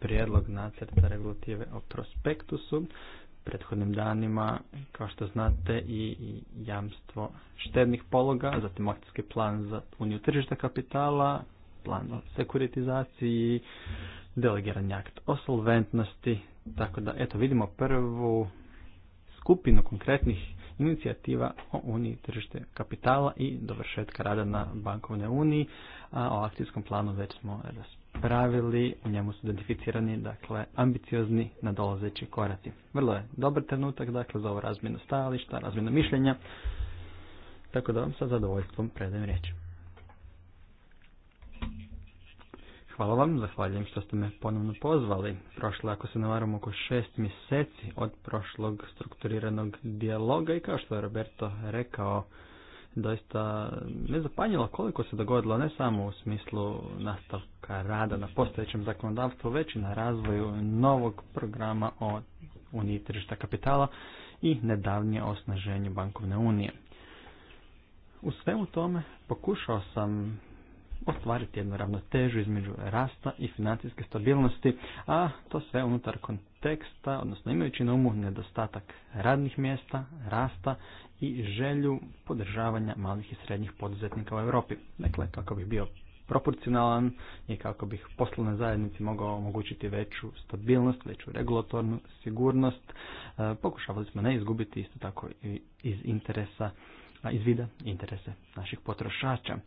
prijedlog nacrta regulative o prospektusu. Prethodnim danima, kao što znate, i jamstvo štednih pologa, zatim akcijski plan za uniju tržišta kapitala, plan o sekuritizaciji, delegirani akt o solventnosti. Tako da, eto, vidimo prvu skupinu konkretnih inicijativa o uniji tržište kapitala i dovršetka rada na bankovne uniji, a o akcijskom planu već smo raspravili pravili u njemu su identificirani dakle, ambiciozni nadolazeći koraci. Vrlo je dobar trenutak dakle, za ovu razmjenu stajališta, razmjenu mišljenja, tako da vam sa zadovoljstvom predajem riječ. Hvala vam, zahvaljujem što ste me ponovno pozvali. Prošlo, ako se navaram, oko šest mjeseci od prošlog strukturiranog dijaloga i kao što je Roberto rekao, doista me zapanjilo koliko se dogodilo ne samo u smislu nastavka rada na postojećem zakonodavstvu, već i na razvoju novog programa o uniji tržišta kapitala i nedavnje osnaženje bankovne unije. U svemu tome pokušao sam ostvariti jednu ravnotežu između rasta i financijske stabilnosti, a to sve unutar konteksta, odnosno imajući na umu nedostatak radnih mjesta, rasta i želju podržavanja malih i srednjih poduzetnika u Europi. Dakle, kako bi bio proporcionalan i kako bih poslovne zajednici mogao omogućiti veću stabilnost, veću regulatornu sigurnost. E, pokušavali smo ne izgubiti isto tako i iz interesa, a iz vida interese naših potrošača.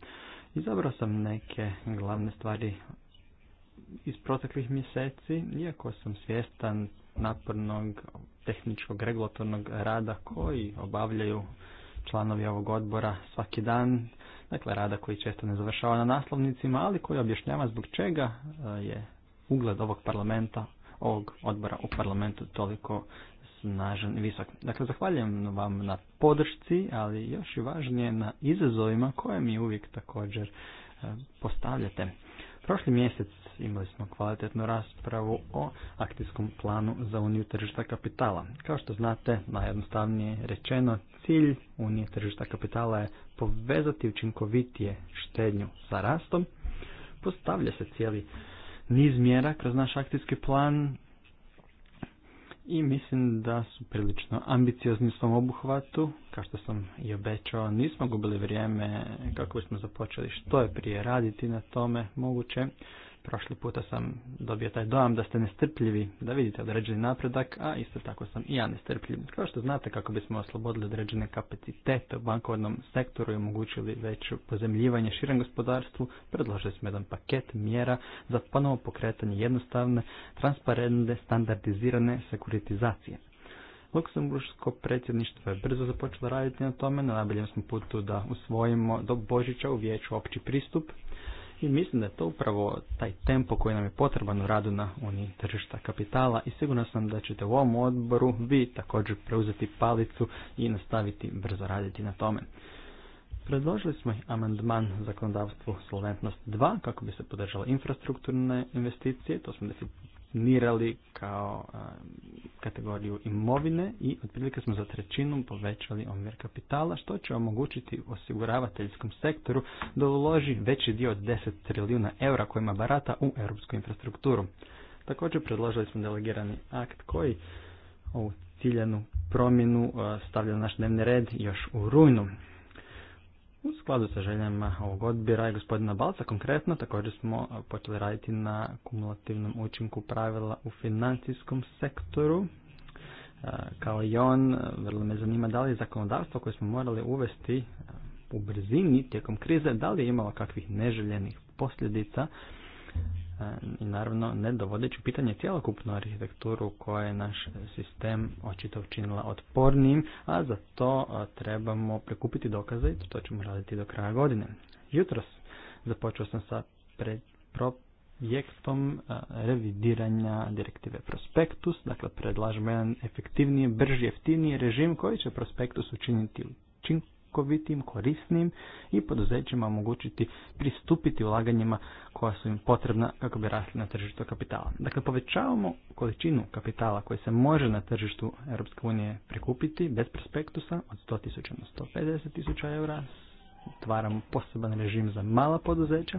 Izabrao sam neke glavne stvari iz proteklih mjeseci, iako sam svjestan napornog tehničkog regulatornog rada koji obavljaju članovi ovog odbora svaki dan, dakle rada koji često ne završava na naslovnicima, ali koji objašnjava zbog čega e, je ugled ovog parlamenta, ovog odbora u parlamentu toliko snažan i visok. Dakle, zahvaljujem vam na podršci, ali još i važnije na izazovima koje mi uvijek također e, postavljate. Prošli mjesec imali smo kvalitetnu raspravu o akcijskom planu za uniju tržišta kapitala. Kao što znate, najjednostavnije rečeno, cilj unije tržišta kapitala je povezati učinkovitije štednju sa rastom. Postavlja se cijeli niz mjera kroz naš akcijski plan i mislim da su prilično ambiciozni u svom obuhvatu. Kao što sam i obećao, nismo gubili vrijeme kako smo započeli što je prije raditi na tome moguće. Prošli puta sam dobio taj dojam da ste nestrpljivi, da vidite određeni napredak, a isto tako sam i ja nestrpljiv. Kao što znate, kako bismo oslobodili određene kapacitete u bankovnom sektoru i omogućili veću pozemljivanje širem gospodarstvu, predložili smo jedan paket mjera za ponovo pokretanje jednostavne, transparentne, standardizirane sekuritizacije. Luksemburgsko predsjedništvo je brzo započelo raditi na tome, na najboljem smo putu da usvojimo do Božića u vijeću opći pristup mislim da je to upravo taj tempo koji nam je potreban u radu na Uniji tržišta kapitala i sigurno sam da ćete u ovom odboru vi također preuzeti palicu i nastaviti brzo raditi na tome. Predložili smo amandman zakonodavstvu Solventnost 2 kako bi se podržala infrastrukturne investicije, to smo definirali kao kategoriju imovine i otprilike smo za trećinu povećali omjer kapitala što će omogućiti osiguravateljskom sektoru da uloži veći dio od 10 trilijuna eura kojima barata u europsku infrastrukturu. Također predložili smo delegirani akt koji ovu ciljanu promjenu stavlja na naš dnevni red još u rujnu. U skladu sa željama ovog odbira i gospodina Balca konkretno također smo počeli raditi na kumulativnom učinku pravila u financijskom sektoru. E, kao i on, vrlo me zanima da li je zakonodavstvo koje smo morali uvesti u brzini tijekom krize, da li je imalo kakvih neželjenih posljedica i naravno ne dovodeći u pitanje cjelokupnu arhitekturu koja je naš sistem očito učinila otpornim, a za to trebamo prekupiti dokaze i to ćemo raditi do kraja godine. Jutros započeo sam sa projektom revidiranja direktive Prospektus, dakle predlažemo jedan efektivniji, brži, jeftiniji režim koji će Prospektus učiniti učinkom učinkovitim, korisnim i poduzećima omogućiti pristupiti ulaganjima koja su im potrebna kako bi rasli na tržištu kapitala. Dakle, povećavamo količinu kapitala koji se može na tržištu EU prikupiti bez prospektusa od 100.000 na 150.000 eura otvaramo poseban režim za mala poduzeća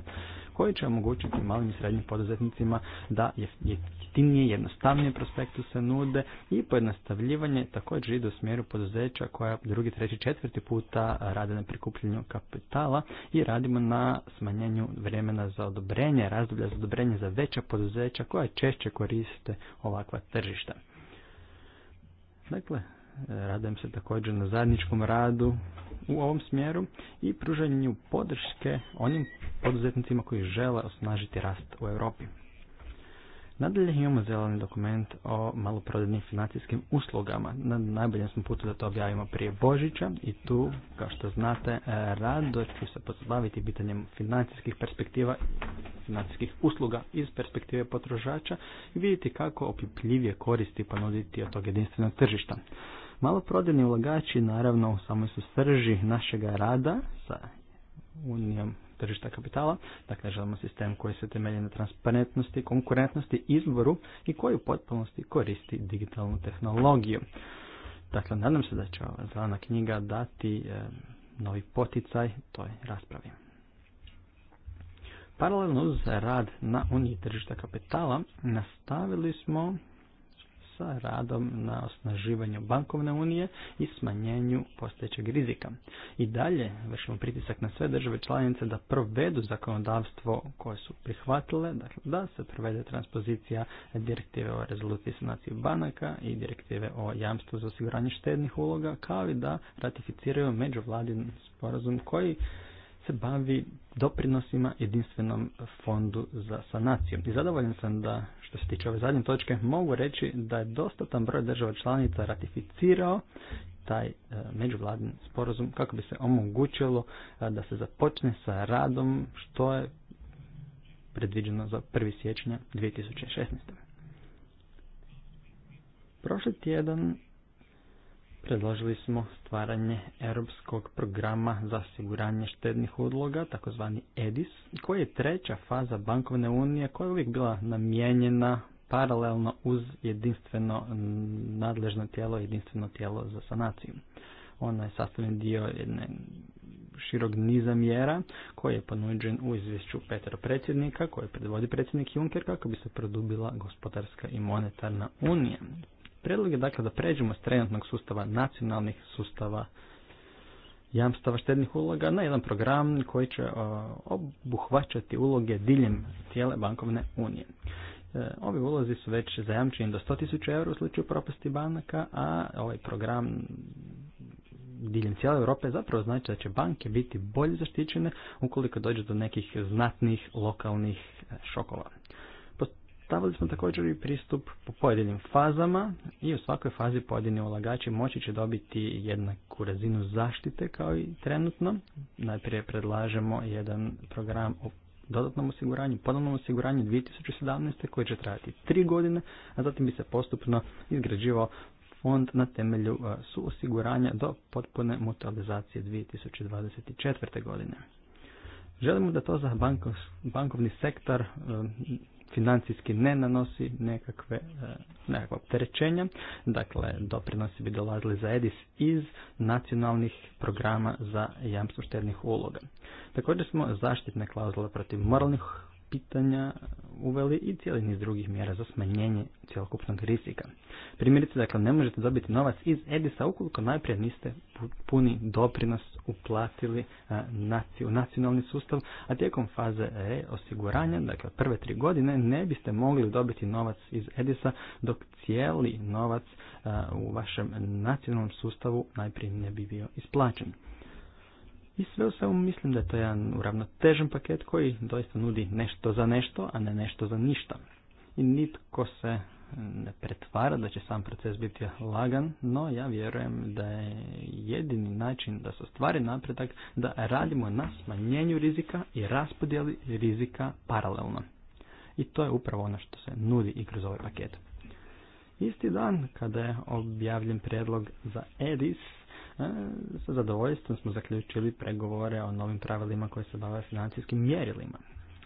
koji će omogućiti malim i srednjim poduzetnicima da jeftinije, jednostavnije prospektu se nude i pojednostavljivanje također ide u smjeru poduzeća koja drugi, treći, četvrti puta rade na prikupljenju kapitala i radimo na smanjenju vremena za odobrenje, razdoblja za odobrenje za veća poduzeća koja češće koriste ovakva tržišta. Dakle, radujem se također na zajedničkom radu u ovom smjeru i pružanju podrške onim poduzetnicima koji žele osnažiti rast u Europi. Nadalje imamo zeleni dokument o maloprodajnim financijskim uslugama. Na najboljem smo putu da to objavimo prije Božića i tu, kao što znate, rado ću se pozabaviti pitanjem financijskih perspektiva, financijskih usluga iz perspektive potrošača i vidjeti kako opipljivije koristi ponuditi od tog jedinstvenog tržišta. Maloprodajni ulagači naravno samo su srži našega rada sa unijom tržišta kapitala, dakle želimo sistem koji se temelji na transparentnosti, konkurentnosti, izboru i koji u potpunosti koristi digitalnu tehnologiju. Dakle, nadam se da će ova zelena knjiga dati e, novi poticaj toj raspravi. Paralelno uz rad na uniji tržišta kapitala nastavili smo sa radom na osnaživanju bankovne unije i smanjenju postojećeg rizika. I dalje vršimo pritisak na sve države članice da provedu zakonodavstvo koje su prihvatile, dakle da se provede transpozicija direktive o rezoluciji sanaciji banaka i direktive o jamstvu za osiguranje štednih uloga, kao i da ratificiraju međuvladin sporazum koji se bavi doprinosima jedinstvenom fondu za sanaciju. I zadovoljan sam da, što se tiče ove zadnje točke, mogu reći da je dostatan broj država članica ratificirao taj e, međuvladin sporazum kako bi se omogućilo e, da se započne sa radom što je predviđeno za 1. siječnja 2016. Prošli tjedan predložili smo stvaranje europskog programa za osiguranje štednih udloga, takozvani EDIS, koji je treća faza bankovne unije koja je uvijek bila namijenjena paralelno uz jedinstveno nadležno tijelo, jedinstveno tijelo za sanaciju. Ona je sastavni dio jedne širog niza mjera koji je ponuđen u izvješću Petra predsjednika koje predvodi predsjednik Juncker kako bi se produbila gospodarska i monetarna unija. Prijedlog je dakle da pređemo s trenutnog sustava nacionalnih sustava jamstava štednih uloga na jedan program koji će obuhvaćati uloge diljem cijele bankovne unije. E, ovi ulozi su već zajamčeni do 100.000 eura u slučaju propasti banaka, a ovaj program diljem cijele Europe zapravo znači da će banke biti bolje zaštićene ukoliko dođe do nekih znatnih lokalnih šokova. Stavili smo također i pristup po pojedinim fazama i u svakoj fazi pojedini ulagači moći će dobiti jednaku razinu zaštite kao i trenutno. Najprije predlažemo jedan program o dodatnom osiguranju, ponovnom osiguranju 2017. koji će trajati tri godine, a zatim bi se postupno izgrađivao fond na temelju e, suosiguranja do potpune mutualizacije 2024. godine. Želimo da to za bankovni sektor e, financijski ne nanosi nekakve, eh, nekakva opterećenja. Dakle, doprinosi bi dolazili za EDIS iz nacionalnih programa za jamstvo štednih uloga. Također smo zaštitne klauzule protiv moralnih pitanja uveli i cijeli niz drugih mjera za smanjenje cjelokupnog rizika. Primjerice, dakle, ne možete dobiti novac iz Edisa ukoliko najprije niste puni doprinos uplatili u nacionalni sustav, a tijekom faze E osiguranja, dakle prve tri godine, ne biste mogli dobiti novac iz Edisa dok cijeli novac u vašem nacionalnom sustavu najprije ne bi bio isplaćen. I sve u svemu mislim da je to jedan uravnotežen paket koji doista nudi nešto za nešto, a ne nešto za ništa. I nitko se ne pretvara da će sam proces biti lagan, no ja vjerujem da je jedini način da se stvari napredak da radimo na smanjenju rizika i raspodjeli rizika paralelno. I to je upravo ono što se nudi i kroz ovaj paket. Isti dan kada je objavljen predlog za EDIS, E, sa zadovoljstvom smo zaključili pregovore o novim pravilima koje se bave financijskim mjerilima.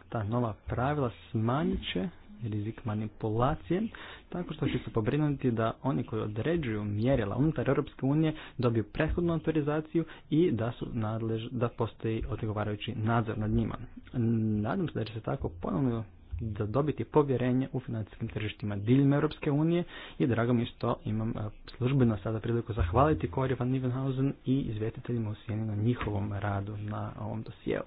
Ta nova pravila smanjit će rizik manipulacije, tako što će se pobrinuti da oni koji određuju mjerila unutar Europske unije dobiju prethodnu autorizaciju i da su nadlež, da postoji odgovarajući nadzor nad njima. Nadam se da će se tako ponovno da dobiti povjerenje u financijskim tržištima diljem Europske unije i drago mi što imam e, službeno sada priliku zahvaliti Kori van Nivenhausen i izvjetiteljima u Sjeni na njihovom radu na ovom dosijelu.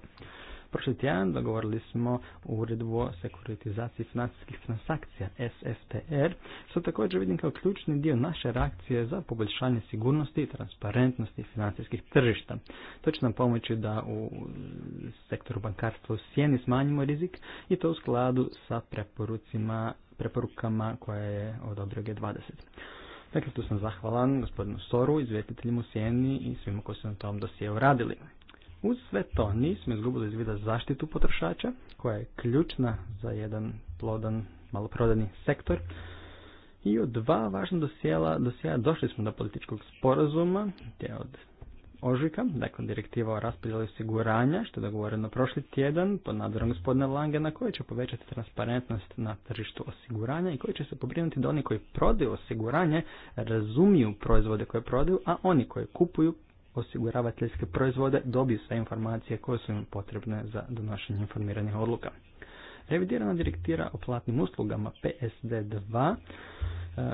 Prošli tjedan dogovorili smo uredbu o sekuritizaciji financijskih transakcija SFTR, što također vidim kao ključni dio naše reakcije za poboljšanje sigurnosti i transparentnosti financijskih tržišta. To će nam pomoći da u sektoru bankarstva u sjeni smanjimo rizik i to u skladu sa preporucima, preporukama koje je od G20. Dakle, tu sam zahvalan gospodinu Soru, izvjetiteljima u Sjeni i svima koji su na tom dosijeu radili. Uz sve to nismo izgubili iz vida zaštitu potrošača, koja je ključna za jedan plodan maloprodani sektor. I od dva važna dosjela, došli smo do političkog sporazuma, te od ožujka, dakle direktiva o raspodjeli osiguranja, što je dogovoreno prošli tjedan pod nadzorom gospodina Langena, koji će povećati transparentnost na tržištu osiguranja i koji će se pobrinuti da oni koji prodaju osiguranje razumiju proizvode koje prodaju, a oni koji kupuju osiguravateljske proizvode dobiju sve informacije koje su im potrebne za donošenje informiranih odluka. Revidirana direktira o platnim uslugama PSD2, e,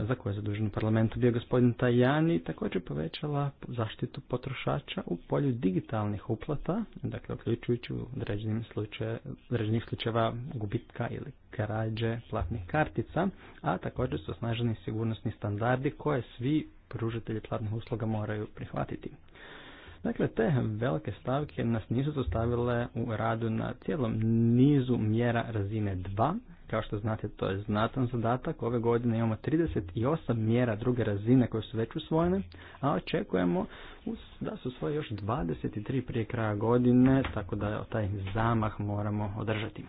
za koje je zadužen u parlamentu bio gospodin Tajani, također povećala zaštitu potrošača u polju digitalnih uplata, dakle uključujući u određenim određenih slučajeva gubitka ili krađe platnih kartica, a također su osnaženi sigurnosni standardi koje svi pružitelji platnih usluga moraju prihvatiti. Dakle, te velike stavke nas nisu zostavile u radu na cijelom nizu mjera razine 2. Kao što znate, to je znatan zadatak. Ove godine imamo 38 mjera druge razine koje su već usvojene, a očekujemo da su svoje još 23 prije kraja godine, tako da taj zamah moramo održati.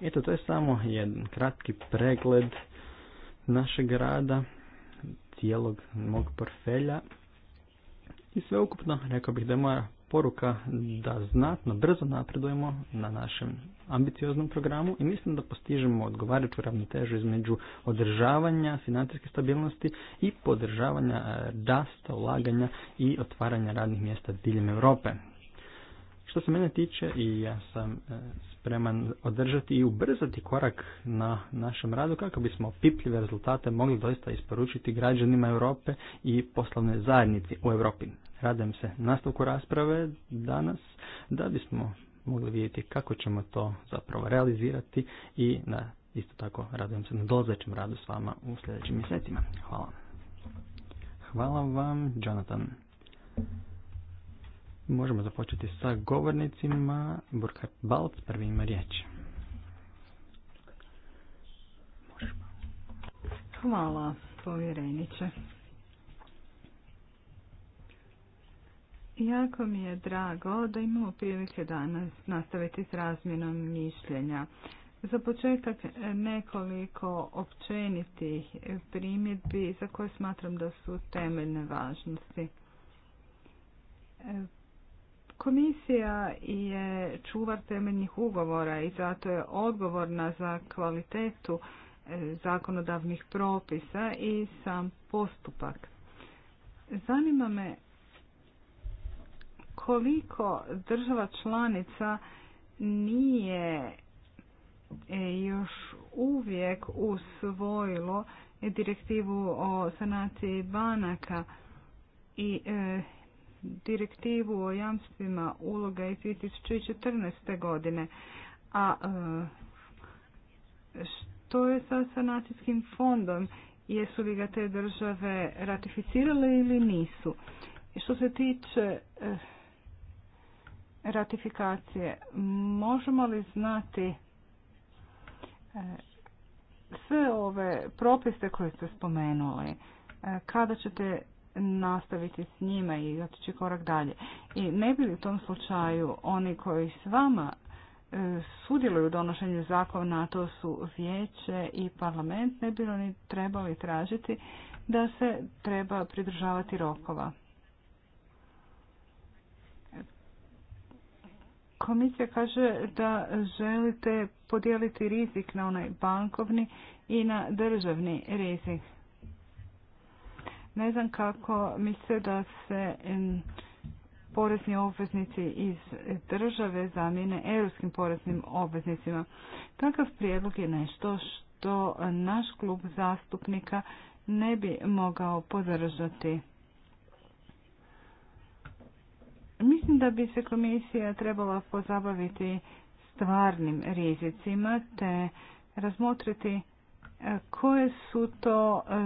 Eto, to je samo jedan kratki pregled našeg rada cijelog mog portfelja i sveukupno rekao bih da je moja poruka da znatno brzo napredujemo na našem ambicioznom programu i mislim da postižemo odgovarajuću ravnotežu između održavanja financijske stabilnosti i podržavanja e, rasta, ulaganja i otvaranja radnih mjesta diljem Europe. Što se mene tiče i ja sam e, spreman održati i ubrzati korak na našem radu kako bismo pipljive rezultate mogli doista isporučiti građanima Europe i poslovne zajednici u Europi. Radujem se nastavku rasprave danas da bismo mogli vidjeti kako ćemo to zapravo realizirati i na, isto tako radujem se na dolazećem radu s vama u sljedećim mjesecima. Hvala. Hvala vam, Jonathan. Možemo započeti sa govornicima. Burkhard Balc prvi ima riječ. Hvala povjereniče. Jako mi je drago da imamo prilike danas nastaviti s razmjenom mišljenja. Za početak nekoliko općenitih primjedbi za koje smatram da su temeljne važnosti. Komisija je čuvar temeljnih ugovora i zato je odgovorna za kvalitetu e, zakonodavnih propisa i sam postupak. Zanima me koliko država članica nije e, još uvijek usvojilo direktivu o sanaciji banaka i e, direktivu o jamstvima uloga iz 2014. godine. A e, što je sa sanacijskim fondom? Jesu li ga te države ratificirale ili nisu? što se tiče e, ratifikacije, možemo li znati e, sve ove propise koje ste spomenuli, kada ćete nastaviti s njima i otići korak dalje. I ne bi li u tom slučaju oni koji s vama e, sudjeluju u donošenju zakona, a to su vijeće i parlament, ne bi oni trebali tražiti da se treba pridržavati rokova. Komisija kaže da želite podijeliti rizik na onaj bankovni i na državni rizik. Ne znam kako misle da se porezni obveznici iz države zamijene europskim poreznim obveznicima. Takav prijedlog je nešto što naš klub zastupnika ne bi mogao podržati. Mislim da bi se komisija trebala pozabaviti stvarnim rizicima te razmotriti koje su to e,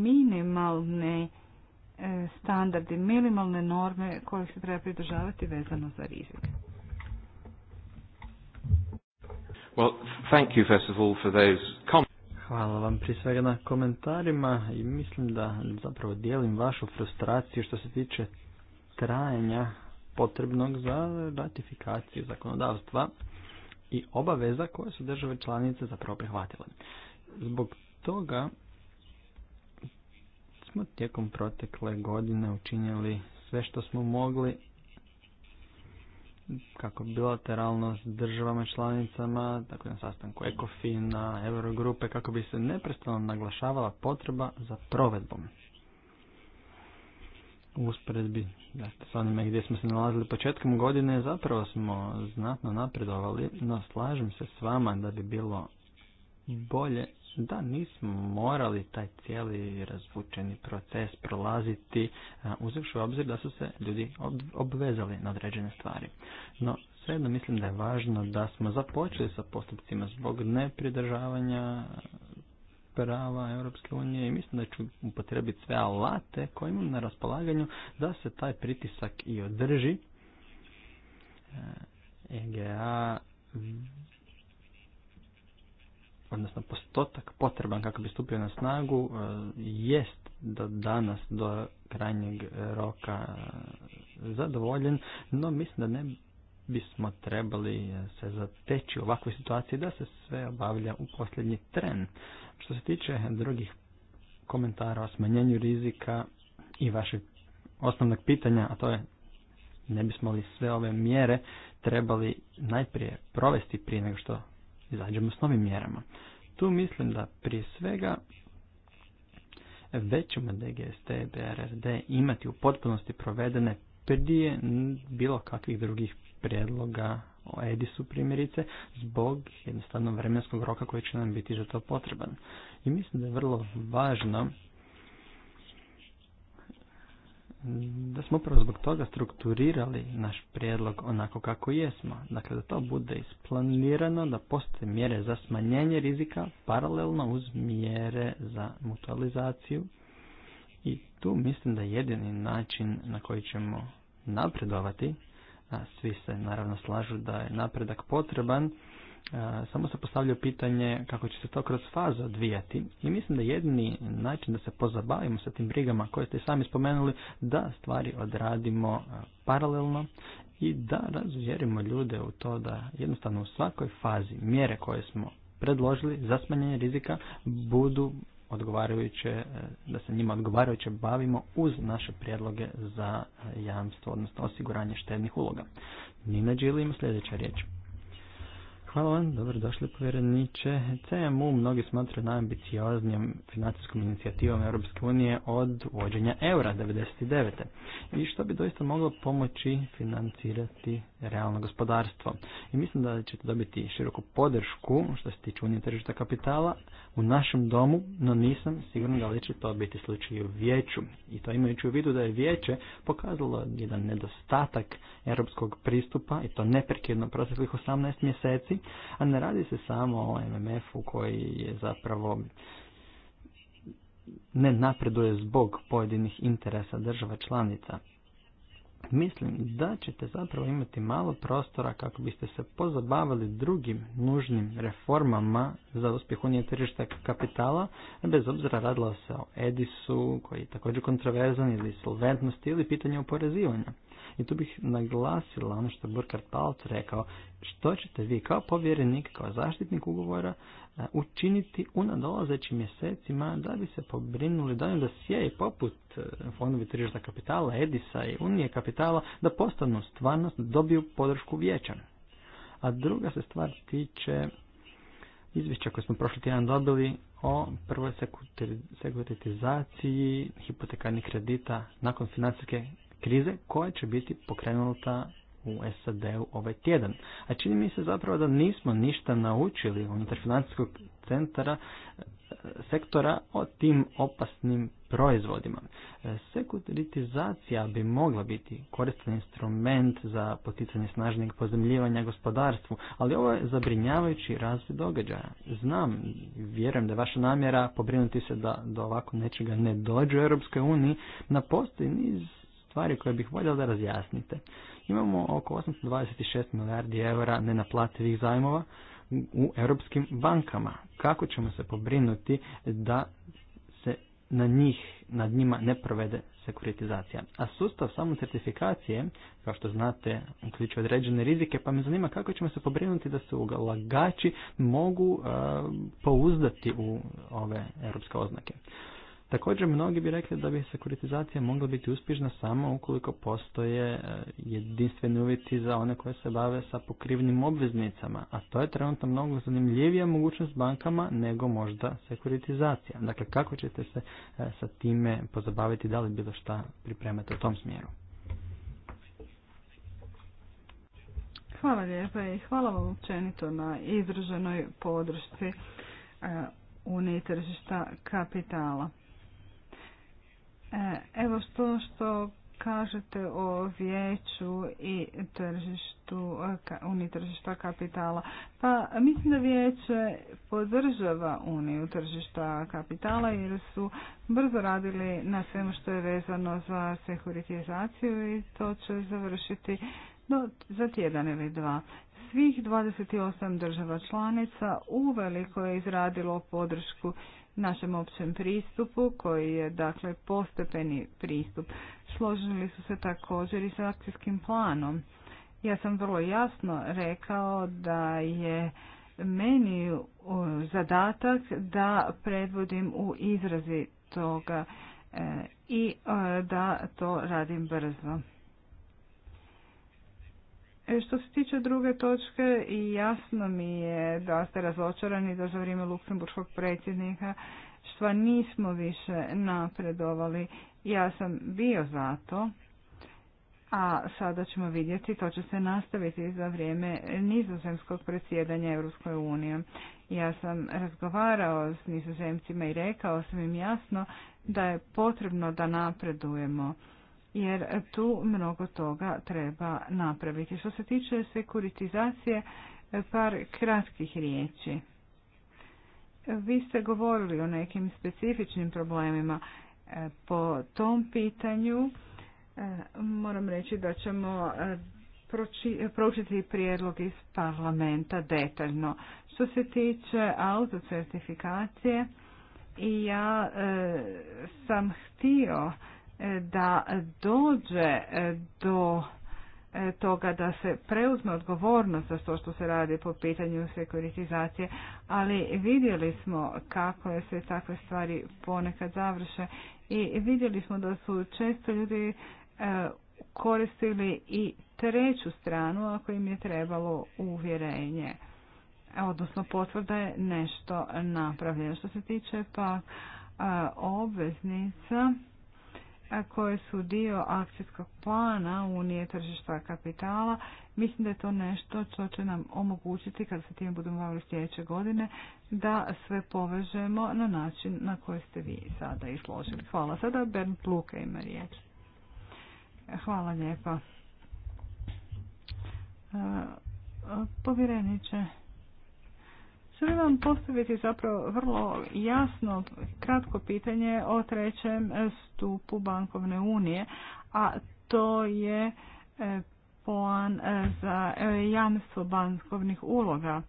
minimalne e, standardi, minimalne norme koje se treba pridržavati vezano za rizik. Well, thank you first of all for those Hvala vam prije svega na komentarima i mislim da zapravo dijelim vašu frustraciju što se tiče trajanja potrebnog za ratifikaciju zakonodavstva i obaveza koje su države članice zapravo prihvatile. Zbog toga smo tijekom protekle godine učinjeli sve što smo mogli kako bilateralno s državama članicama, dakle na sastanku ecofin Eurogrupe, kako bi se neprestano naglašavala potreba za provedbom. U usporedbi s onime gdje smo se nalazili početkom godine, zapravo smo znatno napredovali, no slažem se s vama da bi bilo bolje da nismo morali taj cijeli razvučeni proces prolaziti e, uzevši u obzir da su se ljudi obvezali na određene stvari. No, svejedno mislim da je važno da smo započeli sa postupcima zbog nepridržavanja prava Europske unije i mislim da ću upotrebiti sve alate koje imam na raspolaganju da se taj pritisak i održi. EGA e odnosno postotak potreban kako bi stupio na snagu e, jest do danas, do krajnjeg roka e, zadovoljen, no mislim da ne bismo trebali e, se zateći u ovakvoj situaciji da se sve obavlja u posljednji tren. Što se tiče drugih komentara o smanjenju rizika i vašeg osnovnog pitanja, a to je ne bismo li sve ove mjere trebali najprije provesti prije nego što izađemo s novim mjerama. Tu mislim da prije svega već ćemo DGST, BRRD imati u potpunosti provedene prije bilo kakvih drugih prijedloga o Edisu primjerice zbog jednostavno vremenskog roka koji će nam biti za to potreban. I mislim da je vrlo važno da smo upravo zbog toga strukturirali naš prijedlog onako kako jesmo. Dakle, da to bude isplanirano, da postoje mjere za smanjenje rizika paralelno uz mjere za mutualizaciju. I tu mislim da jedini način na koji ćemo napredovati, a svi se naravno slažu da je napredak potreban, E, samo se postavlja pitanje kako će se to kroz fazu odvijati i mislim da jedini način da se pozabavimo sa tim brigama koje ste sami spomenuli, da stvari odradimo e, paralelno i da razvjerimo ljude u to da jednostavno u svakoj fazi mjere koje smo predložili za smanjenje rizika budu odgovarajuće, e, da se njima odgovarajuće bavimo uz naše prijedloge za jamstvo, odnosno osiguranje štednih uloga. Nina Đili sljedeća riječ. Hvala vam, dobrodošli povjereniče. CMU mnogi smatraju najambicioznijom financijskom inicijativom Europske unije od uvođenja eura 99. I što bi doista moglo pomoći financirati realno gospodarstvo. I mislim da ćete dobiti široku podršku što se tiče unije tržišta kapitala, u našem domu, no nisam siguran da li će to biti slučaj u vijeću. I to imajući u vidu da je vijeće pokazalo jedan nedostatak europskog pristupa i to neprekidno proteklih 18 mjeseci, a ne radi se samo o MMF-u koji je zapravo ne napreduje zbog pojedinih interesa država članica. Mislim da ćete zapravo imati malo prostora kako biste se pozabavili drugim nužnim reformama za uspjeh unije tržišta kapitala, bez obzira radilo se o Edisu, koji je također kontroverzan, ili solventnosti, ili pitanje oporezivanja. I tu bih naglasila ono što Burkhard rekao, što ćete vi kao povjerenik, kao zaštitnik ugovora e, učiniti u nadolazećim mjesecima da bi se pobrinuli da da i poput e, fondovi tržišta kapitala, Edisa i Unije kapitala da postanu stvarnost, dobiju podršku vijeća. A druga se stvar tiče izvješća koje smo prošli tjedan dobili o prvoj sekuritizaciji hipotekarnih kredita nakon financijske krize koja će biti pokrenuta u SAD-u ovaj tjedan. A čini mi se zapravo da nismo ništa naučili unutar financijskog centara, e, sektora o tim opasnim proizvodima. E, sekuritizacija bi mogla biti koristan instrument za poticanje snažnijeg pozemljivanja gospodarstvu, ali ovo je zabrinjavajući razvoj događaja. Znam, vjerujem da je vaša namjera pobrinuti se da do ovako nečega ne dođe u Europskoj uniji, na postoji niz stvari koje bih voljela da razjasnite. Imamo oko 826 milijardi eura nenaplativih zajmova u europskim bankama. Kako ćemo se pobrinuti da se na njih, nad njima ne provede sekuritizacija. A sustav samo certifikacije, kao što znate, uključuje određene rizike, pa me zanima kako ćemo se pobrinuti da se ulagači mogu eh, pouzdati u ove europske oznake. Također mnogi bi rekli da bi sekuritizacija mogla biti uspješna samo ukoliko postoje e, jedinstveni uvjeti za one koje se bave sa pokrivnim obveznicama, a to je trenutno mnogo zanimljivija mogućnost bankama nego možda sekuritizacija. Dakle, kako ćete se e, sa time pozabaviti, da li bilo šta pripremate u tom smjeru? Hvala lijepa i hvala vam općenito na izraženoj podršci e, u kapitala. E, evo to što kažete o vijeću i tržištu, e, uniji tržišta kapitala. Pa mislim da vijeće podržava uniju tržišta kapitala jer su brzo radili na svemu što je vezano za sekuritizaciju i to će završiti do, za tjedan ili dva. Svih 28 država članica uveliko je izradilo podršku našem općem pristupu koji je dakle postepeni pristup. Složili su se također i sa akcijskim planom. Ja sam vrlo jasno rekao da je meni zadatak da predvodim u izrazi toga e, i e, da to radim brzo. E, što se tiče druge točke, jasno mi je da ste razočarani da za vrijeme luksemburškog predsjednika što nismo više napredovali. Ja sam bio za to, a sada ćemo vidjeti, to će se nastaviti za vrijeme nizozemskog predsjedanja Europskoj unije. Ja sam razgovarao s nizozemcima i rekao sam im jasno da je potrebno da napredujemo jer tu mnogo toga treba napraviti. Što se tiče sekuritizacije, par kratkih riječi. Vi ste govorili o nekim specifičnim problemima e, po tom pitanju. E, moram reći da ćemo e, proučiti prijedlog iz parlamenta detaljno. Što se tiče autocertifikacije, ja sam htio E, da dođe e, do e, toga da se preuzme odgovornost za to što se radi po pitanju sekuritizacije, ali vidjeli smo kako se takve stvari ponekad završe i vidjeli smo da su često ljudi koristili i treću stranu ako im je trebalo uvjerenje odnosno potvrda je nešto napravljeno. Što se tiče pa obveznica, koje su dio akcijskog plana Unije tržišta kapitala. Mislim da je to nešto što će nam omogućiti kad se tim budemo bavili sljedeće godine da sve povežemo na način na koji ste vi sada izložili. Hvala. Sada Bernd Luka ima riječ. Hvala lijepa. E, povjereniče, Želim vam postaviti zapravo vrlo jasno, kratko pitanje o trećem stupu bankovne unije, a to je e, plan e, za e, jamstvo bankovnih uloga.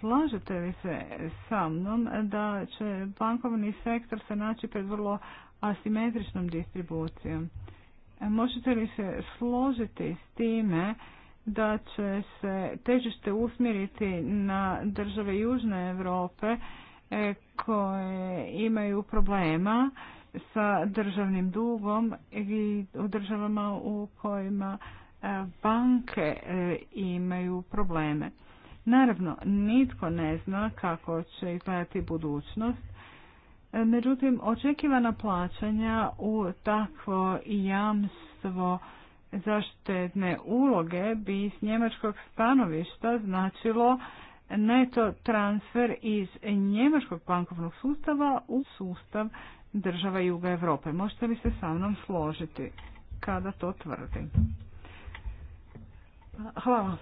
Slažete li se sa mnom da će bankovni sektor se naći pred vrlo asimetričnom distribucijom? Možete li se složiti s time da će se težište usmjeriti na države Južne Europe e, koje imaju problema sa državnim dugom i u državama u kojima e, banke e, imaju probleme. Naravno, nitko ne zna kako će izgledati budućnost, međutim, očekivana plaćanja u takvo jamstvo zaštetne uloge bi s njemačkog stanovišta značilo neto transfer iz njemačkog bankovnog sustava u sustav država Juga Europe. Možete li se sa mnom složiti kada to tvrdim? Pa, hvala.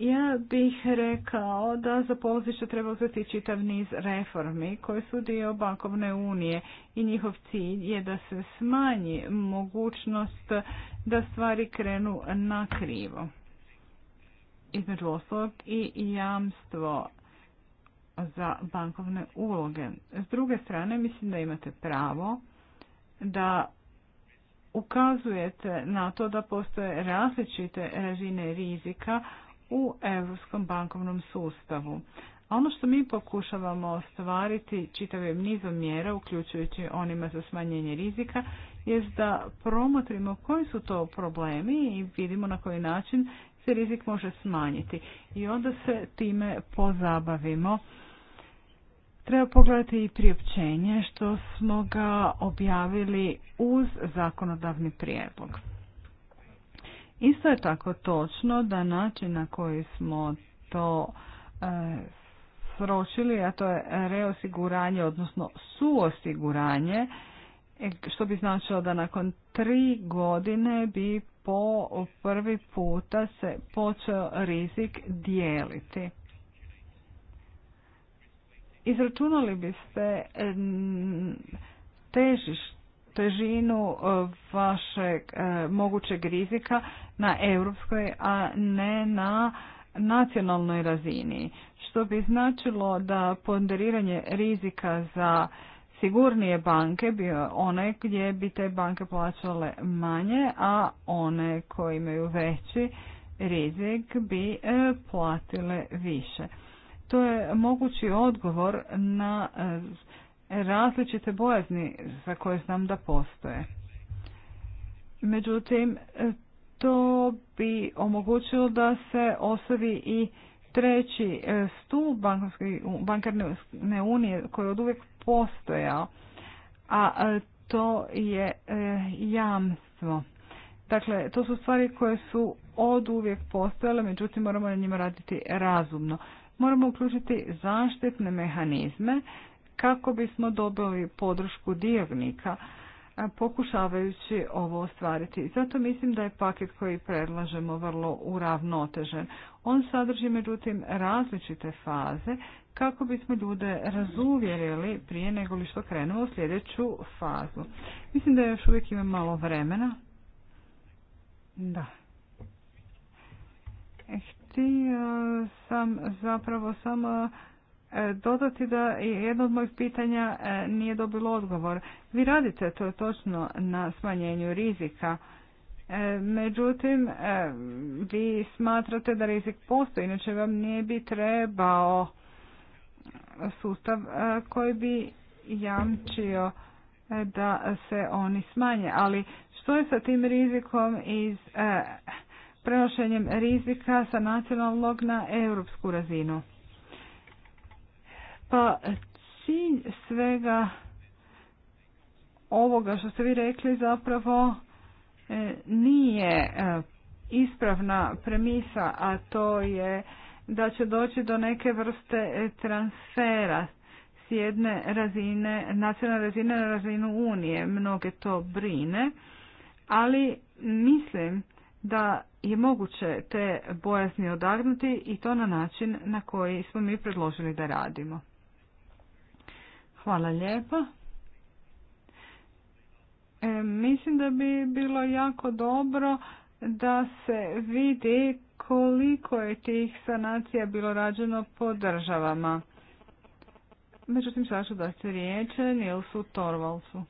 Ja bih rekao da za polazište treba uzeti čitav niz reformi koje su dio bankovne unije i njihov cilj je da se smanji mogućnost da stvari krenu na krivo. Između ostalog i jamstvo za bankovne uloge. S druge strane mislim da imate pravo da ukazujete na to da postoje različite razine rizika u europskom bankovnom sustavu. ono što mi pokušavamo ostvariti čitavim nizom mjera, uključujući onima za smanjenje rizika, je da promotrimo koji su to problemi i vidimo na koji način se rizik može smanjiti. I onda se time pozabavimo. Treba pogledati i priopćenje što smo ga objavili uz zakonodavni prijedlog. Isto je tako točno da način na koji smo to e, sročili, a to je reosiguranje, odnosno suosiguranje, što bi značilo da nakon tri godine bi po prvi puta se počeo rizik dijeliti. Izračunali biste težište težinu e, vašeg e, mogućeg rizika na europskoj, a ne na nacionalnoj razini, što bi značilo da ponderiranje rizika za sigurnije banke bi one gdje bi te banke plaćale manje, a one koje imaju veći rizik bi e, platile više. To je mogući odgovor na različite bojazni za koje znam da postoje. Međutim, to bi omogućilo da se osavi i treći e, stup bankarne unije koji je od uvijek postojao, a e, to je e, jamstvo. Dakle, to su stvari koje su od uvijek postojale, međutim moramo na njima raditi razumno. Moramo uključiti zaštitne mehanizme kako bismo dobili podršku dionika pokušavajući ovo ostvariti. Zato mislim da je paket koji predlažemo vrlo uravnotežen. On sadrži međutim različite faze kako bismo ljude razuvjerili prije nego li što krenemo u sljedeću fazu. Mislim da još uvijek ima malo vremena. Da. Htio sam zapravo samo E, dodati da jedno od mojih pitanja e, nije dobilo odgovor. Vi radite, to točno, na smanjenju rizika. E, međutim, vi smatrate da rizik postoji, inače vam nije bi trebao sustav koji bi jamčio da se oni smanje. Ali što je sa tim rizikom iz prenošenjem rizika sa nacionalnog na europsku razinu? Pa cilj svega ovoga što ste vi rekli zapravo e, nije e, ispravna premisa, a to je da će doći do neke vrste e, transfera s jedne razine, nacionalne razine na razinu Unije. Mnoge to brine, ali mislim da je moguće te bojazni odagnuti i to na način na koji smo mi predložili da radimo. Hvala lijepa. E, mislim da bi bilo jako dobro da se vidi koliko je tih sanacija bilo rađeno po državama. Međutim, sada ću da se riječe Nilsu Torvalsu.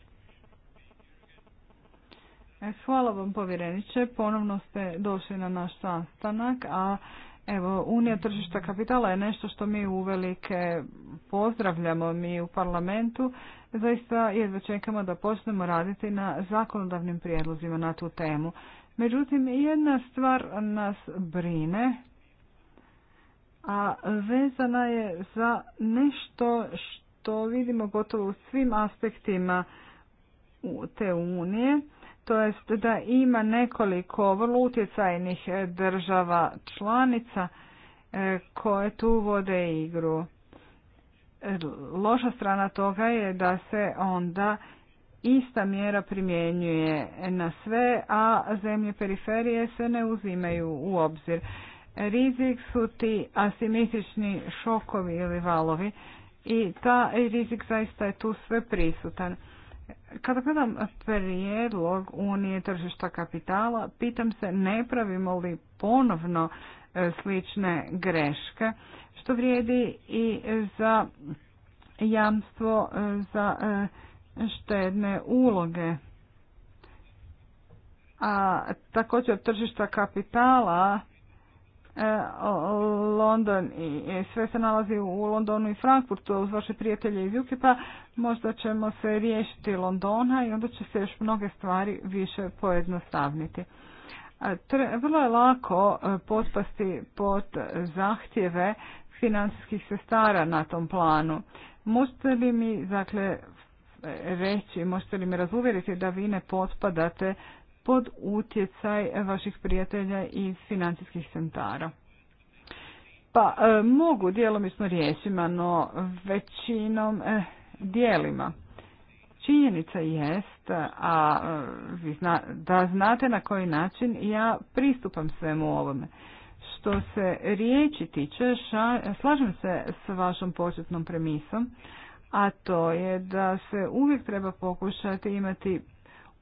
E, hvala vam povjereniče, ponovno ste došli na naš sastanak, a Evo, Unija tržišta kapitala je nešto što mi uvelike pozdravljamo mi u parlamentu. Zaista jedva čekamo da počnemo raditi na zakonodavnim prijedlozima na tu temu. Međutim, jedna stvar nas brine, a vezana je za nešto što vidimo gotovo u svim aspektima te unije, to jest da ima nekoliko vrlo utjecajnih e, država članica e, koje tu vode igru. E, loša strana toga je da se onda ista mjera primjenjuje na sve, a zemlje periferije se ne uzimaju u obzir. Rizik su ti asimetrični šokovi ili valovi i ta rizik zaista je tu sve prisutan. Kada gledam prijedlog Unije tržišta kapitala, pitam se ne pravimo li ponovno e, slične greške, što vrijedi i za jamstvo e, za e, štedne uloge. A također tržišta kapitala E, London i e, sve se nalazi u Londonu i Frankfurtu uz vaše prijatelje iz Ukipa, možda ćemo se riješiti Londona i onda će se još mnoge stvari više pojednostavniti. E, vrlo je lako potpasti pod zahtjeve financijskih sestara na tom planu. Možete li mi, dakle, reći, možete li mi razuvjeriti da vi ne potpadate pod utjecaj vaših prijatelja iz financijskih centara? Pa e, mogu djelomično riječima, no većinom e, dijelima. Činjenica jest, a e, vi da znate na koji način ja pristupam svemu ovome. Što se riječi tiče, slažem se s vašom početnom premisom, a to je da se uvijek treba pokušati imati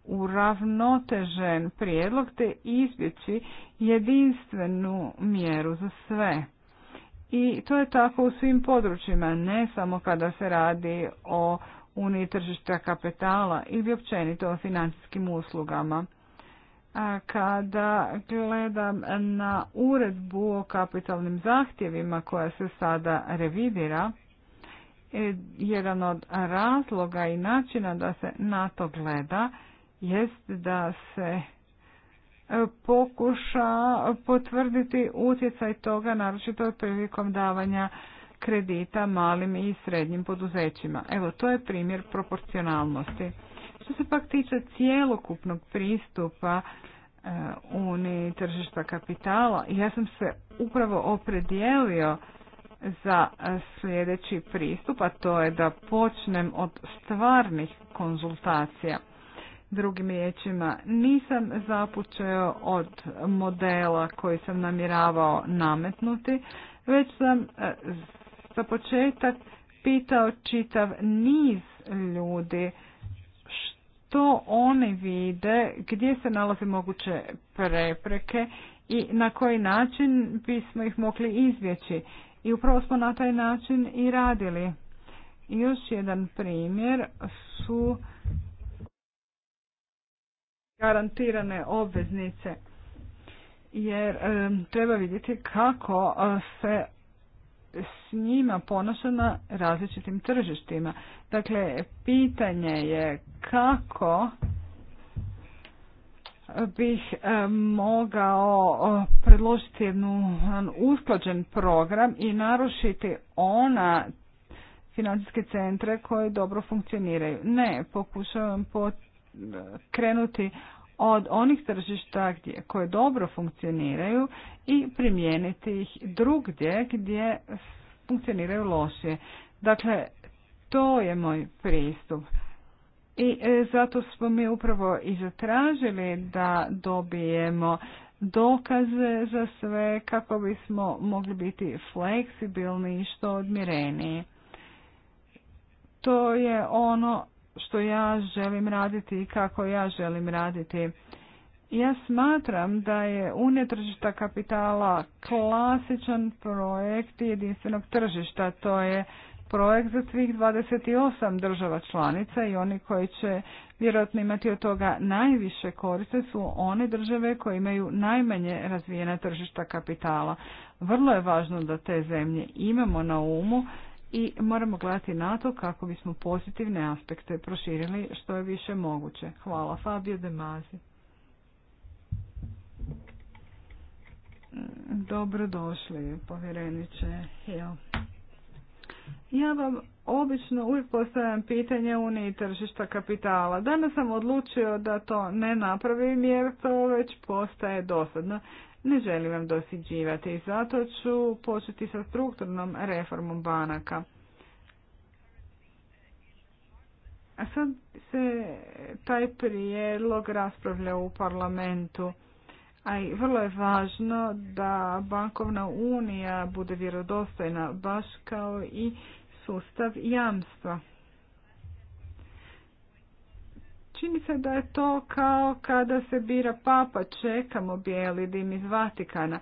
uravnotežen prijedlog te izbjeći jedinstvenu mjeru za sve. I to je tako u svim područjima, ne samo kada se radi o uniji tržišta kapitala ili općenito o financijskim uslugama. kada gledam na uredbu o kapitalnim zahtjevima koja se sada revidira, e, jedan od razloga i načina da se na to gleda jest da se e, pokuša potvrditi utjecaj toga naročito prilikom davanja kredita malim i srednjim poduzećima. Evo, to je primjer proporcionalnosti. Što se pak tiče cijelokupnog pristupa e, Uniji tržišta kapitala, ja sam se upravo opredijelio za sljedeći pristup, a to je da počnem od stvarnih konzultacija. Drugim riječima, nisam započeo od modela koji sam namiravao nametnuti, već sam e, za početak pitao čitav niz ljudi što oni vide, gdje se nalaze moguće prepreke i na koji način bismo ih mogli izvjeći. I upravo smo na taj način i radili. još jedan primjer su garantirane obveznice jer treba vidjeti kako se s njima ponoša na različitim tržištima. Dakle, pitanje je kako bih mogao predložiti jednu usklađen program i narušiti ona financijske centre koje dobro funkcioniraju. Ne, pokušavam krenuti od onih tržišta gdje, koje dobro funkcioniraju i primijeniti ih drugdje gdje funkcioniraju lošije. Dakle, to je moj pristup. I e, zato smo mi upravo i zatražili da dobijemo dokaze za sve kako bismo mogli biti fleksibilni i što odmireniji. To je ono što ja želim raditi i kako ja želim raditi. Ja smatram da je unija tržišta kapitala klasičan projekt jedinstvenog tržišta. To je projekt za svih 28 država članica i oni koji će vjerojatno imati od toga najviše koriste su one države koje imaju najmanje razvijena tržišta kapitala. Vrlo je važno da te zemlje imamo na umu i moramo gledati na to kako bismo pozitivne aspekte proširili što je više moguće. Hvala Fabio De Mazi. Mm, dobrodošli, povjereniče Ja vam obično uvijek postavljam pitanje Uniji tržišta kapitala. Danas sam odlučio da to ne napravim jer to već postaje dosadno. Ne želim vam dosiđivati, zato ću početi sa strukturnom reformom banaka. A sad se taj prijedlog raspravlja u parlamentu. A i vrlo je važno da bankovna unija bude vjerodostojna, baš kao i sustav jamstva. Čini se da je to kao kada se bira papa, čekamo bijeli dim iz Vatikana.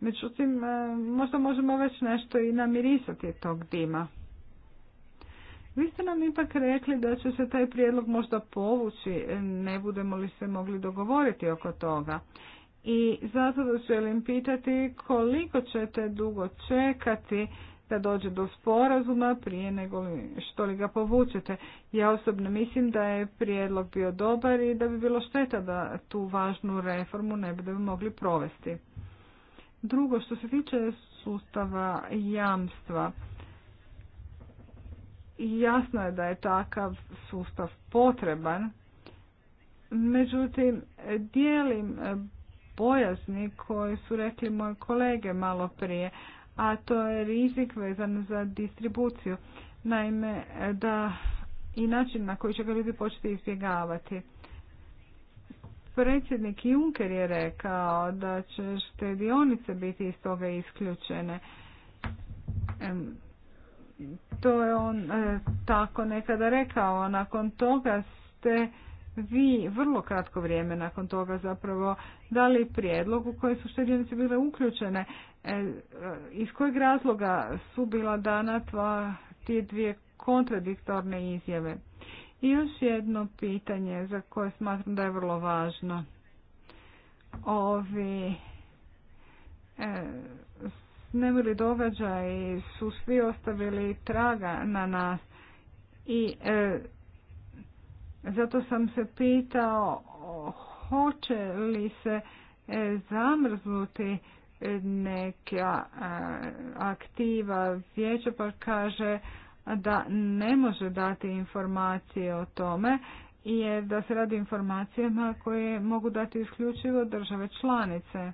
Međutim, e, možda možemo već nešto i namirisati tog dima. Vi ste nam ipak rekli da će se taj prijedlog možda povući, e, ne budemo li se mogli dogovoriti oko toga. I zato da želim pitati koliko ćete dugo čekati da dođe do sporazuma prije nego što li ga povučete. Ja osobno mislim da je prijedlog bio dobar i da bi bilo šteta da tu važnu reformu ne bi mogli provesti. Drugo, što se tiče sustava jamstva, jasno je da je takav sustav potreban, međutim, dijelim bojazni koji su rekli moji kolege malo prije a to je rizik vezan za distribuciju. Naime, da i način na koji će ga ljudi početi izbjegavati. Predsjednik Juncker je rekao da će štedionice biti iz toga isključene. To je on e, tako nekada rekao. Nakon toga ste vi vrlo kratko vrijeme nakon toga zapravo dali prijedlog u koji su štedionice bile uključene. E, e, iz kojeg razloga su bila dana tva, tije dvije kontradiktorne izjave? I još jedno pitanje za koje smatram da je vrlo važno. Ovi e, nemili događaj su svi ostavili traga na nas i e, zato sam se pitao hoće li se e, zamrznuti neka aktiva vijeća pa kaže da ne može dati informacije o tome jer da se radi informacijama koje mogu dati isključivo države članice.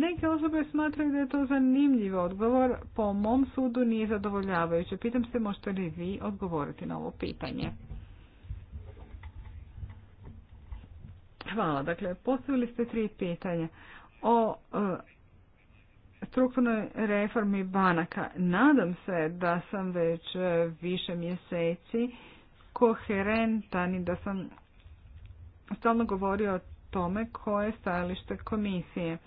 Neke osobe smatraju da je to zanimljiv odgovor, po mom sudu nije zadovoljavajuće. Pitam se možete li vi odgovoriti na ovo pitanje. Hvala. Dakle, postavili ste tri pitanja o e, strukturnoj reformi banaka. Nadam se da sam već e, više mjeseci koherentan i da sam stalno govorio o tome koje je stajalište komisije.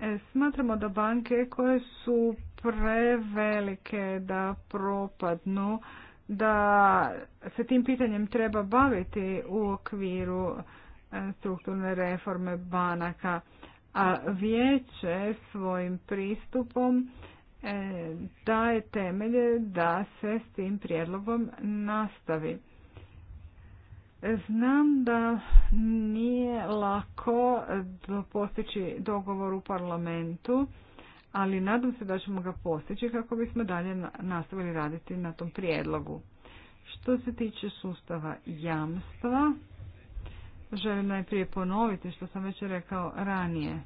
E, smatramo da banke koje su prevelike da propadnu, da se tim pitanjem treba baviti u okviru E, strukturne reforme banaka. A vijeće svojim pristupom e, daje temelje da se s tim prijedlogom nastavi. Znam da nije lako postići dogovor u parlamentu, ali nadam se da ćemo ga postići kako bismo dalje nastavili raditi na tom prijedlogu. Što se tiče sustava jamstva, Želim najprije ponoviti što sam već rekao ranije.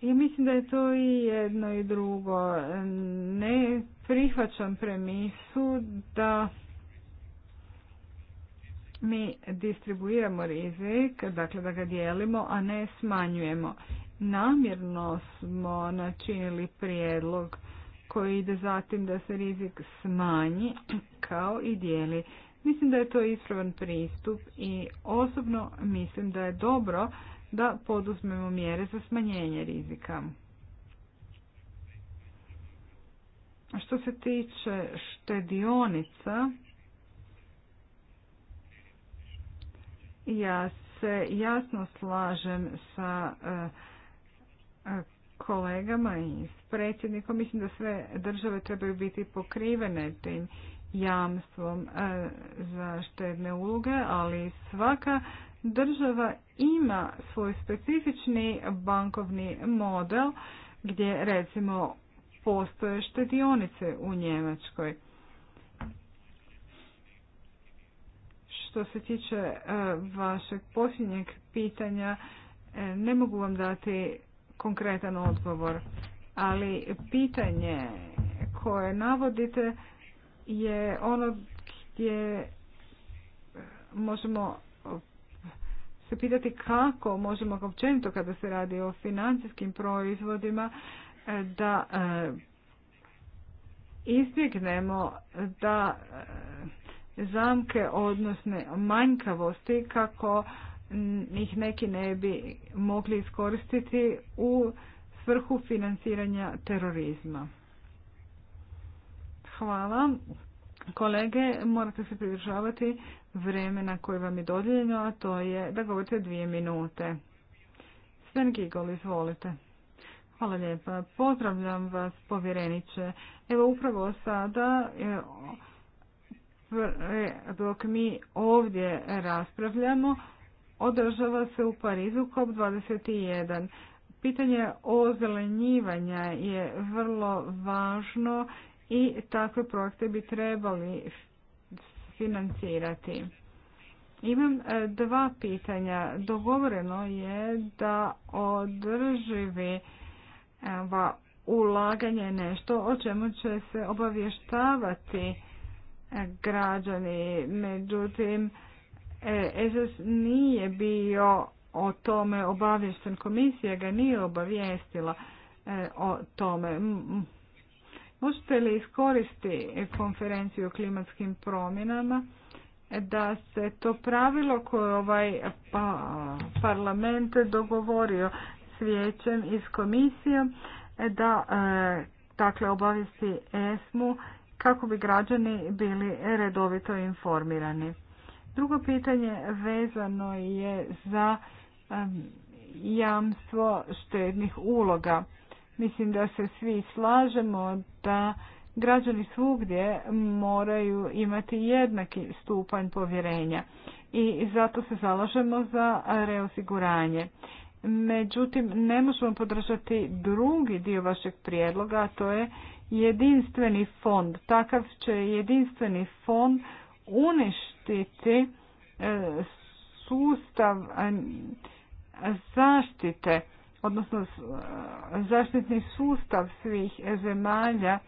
I mislim da je to i jedno i drugo. Ne prihvaćam premisu da mi distribuiramo rizik, dakle da ga dijelimo, a ne smanjujemo. Namjerno smo načinili prijedlog koji ide zatim da se rizik smanji kao i dijeli. Mislim da je to ispravan pristup i osobno mislim da je dobro da poduzmemo mjere za smanjenje rizika. Što se tiče štedionica, ja se jasno slažem sa eh, kolegama i s predsjednikom. Mislim da sve države trebaju biti pokrivene tim jamstvom e, za štedne uloge, ali svaka država ima svoj specifični bankovni model gdje recimo postoje štedionice u Njemačkoj. Što se tiče e, vašeg posljednjeg pitanja, e, ne mogu vam dati konkretan odgovor, ali pitanje koje navodite je ono gdje e, možemo se pitati kako možemo općenito kada se radi o financijskim proizvodima e, da e, izbjegnemo da zamke odnosne manjkavosti kako ih neki ne bi mogli iskoristiti u svrhu financiranja terorizma. Hvala. Kolege, morate se pridržavati vremena koje vam je dodijeljeno, a to je da govorite dvije minute. Sven Gigol, izvolite. Hvala lijepa. Pozdravljam vas, povjereniče. Evo upravo sada, e, dok mi ovdje raspravljamo, održava se u Parizu COP21. Pitanje ozelenjivanja je vrlo važno i takve projekte bi trebali financirati. Imam e, dva pitanja. Dogovoreno je da održivi e, ulaganje nešto o čemu će se obavještavati e, građani. Međutim, EZS nije bio o tome obavješten. Komisija ga nije obavijestila o tome. Možete li iskoristi konferenciju o klimatskim promjenama da se to pravilo koje ovaj pa, parlament dogovorio s vijećem i s komisijom da e, dakle obavijesti ESMU kako bi građani bili redovito informirani. Drugo pitanje vezano je za e, jamstvo štednih uloga. Mislim da se svi slažemo da građani svugdje moraju imati jednaki stupanj povjerenja i zato se zalažemo za reosiguranje. Međutim, ne možemo podržati drugi dio vašeg prijedloga, a to je jedinstveni fond. Takav će jedinstveni fond uništiti e, sustav zaštite odnosno e, zaštitni sustav svih zemalja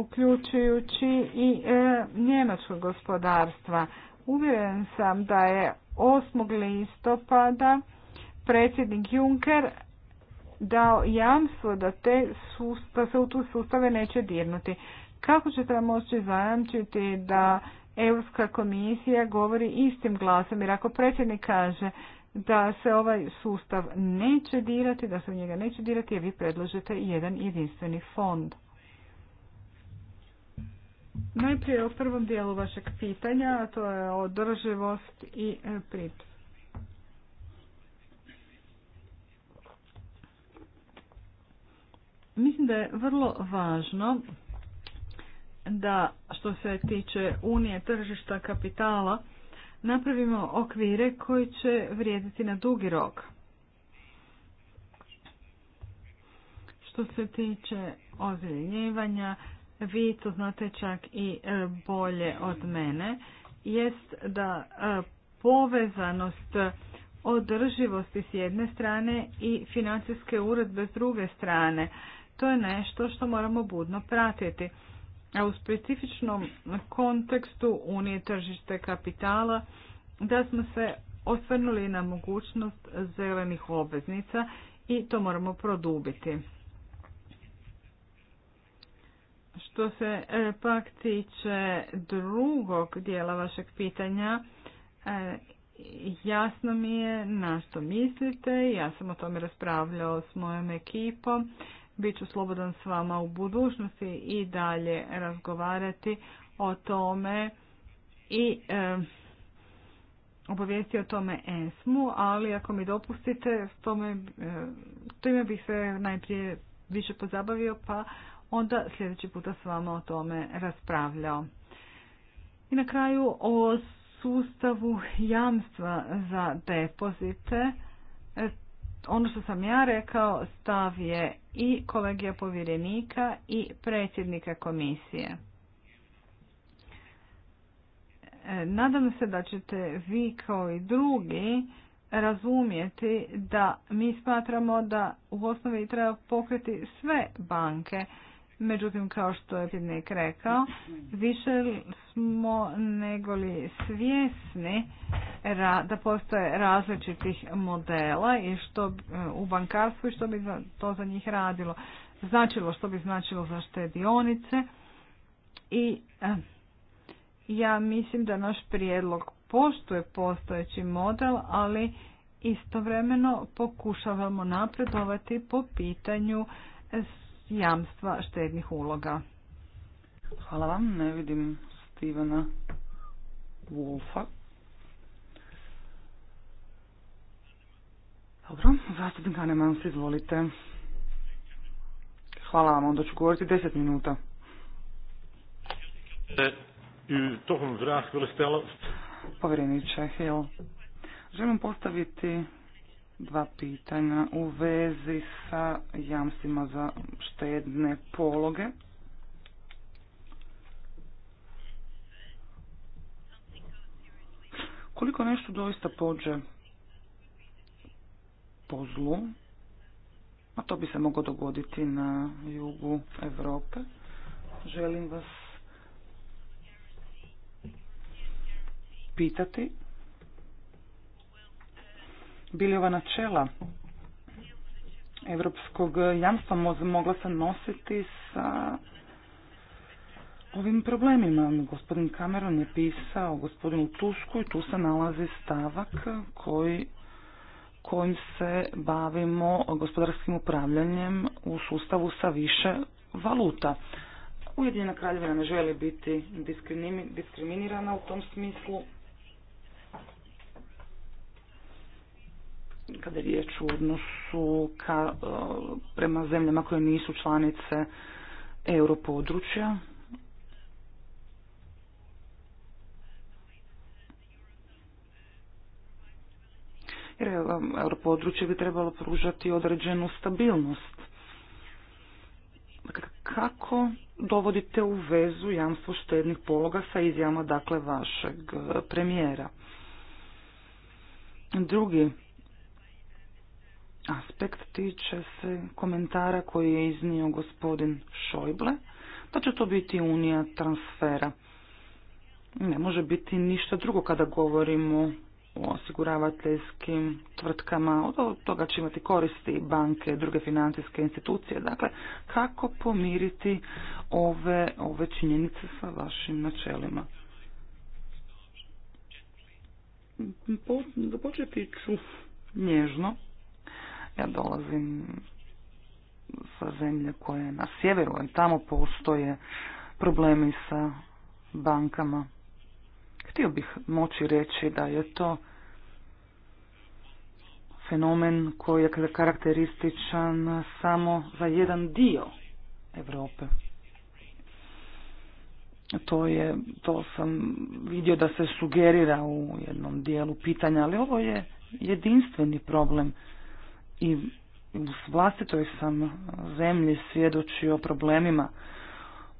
uključujući i e, njemačkog gospodarstva. Uvjeren sam da je 8. listopada predsjednik Juncker dao jamstvo da te se u tu sustave neće dirnuti. Kako ćete moći zajamčiti da Europska komisija govori istim glasom? Jer ako predsjednik kaže da se ovaj sustav neće dirati, da se u njega neće dirati, jer vi predložite jedan jedinstveni fond. Najprije u prvom dijelu vašeg pitanja, a to je održivost i e, prips. Mislim da je vrlo važno da što se tiče unije tržišta kapitala, napravimo okvire koji će vrijediti na dugi rok. Što se tiče ozljenjevanja, vi to znate čak i e, bolje od mene, jest da e, povezanost održivosti s jedne strane i financijske uredbe s druge strane. To je nešto što moramo budno pratiti a u specifičnom kontekstu Unije tržište kapitala da smo se osvrnuli na mogućnost zelenih obveznica i to moramo produbiti. Što se e, pak tiče drugog dijela vašeg pitanja, e, jasno mi je na što mislite, ja sam o tome raspravljao s mojom ekipom bit ću slobodan s vama u budućnosti i dalje razgovarati o tome i e, obavijesti o tome ESMU, ali ako mi dopustite, s tome, e, time bih se najprije više pozabavio, pa onda sljedeći puta s vama o tome raspravljao. I na kraju o sustavu jamstva za depozite. E, ono što sam ja rekao, stav je i kolegija povjerenika i predsjednika komisije. E, nadam se da ćete vi kao i drugi razumjeti da mi smatramo da u osnovi treba pokriti sve banke Međutim, kao što je Pjednik rekao, više smo negoli svjesni da postoje različitih modela i što e, u bankarstvu i što bi to za njih radilo. Značilo što bi značilo za štedionice i e, ja mislim da naš prijedlog poštuje postojeći model, ali istovremeno pokušavamo napredovati po pitanju jamstva štednih uloga. Hvala vam, ne vidim Stivana Wolfa. Dobro, zastupnik se izvolite. Hvala vam, onda ću govoriti 10 minuta. U e, Povjereniče Hill, želim postaviti dva pitanja u vezi sa jamstvima za štedne pologe. Koliko nešto doista pođe po zlu, a to bi se moglo dogoditi na jugu Europe, želim vas pitati bili ova načela evropskog jamstva mogla se nositi sa ovim problemima. Gospodin Cameron je pisao gospodinu Tusku i tu se nalazi stavak koji kojim se bavimo gospodarskim upravljanjem u sustavu sa više valuta. Ujedinjena kraljevina ne želi biti diskriminirana u tom smislu kada je riječ u odnosu ka, e, prema zemljama koje nisu članice europodručja. Jer e, europodručje bi trebalo pružati određenu stabilnost. Dakle, kako dovodite u vezu jamstvo štednih pologa sa izjavama dakle vašeg e, premijera? Drugi aspekt tiče se komentara koji je iznio gospodin Šojble, da pa će to biti unija transfera. Ne može biti ništa drugo kada govorimo o osiguravateljskim tvrtkama, od toga će imati koristi banke, druge financijske institucije. Dakle, kako pomiriti ove, ove činjenice sa vašim načelima? Po, započeti ću nježno. Ja dolazim sa zemlje koje je na sjeveru, ali tamo postoje problemi sa bankama. Htio bih moći reći da je to fenomen koji je karakterističan samo za jedan dio Europe. To, je, to sam vidio da se sugerira u jednom dijelu pitanja, ali ovo je jedinstveni problem i u vlastitoj sam zemlji o problemima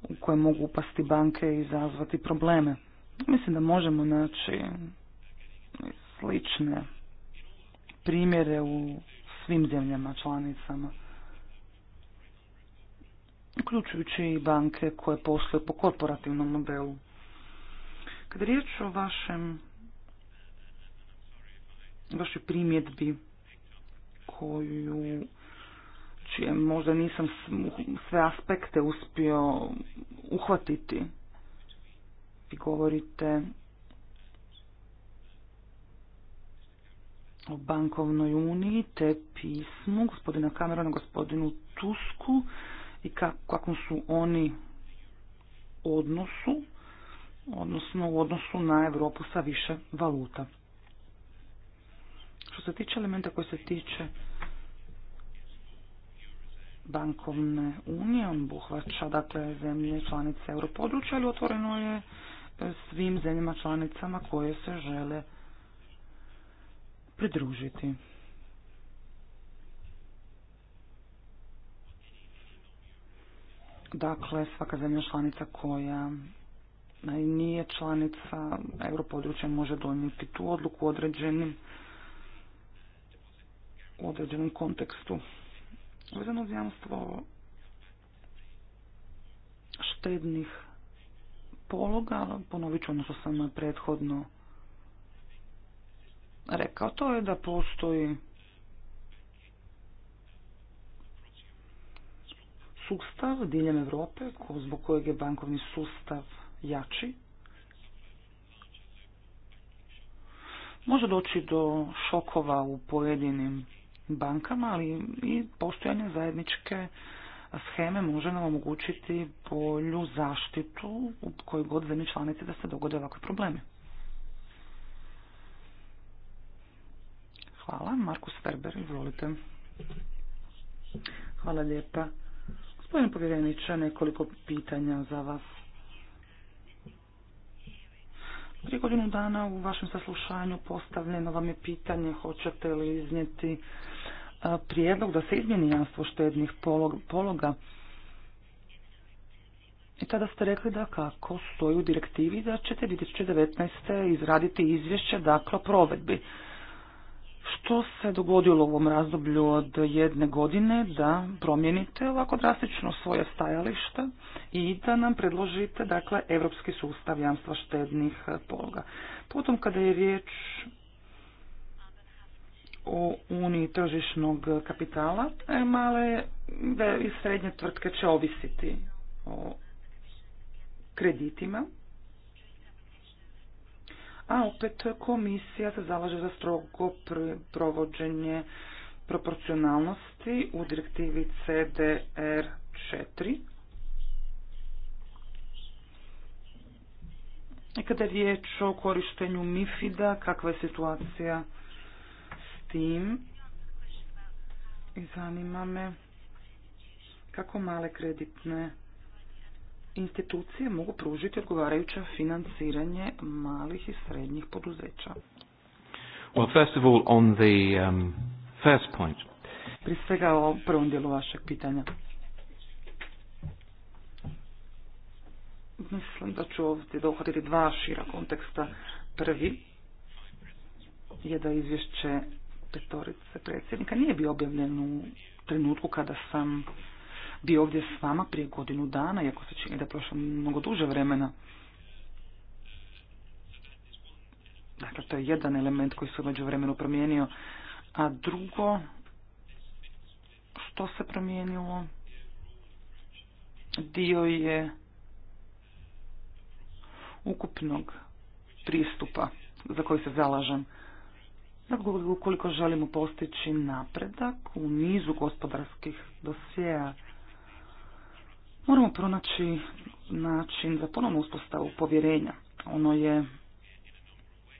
u koje mogu upasti banke i izazvati probleme. Mislim da možemo naći slične primjere u svim zemljama članicama, uključujući i banke koje posluju po korporativnom modelu. Kad je riječ o vašem vašoj primjedbi koju čije možda nisam sve aspekte uspio uhvatiti. Vi govorite o bankovnoj uniji te pismu gospodina Kamerona, gospodinu Tusku i kakvom su oni odnosu, odnosno u odnosu na Europu sa više valuta. Što se tiče elementa koji se tiče bankovne unije, on buhvaća dakle zemlje članice europodručja, ali otvoreno je e, svim zemljama članicama koje se žele pridružiti. Dakle, svaka zemlja članica koja nije članica europodručja može donijeti tu odluku određenim, u određenom kontekstu. Vezano jamstvo štednih pologa, ponovit ću ono što sam prethodno rekao, to je da postoji sustav diljem Europe zbog kojeg je bankovni sustav jači. Može doći do šokova u pojedinim bankama, ali i postojanje zajedničke scheme može nam omogućiti bolju zaštitu u kojoj god zemlji članici da se dogode ovakve probleme. Hvala. Markus Ferber, izvolite. Hvala lijepa. Gospodine povjereniče, nekoliko pitanja za vas. Prije godinu dana u vašem saslušanju postavljeno vam je pitanje hoćete li iznijeti prijedlog da se izmjeni jamstvo štednih pologa. I tada ste rekli da kako stoji u direktivi da ćete 2019. izraditi izvješće dakle o provedbi. Što se dogodilo u ovom razdoblju od jedne godine da promijenite ovako drastično svoje stajalište i da nam predložite dakle evropski sustav jamstva štednih pologa. Potom kada je riječ o uniji tržišnog kapitala, male i srednje tvrtke će ovisiti o kreditima. A opet komisija se zalaže za strogo provođenje proporcionalnosti u direktivi CDR4. I kada je riječ o korištenju MIFID-a, kakva je situacija tim i zanima me kako male kreditne institucije mogu pružiti odgovarajuće financiranje malih i srednjih poduzeća. Um, Prije svega o prvom dijelu vašeg pitanja. Mislim da ću ovdje dohoditi dva šira konteksta. Prvi je da izvješće petorice predsjednika nije bio objavljen u trenutku kada sam bio ovdje s vama prije godinu dana, iako se čini da je prošlo mnogo duže vremena. Dakle, to je jedan element koji se među vremenu promijenio. A drugo, što se promijenilo? Dio je ukupnog pristupa za koji se zalažem. Dakle, ukoliko želimo postići napredak u nizu gospodarskih dosjeja, moramo pronaći način za ponovnu uspostavu povjerenja. Ono je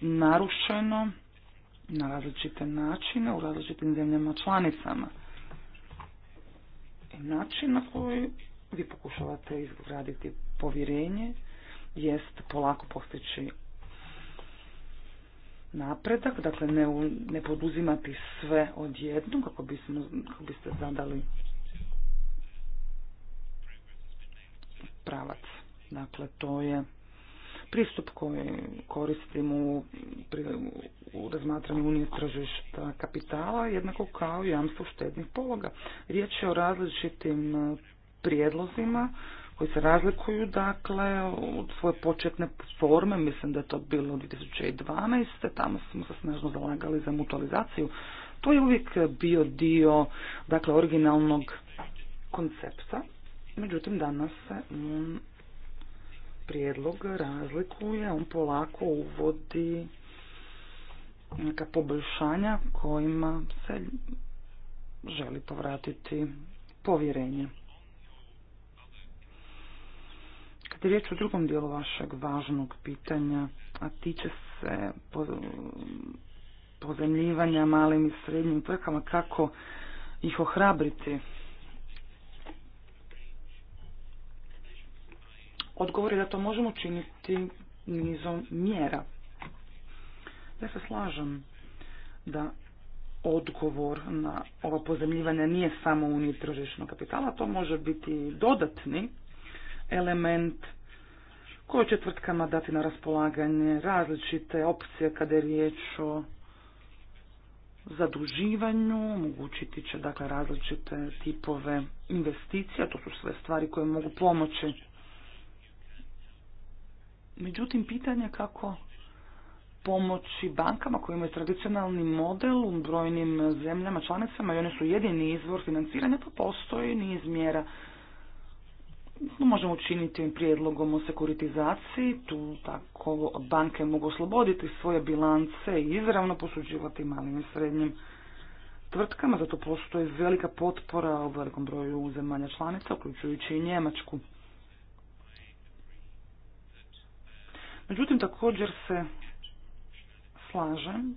narušeno na različite načine u različitim zemljama članicama. I način na koji vi pokušavate izgraditi povjerenje jest polako postići napredak, dakle ne, ne poduzimati sve odjednom kako, kako biste zadali pravac. Dakle, to je pristup koji koristim u, u razmatranju unije tržišta kapitala, jednako kao i jamstvo štednih pologa. Riječ je o različitim prijedlozima koji se razlikuju dakle od svoje početne forme, mislim da je to bilo 2012. Tamo smo se snažno zalagali za mutualizaciju. To je uvijek bio dio dakle originalnog koncepta. Međutim, danas se prijedlog razlikuje, on polako uvodi neka poboljšanja kojima se želi povratiti povjerenje. Kad je riječ o drugom dijelu vašeg važnog pitanja, a tiče se pozemljivanja malim i srednjim tvrtkama, kako ih ohrabriti. Odgovor je da to možemo činiti nizom mjera. Ja se slažem da odgovor na ovo pozemljivanje nije samo unije tržišnog kapitala, to može biti dodatni element koji će tvrtkama dati na raspolaganje različite opcije kada je riječ o zaduživanju, omogućiti će dakle različite tipove investicija, to su sve stvari koje mogu pomoći. Međutim, pitanje kako pomoći bankama koje imaju tradicionalni model u brojnim zemljama, članicama i one su jedini izvor financiranja, pa postoji niz mjera možemo učiniti prijedlogom o sekuritizaciji, tu tako banke mogu osloboditi svoje bilance i izravno posuđivati malim i srednjim tvrtkama, zato postoji velika potpora u velikom broju zemalja članica, uključujući i Njemačku. Međutim, također se slažem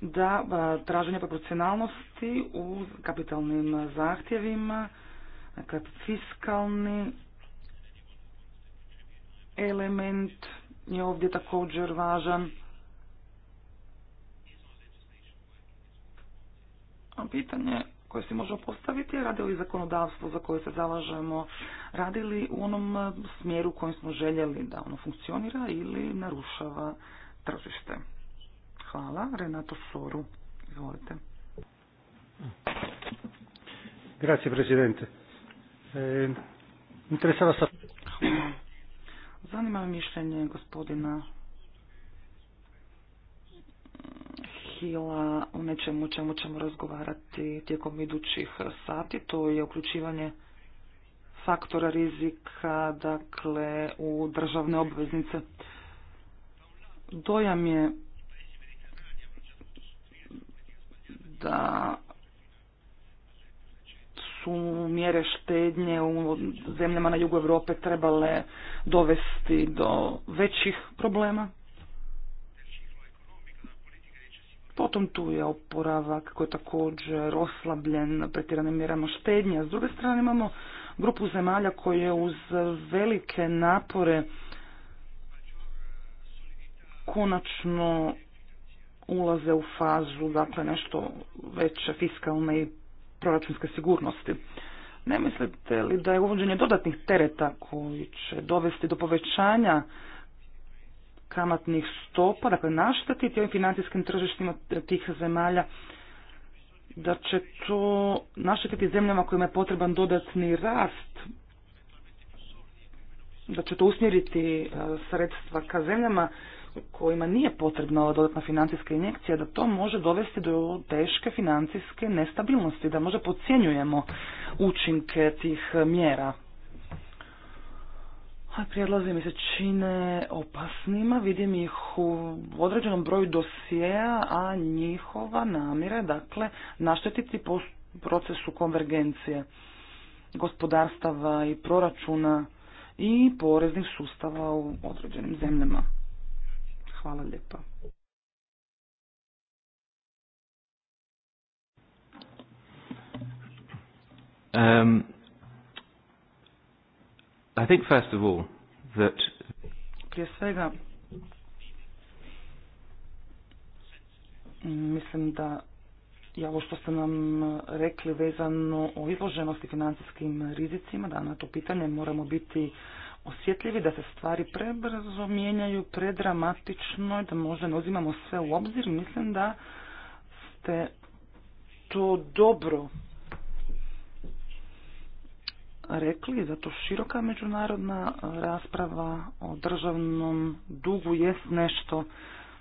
da traženje proporcionalnosti u kapitalnim zahtjevima Dakle, fiskalni element je ovdje također važan. A pitanje koje si možemo postaviti je radi li zakonodavstvo za koje se zalažemo, radi li u onom smjeru kojem smo željeli da ono funkcionira ili narušava tržište. Hvala. Renato Soru, izvolite. Grazie Presidente. E, interesava sa... Zanima mišljenje gospodina Hila o nečemu čemu ćemo razgovarati tijekom idućih sati. To je uključivanje faktora rizika dakle, u državne obveznice. Dojam je da su mjere štednje u zemljama na jugu Europe trebale dovesti do većih problema. Potom tu je oporavak koji je također oslabljen pretjeranim mjerama štednje. S druge strane imamo grupu zemalja koje uz velike napore konačno ulaze u fazu dakle nešto veće fiskalne i proračunske sigurnosti. Ne mislite li da je uvođenje dodatnih tereta koji će dovesti do povećanja kamatnih stopa, dakle naštetiti ovim financijskim tržištima tih zemalja, da će to naštetiti zemljama kojima je potreban dodatni rast, da će to usmjeriti e, sredstva ka zemljama kojima nije potrebna ova dodatna financijska injekcija, da to može dovesti do teške financijske nestabilnosti, da možda pocijenjujemo učinke tih mjera. A prijedlozi mi se čine opasnima, vidim ih u određenom broju dosijeja, a njihova namjera dakle naštetiti procesu konvergencije gospodarstava i proračuna i poreznih sustava u određenim zemljama. Hvala lijepa. Um, I think first of all that prije svega mislim da i ovo što ste nam rekli vezano o izloženosti financijskim rizicima, da na to pitanje moramo biti osjetljivi da se stvari prebrzo mijenjaju, predramatično da možda ne uzimamo sve u obzir. Mislim da ste to dobro rekli, zato široka međunarodna rasprava o državnom dugu jest nešto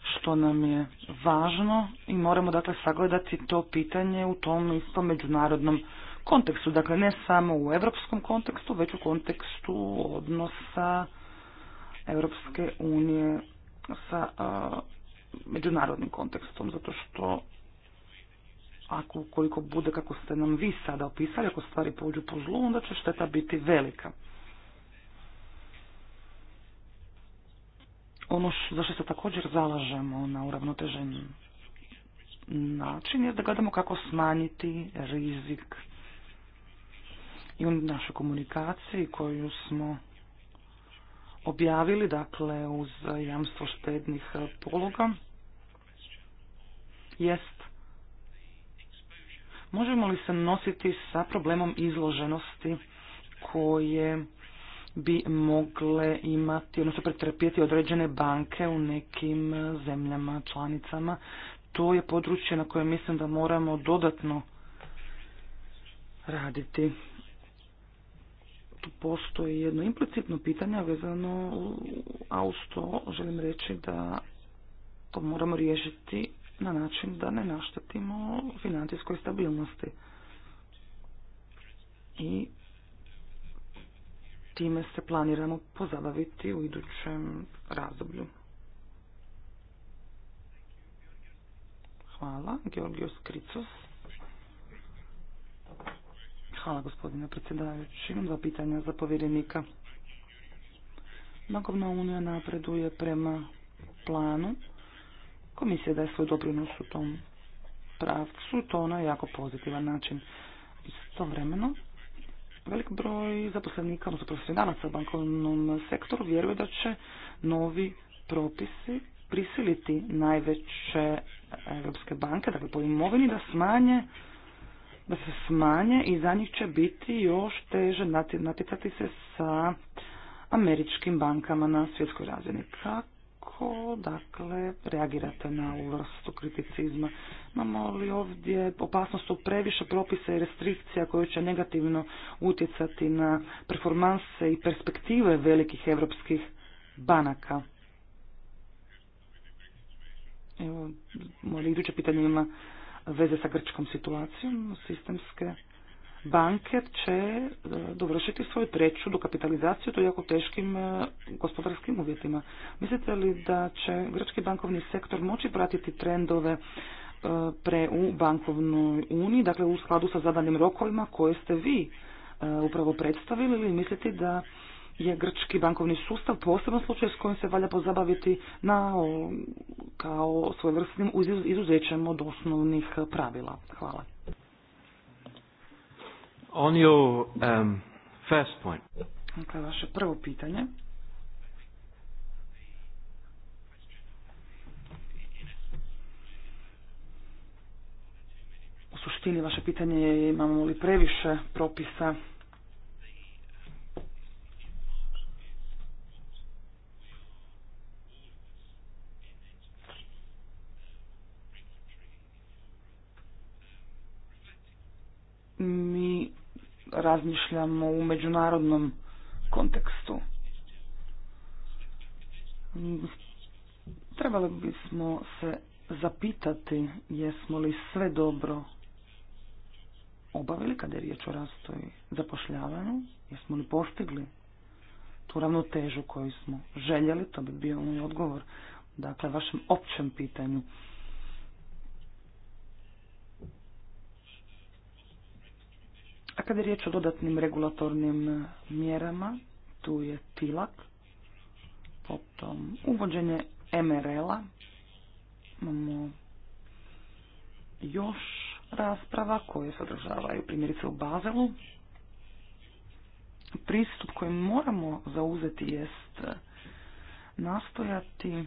što nam je važno i moramo dakle sagledati to pitanje u tom istom međunarodnom kontekstu, dakle ne samo u europskom kontekstu, već u kontekstu odnosa Europske unije sa međunarodnim kontekstom, zato što ako koliko bude kako ste nam vi sada opisali, ako stvari pođu po zlu, onda će šteta biti velika. Ono š, za što se također zalažemo na uravnotežen način je da gledamo kako smanjiti rizik i u našoj komunikaciji koju smo objavili, dakle uz jamstvo štednih pologa, jest možemo li se nositi sa problemom izloženosti koje bi mogle imati, odnosno pretrpjeti određene banke u nekim zemljama, članicama. To je područje na koje mislim da moramo dodatno raditi tu postoji jedno implicitno pitanje vezano, a uz to želim reći da to moramo riješiti na način da ne naštetimo financijskoj stabilnosti. I time se planiramo pozabaviti u idućem razdoblju. Hvala, Georgios Kricos. Hvala gospodine predsjedavajući. Imam dva pitanja za povjerenika. Bankovna unija napreduje prema planu. Komisija daje svoj doprinos u tom pravcu, to na jako pozitivan način. Istovremeno, velik broj zaposlenika, odnosno profesionalaca u bankovnom sektoru vjeruje da će novi propisi prisiliti najveće europske banke, dakle po imovini, da smanje da se smanje i za njih će biti još teže natjecati se sa američkim bankama na svjetskoj razini. Kako, dakle, reagirate na uvrstu kriticizma? Imamo li ovdje opasnost u previše propisa i restrikcija koje će negativno utjecati na performanse i perspektive velikih europskih banaka? Evo, moje iduće pitanje ima veze sa grčkom situacijom, sistemske banke će e, dovršiti svoju treću dokapitalizaciju to jako teškim e, gospodarskim uvjetima. Mislite li da će grčki bankovni sektor moći pratiti trendove e, pre u bankovnoj uniji, dakle u skladu sa zadanim rokovima koje ste vi upravo predstavili ili mislite da je grčki bankovni sustav posebno slučaj s kojim se valja pozabaviti na, kao svojevrsnim izuzećem od osnovnih pravila. Hvala. On your um, first point. Dakle, vaše prvo pitanje. U suštini vaše pitanje je imamo li previše propisa mi razmišljamo u međunarodnom kontekstu. Trebali bismo se zapitati jesmo li sve dobro obavili kada je riječ o rastu zapošljavanju, jesmo li postigli tu ravnotežu koju smo željeli, to bi bio moj odgovor, dakle, vašem općem pitanju. A kada je riječ o dodatnim regulatornim e, mjerama, tu je tilak, potom uvođenje MRL-a, imamo još rasprava koje održavaju, primjerice u Bazelu. Pristup koji moramo zauzeti jest e, nastojati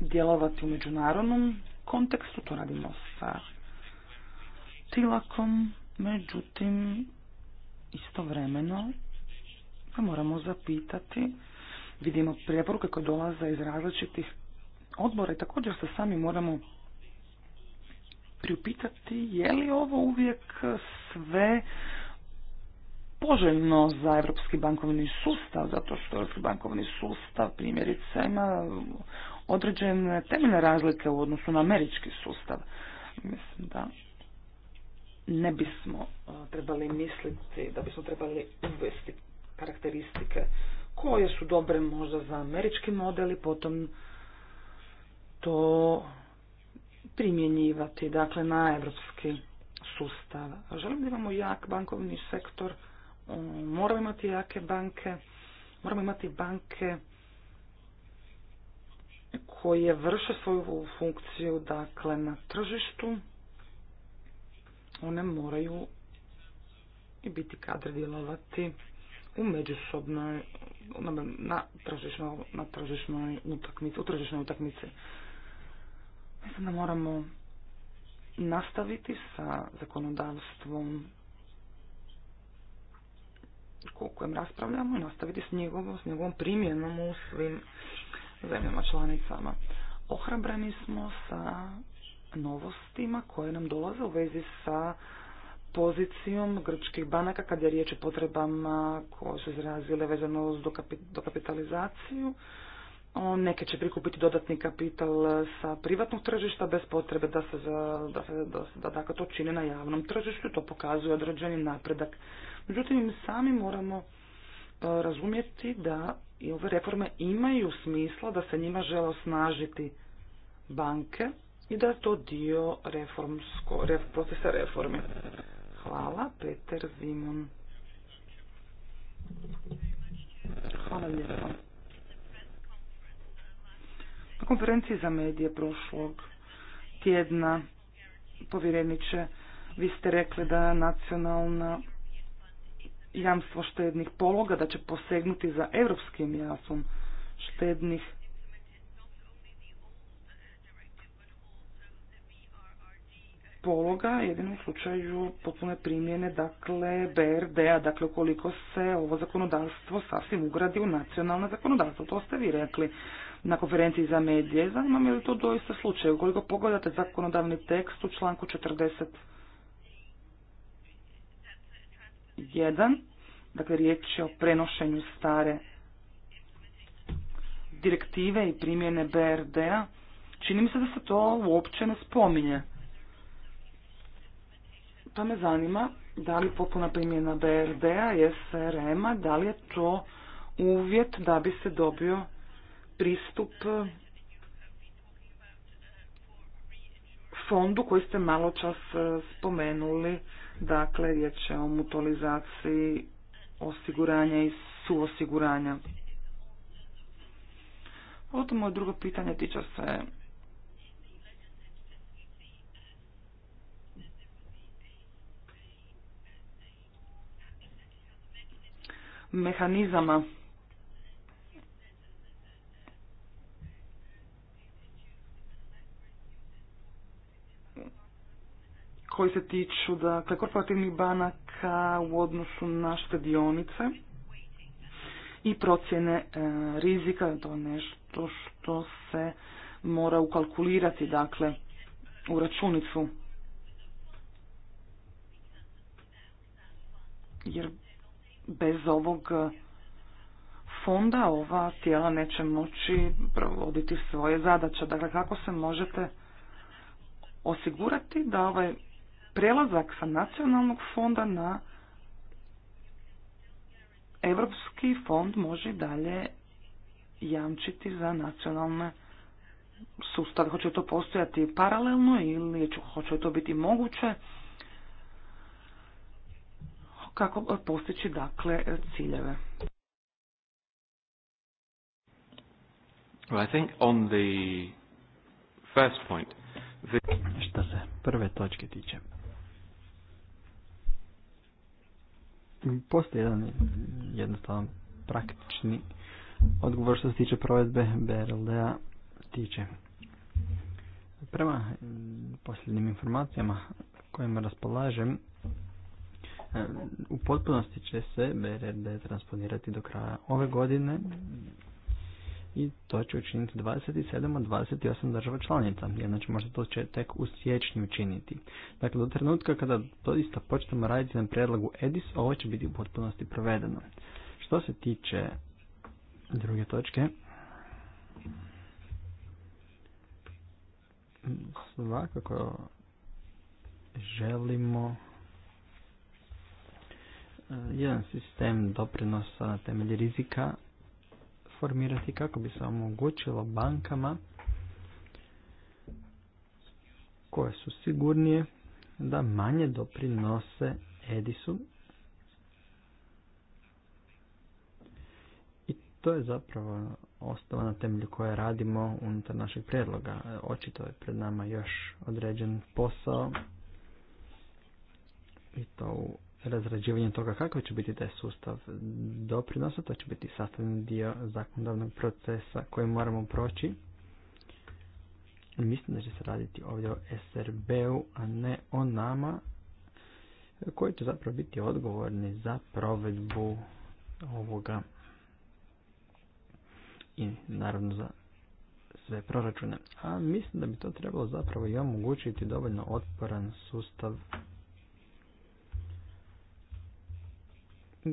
djelovati u međunarodnom kontekstu, to radimo sa tilakom, međutim istovremeno pa moramo zapitati, vidimo preporuke koje dolaze iz različitih odbora i također se sami moramo priupitati je li ovo uvijek sve poželjno za europski bankovni sustav, zato što europski bankovni sustav primjerice ima određene temeljne razlike u odnosu na američki sustav. Mislim da ne bismo e, trebali misliti da bismo trebali uvesti karakteristike koje su dobre možda za američki model i potom to primjenjivati dakle na evropski sustav. Želim da imamo jak bankovni sektor, moramo imati jake banke, moramo imati banke koje vrše svoju funkciju dakle na tržištu one moraju i biti kadre djelovati u međusobnoj na tržišnoj na tržišnoj utakmici u tržišnoj utakmici mislim da moramo nastaviti sa zakonodavstvom o kojem raspravljamo i nastaviti s njegovom, s njegovom primjenom u svim zemljama članicama. Ohrabreni smo sa novostima koje nam dolaze u vezi sa pozicijom grčkih banaka kad je riječ o potrebama koje su izrazile vezano uz dokapitalizaciju. Neke će prikupiti dodatni kapital sa privatnog tržišta bez potrebe da se, da se da, dakle to čine na javnom tržištu. To pokazuje određeni napredak. Međutim, sami moramo E, razumjeti da i ove reforme imaju smisla da se njima žele osnažiti banke i da je to dio reformsko, procesa reforme. Hvala, Peter Zimun. Hvala Na konferenciji za medije prošlog tjedna povjereniče, vi ste rekli da nacionalna jamstvo štednih pologa, da će posegnuti za europskim jamstvom štednih pologa, jedino u slučaju potpune primjene, dakle, BRD-a, dakle, ukoliko se ovo zakonodavstvo sasvim ugradi u nacionalno zakonodavstvo, to ste vi rekli na konferenciji za medije. Zanima me je li to doista slučaj, ukoliko pogledate zakonodavni tekst u članku 40 jedan, Dakle, riječ je o prenošenju stare direktive i primjene BRD-a. Čini mi se da se to uopće ne spominje. Pa me zanima da li popuna primjena BRD-a i SRM-a, da li je to uvjet da bi se dobio pristup fondu koji ste malo čas e, spomenuli Dakle, riječ je o mutualizaciji osiguranja i suosiguranja. oto moje drugo pitanje tiče se mehanizama koji se tiču dakle, korporativnih banaka u odnosu na štedionice i procjene e, rizika, to je nešto što se mora ukalkulirati dakle, u računicu. Jer bez ovog fonda ova tijela neće moći provoditi svoje zadaće. Dakle, kako se možete osigurati da ovaj prelazak sa nacionalnog fonda na Europski fond može dalje jamčiti za nacionalne sustave. Hoće to postojati paralelno ili hoće to biti moguće? Kako postići dakle ciljeve? I think on the first point, Što se prve točke tiče, Postoji jedan jednostavan praktični odgovor što se tiče provedbe BRLD-a tiče. Prema posljednjim informacijama kojima raspolažem, e, u potpunosti će se BRLD transponirati do kraja ove godine i to će učiniti 27 od 28 država članica. Znači možda to će tek u siječnju učiniti. Dakle, do trenutka kada to isto počnemo raditi na predlagu EDIS, ovo će biti u potpunosti provedeno. Što se tiče druge točke, svakako želimo e, jedan sistem doprinosa na temelji rizika formirati kako bi se omogućilo bankama koje su sigurnije da manje doprinose Edisu. I to je zapravo ostalo na temelju koje radimo unutar našeg predloga. Očito je pred nama još određen posao i to u razrađivanje toga kako će biti taj sustav doprinosa, to će biti sastavni dio zakonodavnog procesa koji moramo proći. Mislim da će se raditi ovdje o SRB-u, a ne o nama, koji će zapravo biti odgovorni za provedbu ovoga i naravno za sve proračune. A mislim da bi to trebalo zapravo i omogućiti dovoljno otporan sustav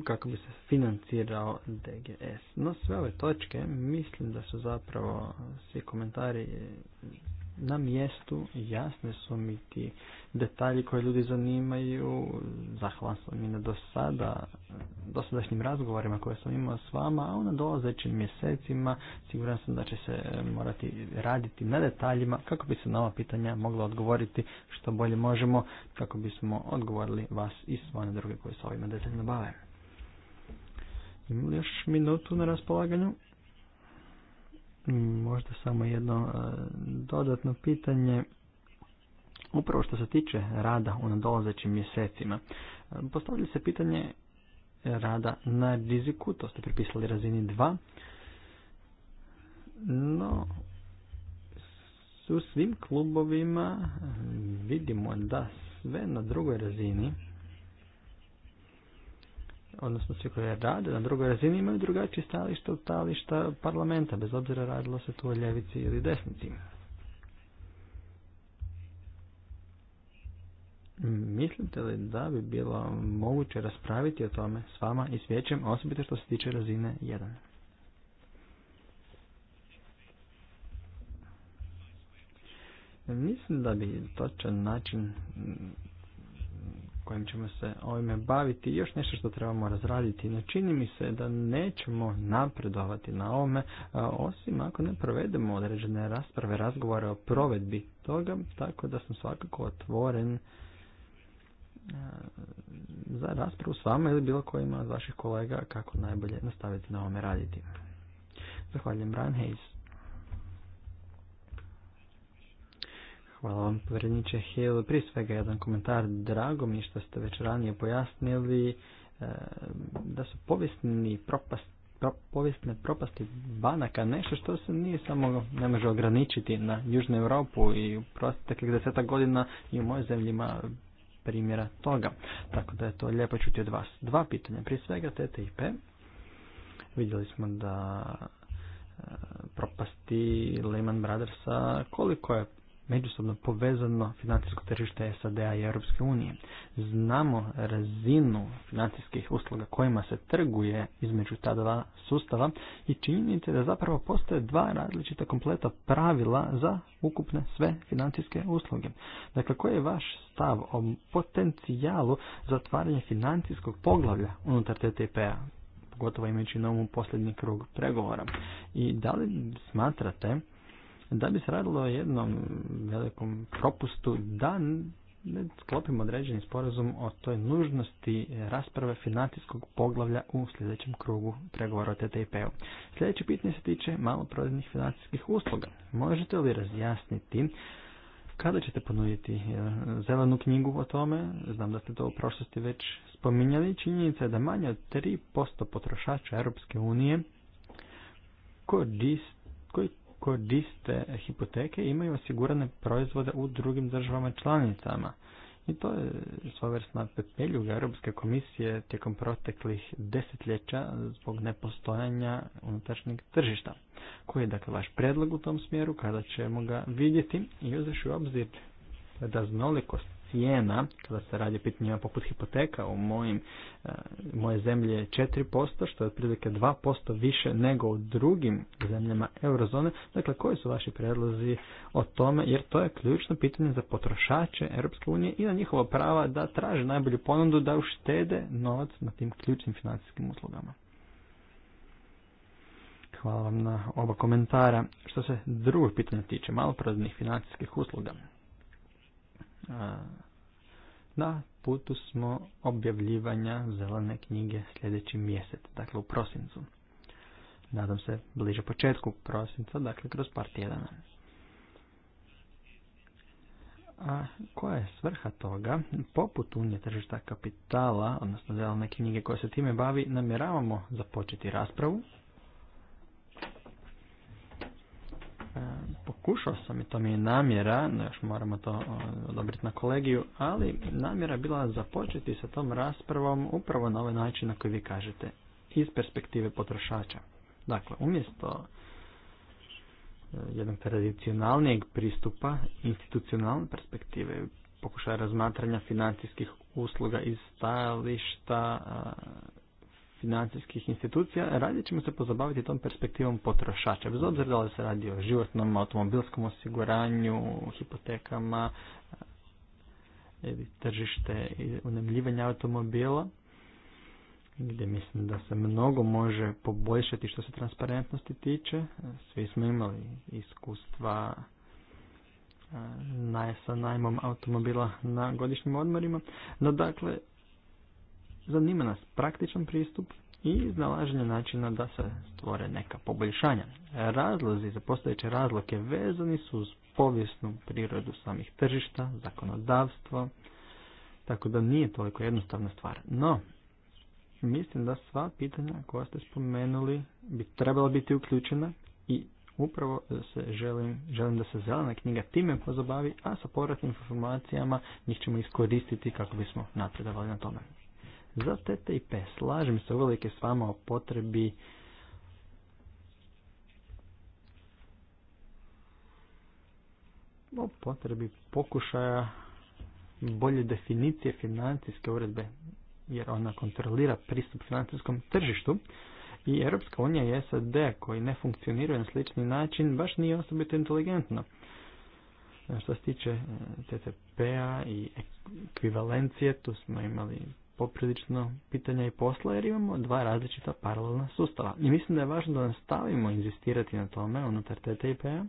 kako bi se financirao DGS. No sve ove točke mislim da su zapravo svi komentari na mjestu, jasne su mi ti detalji koje ljudi zanimaju, zahvalan sam i na do sada, dosadašnjim razgovorima koje sam imao s vama, a u nadolazećim mjesecima siguran sam da će se morati raditi na detaljima kako bi se na ova pitanja mogla odgovoriti što bolje možemo, kako bismo odgovorili vas i sve one druge koje se ovima detaljno bave. Imam još minutu na raspolaganju? Možda samo jedno e, dodatno pitanje. Upravo što se tiče rada u nadolazećim mjesecima, e, postavlja se pitanje rada na riziku, to ste pripisali razini 2, no u svim klubovima vidimo da sve na drugoj razini odnosno svi koji rade na drugoj razini imaju drugačije stajalište od stajališta parlamenta, bez obzira radilo se tu o ljevici ili desnici. Mislite li da bi bilo moguće raspraviti o tome s vama i s vijećem, osobito što se tiče razine 1? Mislim da bi točan način kojim ćemo se ovime baviti i još nešto što trebamo razraditi. Ne čini mi se da nećemo napredovati na ovome, osim ako ne provedemo određene rasprave, razgovore o provedbi toga, tako da sam svakako otvoren za raspravu s vama ili bilo kojima od vaših kolega kako najbolje nastaviti na ovome raditi. Zahvaljujem Brian Hayes. Hvala vam, povredniče Hill. Prije svega jedan komentar. Drago mi što ste već ranije pojasnili e, da su povijesni propast, povijesne propasti banaka nešto što se nije samo ne može ograničiti na Južnu Europu i u proteklih deseta godina i u mojoj zemljima primjera toga. Tako da je to lijepo čuti od vas. Dva pitanja. Prije svega TTIP. Vidjeli smo da e, propasti Lehman Brothersa koliko je međusobno povezano financijsko tržište SAD-a i Europske unije. Znamo razinu financijskih usluga kojima se trguje između ta dva sustava i činjenica da zapravo postoje dva različita kompleta pravila za ukupne sve financijske usluge. Dakle, koji je vaš stav o potencijalu za otvaranje financijskog poglavlja unutar ttp a pogotovo imajući na umu posljednji krug pregovora. I da li smatrate da bi se radilo o jednom velikom propustu da ne sklopimo određeni sporazum o toj nužnosti rasprave financijskog poglavlja u sljedećem krugu pregovora o TTIP-u. Sljedeće pitanje se tiče maloprodajnih financijskih usluga. Možete li razjasniti kada ćete ponuditi eh, zelenu knjigu o tome? Znam da ste to u prošlosti već spominjali. Činjenica je da manje od 3% potrošača Europske unije koriste hipoteke imaju osigurane proizvode u drugim državama članicama. I to je svojevrsna pepeljuga Europske komisije tijekom proteklih desetljeća zbog nepostojanja unutrašnjeg tržišta. Koji je dakle vaš predlog u tom smjeru kada ćemo ga vidjeti i uzeši u obzir znolikost cijena, kada se radi o pitanjima poput hipoteka u mojim, e, moje zemlje je 4%, što je otprilike 2% više nego u drugim zemljama eurozone. Dakle, koji su vaši predlozi o tome, jer to je ključno pitanje za potrošače Europske unije i na njihova prava da traže najbolju ponudu da uštede novac na tim ključnim financijskim uslugama. Hvala vam na oba komentara. Što se drugog pitanja tiče maloprodnih financijskih usluga, na putu smo objavljivanja zelene knjige sljedeći mjesec, dakle u prosincu. Nadam se bliže početku prosinca, dakle kroz par tjedana. A koja je svrha toga? Poput unije tržišta kapitala, odnosno zelene knjige koje se time bavi, namjeravamo započeti raspravu pokušao sam i to mi je namjera, no još moramo to odobriti na kolegiju, ali namjera bila započeti sa tom raspravom upravo na ovaj način na koji vi kažete, iz perspektive potrošača. Dakle, umjesto e, jednog tradicionalnijeg pristupa institucionalne perspektive, pokušaja razmatranja financijskih usluga iz stajališta financijskih institucija, radije ćemo se pozabaviti tom perspektivom potrošača, bez obzira da li se radi o životnom, automobilskom osiguranju, hipotekama, e, ili tržište unemljivanja automobila, gdje mislim da se mnogo može poboljšati što se transparentnosti tiče. Svi smo imali iskustva e, sa najmom automobila na godišnjim odmorima. No dakle, Zanima nas praktičan pristup i iznalaženje načina da se stvore neka poboljšanja. Razlozi za postojeće razloge vezani su uz povijesnu prirodu samih tržišta, zakonodavstvo, tako da nije toliko jednostavna stvar. No, mislim da sva pitanja koja ste spomenuli bi trebala biti uključena i upravo se želim, da se zelena knjiga time pozabavi, a sa povratnim informacijama njih ćemo iskoristiti kako bismo napredavali na tome. Za TTIP slažem se uvelike s vama o potrebi o potrebi pokušaja bolje definicije financijske uredbe, jer ona kontrolira pristup financijskom tržištu i Europska unija i SAD koji ne funkcioniraju na slični način baš nije osobito inteligentno. Što se tiče TTP-a i ekvivalencije, tu smo imali poprilično pitanja i posla jer imamo dva različita paralelna sustava. I mislim da je važno da nastavimo inzistirati na tome unutar TTIP-a.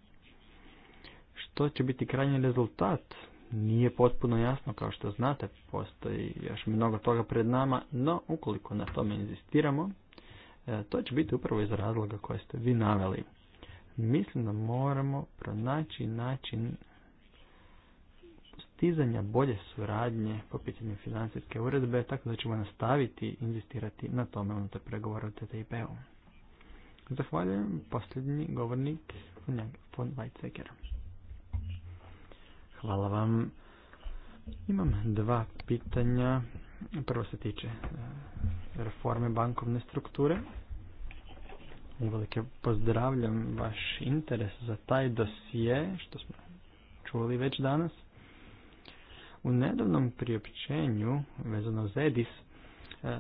Što će biti krajnji rezultat nije potpuno jasno kao što znate, postoji još mnogo toga pred nama, no ukoliko na tome inzistiramo, e, to će biti upravo iz razloga koje ste vi naveli. Mislim da moramo pronaći način postizanja bolje suradnje po pitanju financijske uredbe, tako da ćemo nastaviti inzistirati na tome unutar pregovora o TTIP-u. Zahvaljujem posljednji govornik von Weizsäcker. Hvala vam. Imam dva pitanja. Prvo se tiče eh, reforme bankovne strukture. Uvelike pozdravljam vaš interes za taj dosije, što smo čuli već danas. U nedavnom priopćenju vezano za EDIS e,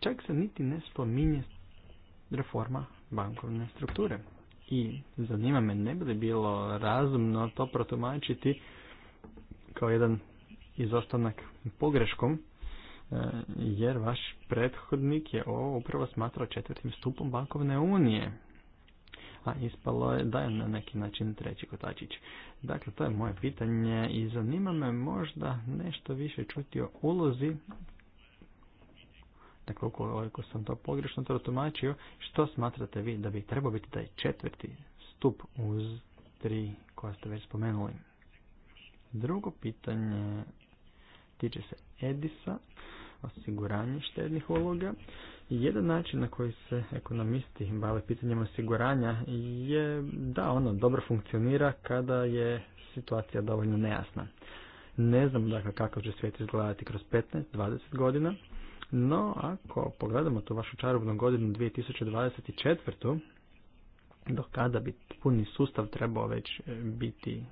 čak se niti ne spominje reforma bankovne strukture. I zanima me ne bi li bilo razumno to protumačiti kao jedan izostanak pogreškom e, jer vaš prethodnik je ovo upravo smatrao četvrtim stupom bankovne unije a ispalo je da je na neki način treći kotačić. Dakle, to je moje pitanje i zanima me možda nešto više čuti o ulozi dakle ukoliko sam to pogrešno to što smatrate vi da bi trebao biti taj četvrti stup uz tri koja ste već spomenuli? Drugo pitanje tiče se Edisa, osiguranje štednih uloga. Jedan način na koji se ekonomisti bave pitanjem osiguranja je da ono dobro funkcionira kada je situacija dovoljno nejasna. Ne znam dakle kakav će svijet izgledati kroz 15-20 godina, no ako pogledamo tu vašu čarobnu godinu 2024. do kada bi puni sustav trebao već e, biti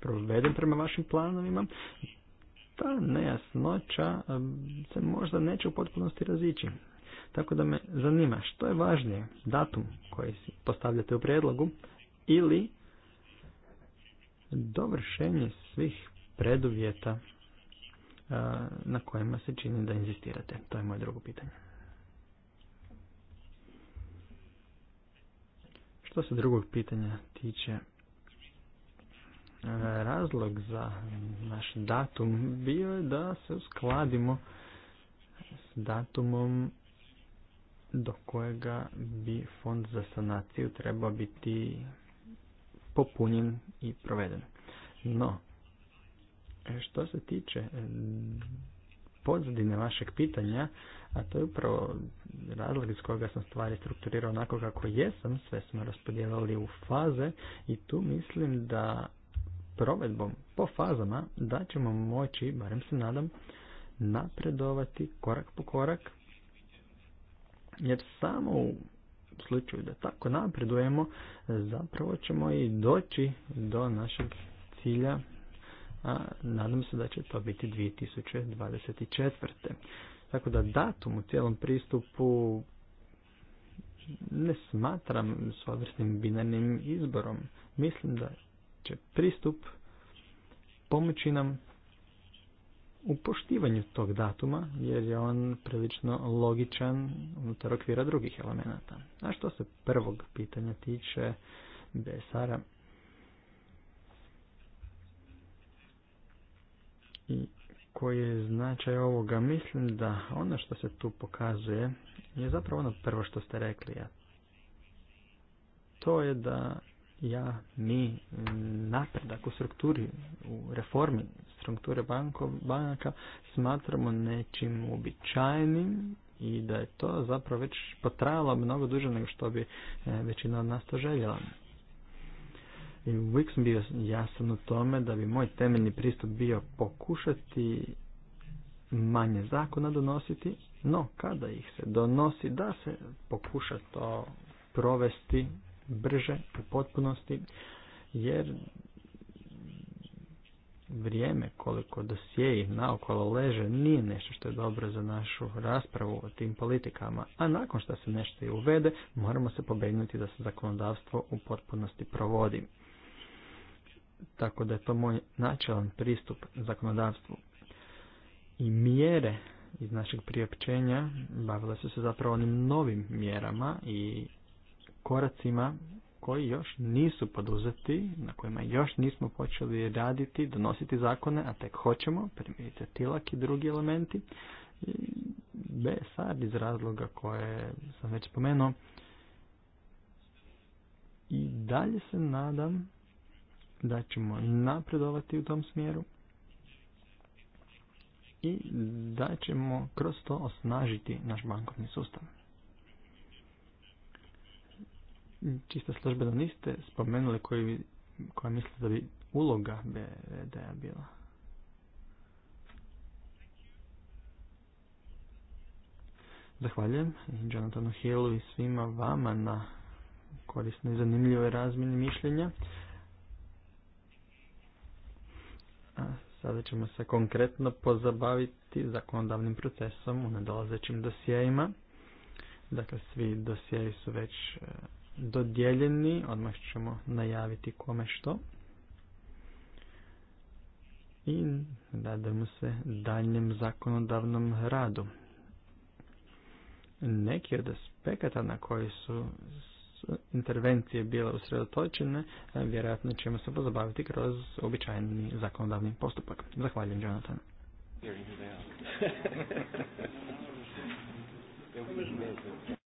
proveden prema vašim planovima, ta nejasnoća e, se možda neće u potpunosti razići. Tako da me zanima što je važnije, datum koji si postavljate u prijedlogu ili dovršenje svih preduvjeta na kojima se čini da inzistirate. To je moje drugo pitanje. Što se drugog pitanja tiče, razlog za naš datum bio je da se uskladimo s datumom do kojega bi fond za sanaciju trebao biti popunjen i proveden. No, e, što se tiče e, pozadine vašeg pitanja, a to je upravo razlog iz kojega sam stvari strukturirao onako kako jesam, sve smo raspodijelili u faze i tu mislim da provedbom po fazama da ćemo moći, barem se nadam, napredovati korak po korak jer samo u slučaju da tako napredujemo, zapravo ćemo i doći do našeg cilja, a nadam se da će to biti 2024. Tako da datum u cijelom pristupu ne smatram svojevrsnim binarnim izborom. Mislim da će pristup pomoći nam u poštivanju tog datuma, jer je on prilično logičan unutar okvira drugih elemenata. A što se prvog pitanja tiče bsr i koji je značaj ovoga, mislim da ono što se tu pokazuje je zapravo ono prvo što ste rekli, to je da ja, mi, mm, napredak u strukturi, u reformi strukture bankov banaka smatramo nečim uobičajenim i da je to zapravo već potrajalo mnogo duže nego što bi e, većina od nas to željela. I uvijek sam bio jasan u tome da bi moj temeljni pristup bio pokušati manje zakona donositi, no kada ih se donosi da se pokuša to provesti brže u potpunosti jer vrijeme koliko dosjeji naokolo leže nije nešto što je dobro za našu raspravu o tim politikama, a nakon što se nešto i uvede moramo se pobegnuti da se zakonodavstvo u potpunosti provodi. Tako da je to moj načelan pristup zakonodavstvu. I mjere iz našeg priopćenja bavile su se zapravo onim novim mjerama i koracima koji još nisu poduzeti, na kojima još nismo počeli raditi, donositi zakone, a tek hoćemo, primjerice tilak i drugi elementi. I sad iz razloga koje sam već spomenuo. I dalje se nadam da ćemo napredovati u tom smjeru i da ćemo kroz to osnažiti naš bankovni sustav služba da niste spomenuli koji, koja mislite da bi uloga bvd a bila. Zahvaljujem Jonathanu Hillu i svima vama na korisnoj i zanimljivoj razmjeni mišljenja. A sada ćemo se konkretno pozabaviti zakonodavnim procesom u nadolazećim dosijajima. Dakle, svi dosjeji su već e, dodijeljeni, odmah ćemo najaviti kome što. I nadamo se daljnjem zakonodavnom radu. Neki od aspekata na koji su intervencije bile usredotočene, vjerojatno ćemo se pozabaviti kroz običajni zakonodavni postupak. Zahvaljujem, Jonathan.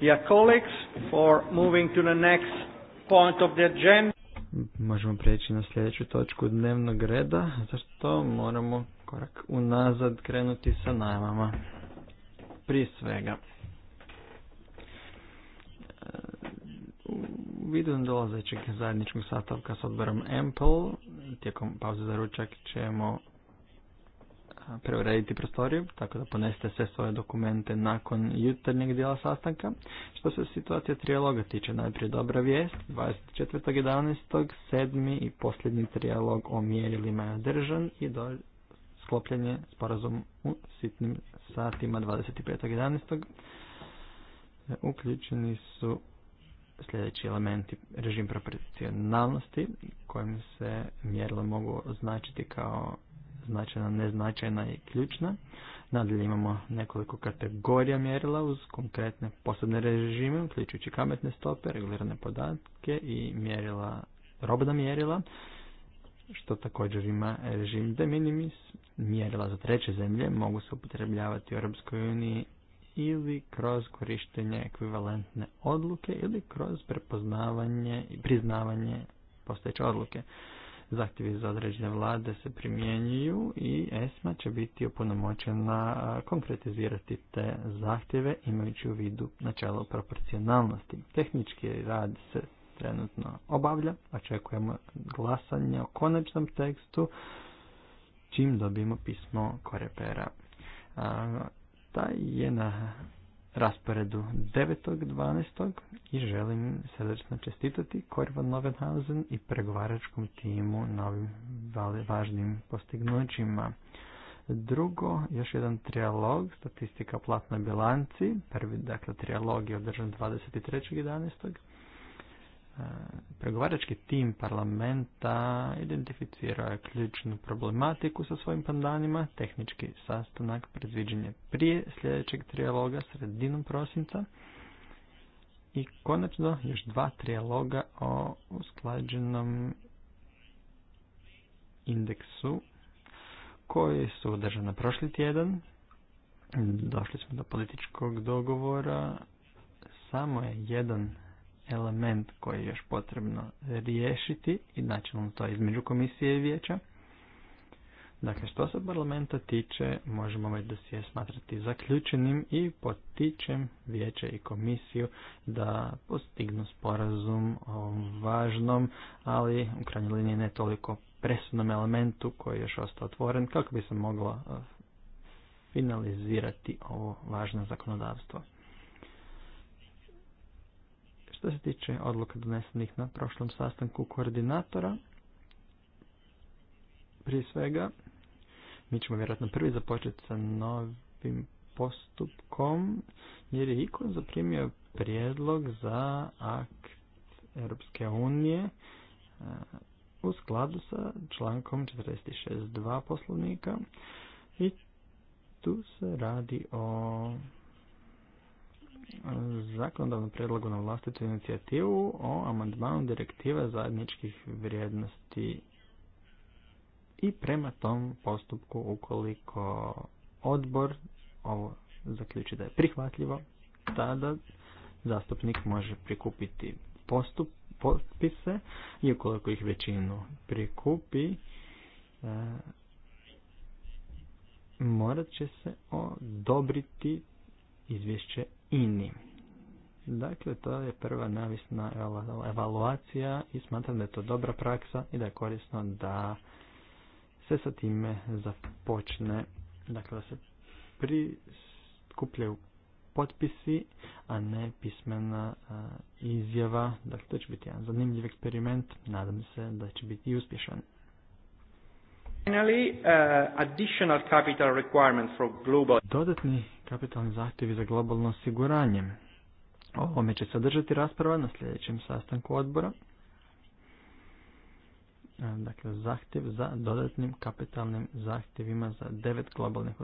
Dear colleagues, for moving to the next point of the agenda. Možemo preći na sljedeću točku dnevnog reda, zašto moramo korak unazad krenuti sa najmama. Prije svega, u dolazećeg zajedničkog satavka s odborom Ample, tijekom pauze za ručak ćemo preurediti prostoriju, tako da ponesete sve svoje dokumente nakon jutarnjeg dijela sastanka. Što se situacija trijaloga tiče, najprije dobra vijest, 24.11. sedmi i posljednji trijalog o mjerilima je održan i do sklopljenje sporazum u sitnim satima 25.11. Uključeni su sljedeći elementi režim proporcionalnosti kojim se mjerila mogu označiti kao značajna, neznačajna i ključna. Nadalje imamo nekoliko kategorija mjerila uz konkretne posebne režime, uključujući kametne stope, regulirane podatke i mjerila, robna mjerila, što također ima režim de minimis. Mjerila za treće zemlje mogu se upotrebljavati u Europskoj uniji ili kroz korištenje ekvivalentne odluke ili kroz prepoznavanje i priznavanje postojeće odluke zahtjevi za određene vlade se primjenjuju i ESMA će biti oponomoćena konkretizirati te zahtjeve imajući u vidu načelo proporcionalnosti. Tehnički rad se trenutno obavlja, očekujemo glasanje o konačnom tekstu čim dobijemo pismo korepera. taj je na rasporedu 9.12. i želim srdečno čestitati Korvan Novenhausen i pregovaračkom timu na ovim važnim postignućima. Drugo, još jedan trijalog, statistika platnoj bilanci. Prvi, dakle, trialog je održan 23.11 pregovarački tim parlamenta identificirao ključnu problematiku sa svojim pandanima. Tehnički sastanak predviđen je prije sljedećeg trijaloga sredinom prosinca i konačno još dva trijaloga o usklađenom indeksu koji su održana prošli tjedan. Došli smo do političkog dogovora. Samo je jedan element koji je još potrebno riješiti i načelno to između komisije i vijeća. Dakle, što se parlamenta tiče, možemo ovaj dosije smatrati zaključenim i potičem vijeće i komisiju da postignu sporazum o važnom, ali u krajnjoj liniji ne toliko presudnom elementu koji je još ostao otvoren kako bi se moglo eh, finalizirati ovo važno zakonodavstvo. Što se tiče odluka donesenih na prošlom sastanku koordinatora, prije svega, mi ćemo vjerojatno prvi započeti sa novim postupkom, jer je ikon zaprimio prijedlog za akt Europske unije e, u skladu sa člankom 46.2 poslovnika i tu se radi o zakonodavnom predlogu na vlastitu inicijativu o amandmanu direktiva zajedničkih vrijednosti i prema tom postupku ukoliko odbor ovo zaključi da je prihvatljivo, tada zastupnik može prikupiti postup, potpise i ukoliko ih većinu prikupi, e, morat će se odobriti izvješće INI. Dakle, to je prva navisna evaluacija i smatram da je to dobra praksa i da je korisno da se sa time započne, dakle da se prikupljaju potpisi, a ne pismena izjava. Dakle, to će biti jedan zanimljiv eksperiment, nadam se da će biti i uspješan. Uh, Dodatni kapitalni zahtjevi za globalno osiguranje. O ovome će sadržati rasprava na sljedećem sastanku odbora. E, dakle, zahtjev za dodatnim kapitalnim zahtjevima za devet globalnih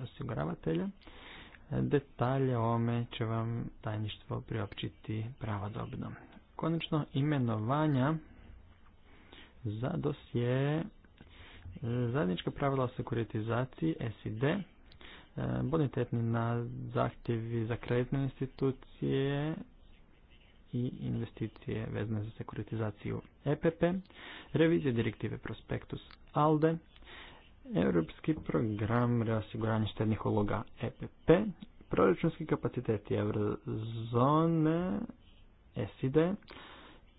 osiguravatelja. E, detalje o ovome će vam tajništvo priopćiti pravodobno. Konačno, imenovanja za dosje e, zajednička pravila o sekuritizaciji SID E, bonitetni na zahtjevi za kreditne institucije i investicije vezane za sekuritizaciju EPP, revizije direktive Prospektus ALDE, Europski program reosiguranja štednih uloga EPP, proračunski kapaciteti eurozone SID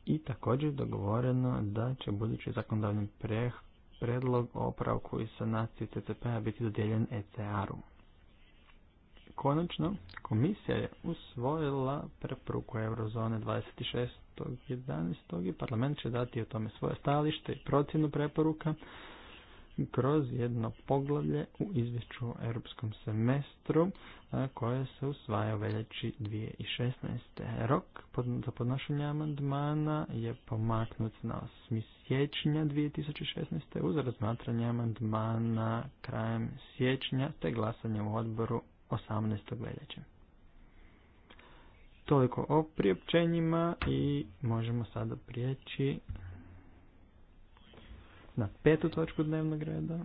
i također dogovoreno da će budući zakonodavni preh predlog o opravku i sanaciji CCP-a biti dodijeljen ECR-u konačno, komisija je usvojila preporuku Eurozone 26.11. i parlament će dati o tome svoje stajalište i procjenu preporuka kroz jedno poglavlje u izvješću o europskom semestru koje se usvaja u veljači 2016. Rok za podnošenje amandmana je pomaknut na 8. siječnja 2016. uz razmatranje amandmana krajem siječnja te glasanje u odboru 18. veljače. Toliko o priopćenjima i možemo sada prijeći na petu točku dnevnog reda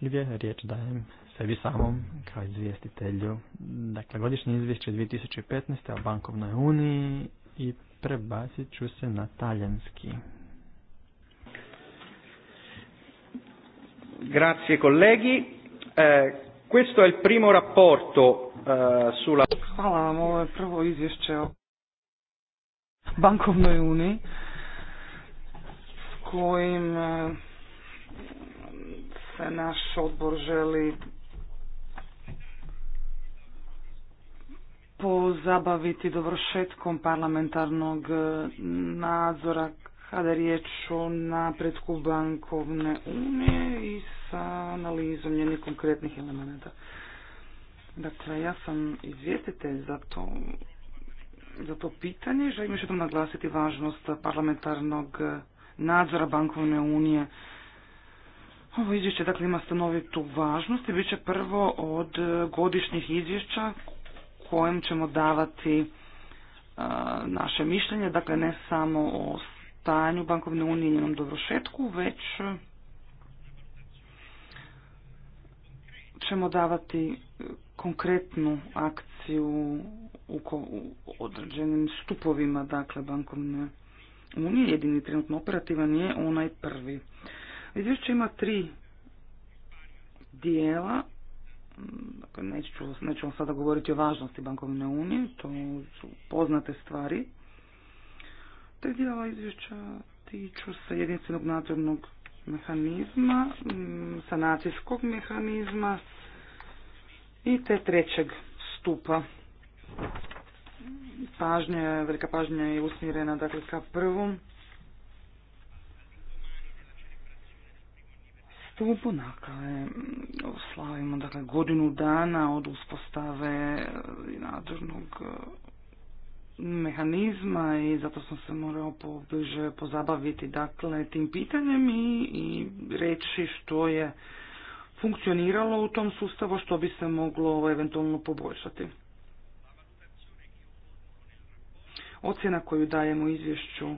gdje riječ dajem sebi samom kao izvjestitelju. Dakle, godišnje izvješće 2015. o bankovnoj uniji i prebacit ću se na talijanski. Grazie colleghi. Eh, questo è il primo rapporto eh, sulla... Hvala vam, ovo je prvo izvješće o bankovnoj uniji s kojim eh, se naš odbor želi pozabaviti dovršetkom parlamentarnog eh, nadzora kada je riječ o napretku bankovne unije i sa analizom njenih konkretnih elemenata. Dakle, ja sam izvjestitelj za to, za to pitanje. Želim još jednom naglasiti važnost parlamentarnog nadzora bankovne unije. Ovo izvješće dakle, ima stanovitu važnost i bit će prvo od godišnjih izvješća kojem ćemo davati naše mišljenje, dakle ne samo o stanju bankovne unije i njenom dovršetku, već e, ćemo davati konkretnu akciju u određenim stupovima dakle bankovne unije. Jedini trenutno operativan je onaj prvi. Izvješće ima tri dijela. Dakle, neću, neću vam sada govoriti o važnosti bankovne unije, to su poznate stvari te dijela izvješća tiču se jedinstvenog nadzornog mehanizma, mm, sanacijskog mehanizma i te trećeg stupa. Pažnja, velika pažnja je usmjerena dakle ka prvom stupu, dakle slavimo dakle godinu dana od uspostave nadzornog mehanizma i zato sam se morao pobliže pozabaviti dakle tim pitanjem i, i reći što je funkcioniralo u tom sustavu, što bi se moglo ovaj, eventualno poboljšati. Ocjena koju dajemo izvješću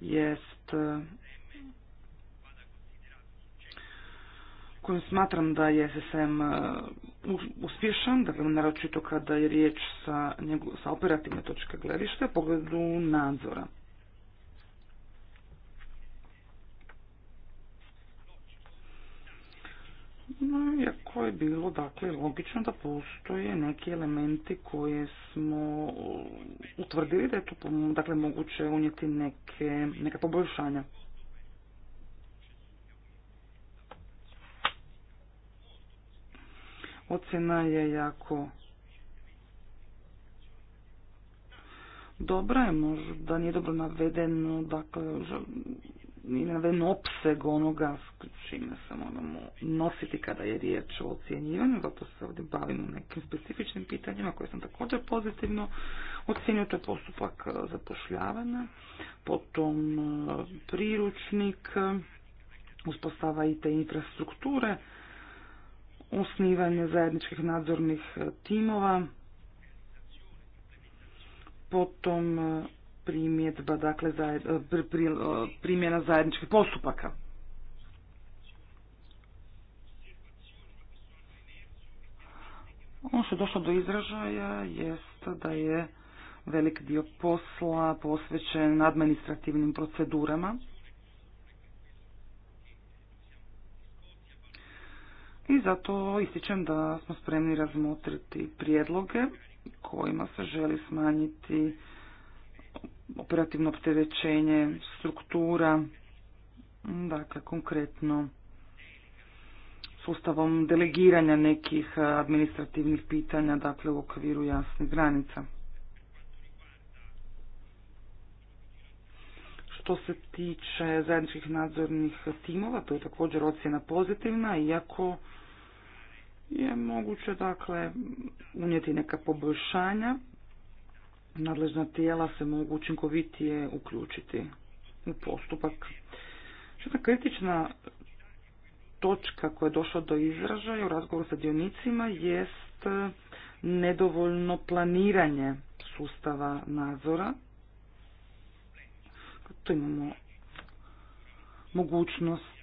jest koju smatram da je SSM e, uspješan, dakle naročito kada je riječ sa, njegu, sa operativne točke gledišta u pogledu nadzora. No, iako je bilo dakle logično da postoje neki elementi koje smo utvrdili da je tu dakle moguće unijeti neke, neka poboljšanja. Ocjena je jako dobra je možda nije dobro navedeno, dakle, nije naveden opseg onoga s čime se moramo nositi kada je riječ o ocjenjivanju, zato se ovdje bavimo nekim specifičnim pitanjima koje sam također pozitivno ocjenio, to je postupak e, zapošljavanja, potom e, priručnik, e, uspostava te infrastrukture, osnivanje zajedničkih nadzornih e, timova, potom e, primjedba, dakle, e, primjena zajedničkih postupaka. Ono što je došlo do izražaja jest da je velik dio posla posvećen administrativnim procedurama. I zato ističem da smo spremni razmotriti prijedloge kojima se želi smanjiti operativno opterećenje struktura, dakle konkretno sustavom delegiranja nekih administrativnih pitanja, dakle u okviru jasnih granica. Što se tiče zajedničkih nadzornih timova, to je također ocjena pozitivna, iako je moguće dakle unijeti neka poboljšanja. Nadležna tijela se mogu učinkovitije uključiti u postupak. Što kritična točka koja je došla do izražaja u razgovoru sa dionicima jest e, nedovoljno planiranje sustava nadzora. Tu imamo mogućnost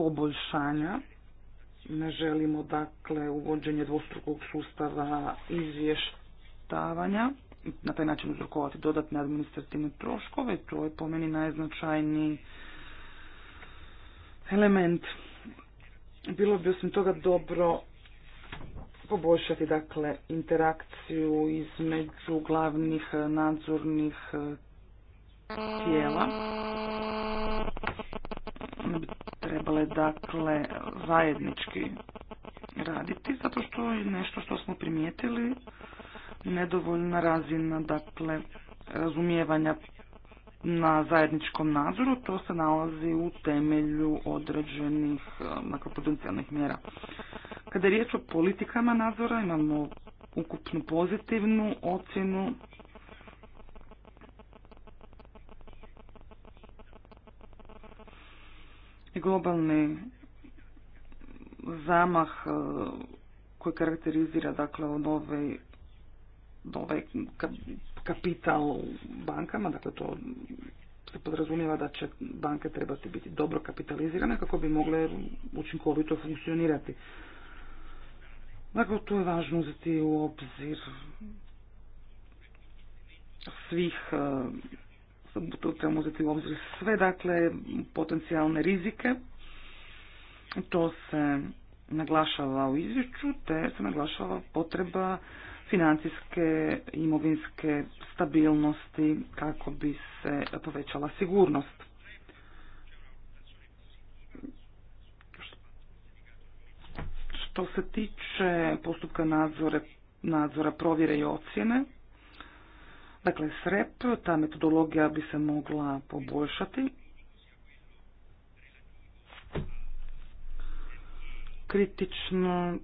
poboljšanja. Ne želimo dakle uvođenje dvostrukog sustava izvještavanja na taj način uzrokovati dodatne administrativne troškove. To je po meni najznačajniji element. Bilo bi osim toga dobro poboljšati dakle interakciju između glavnih nadzornih tijela ono trebale dakle zajednički raditi zato što je nešto što smo primijetili nedovoljna razina dakle razumijevanja na zajedničkom nadzoru, to se nalazi u temelju određenih e, dakle, potencijalnih mjera. Kada je riječ o politikama nadzora, imamo ukupnu pozitivnu ocjenu globalni zamah e, koji karakterizira dakle nove, nove kapital u bankama, dakle to se podrazumijeva da će banke trebati biti dobro kapitalizirane kako bi mogle učinkovito funkcionirati. Dakle, tu je važno uzeti u obzir svih e, tu trebamo uzeti u obzir sve, dakle, potencijalne rizike. To se naglašava u izvješću, te se naglašava potreba financijske imovinske stabilnosti kako bi se povećala sigurnost. Što se tiče postupka nadzora, nadzora provjere i ocjene, Dakle, SREP, ta metodologija bi se mogla poboljšati. Kritično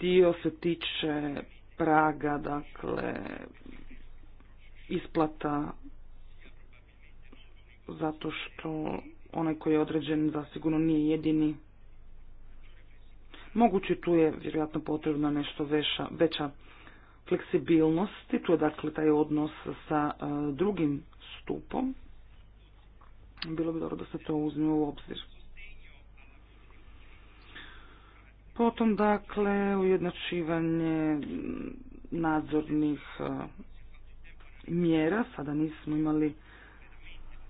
dio se tiče praga, dakle, isplata zato što onaj koji je određen zasigurno nije jedini. Moguće tu je vjerojatno potrebna nešto veša, veća fleksibilnosti, to je dakle taj odnos sa e, drugim stupom. Bilo bi dobro da se to uzme u obzir. Potom dakle ujednačivanje nadzornih e, mjera. Sada nismo imali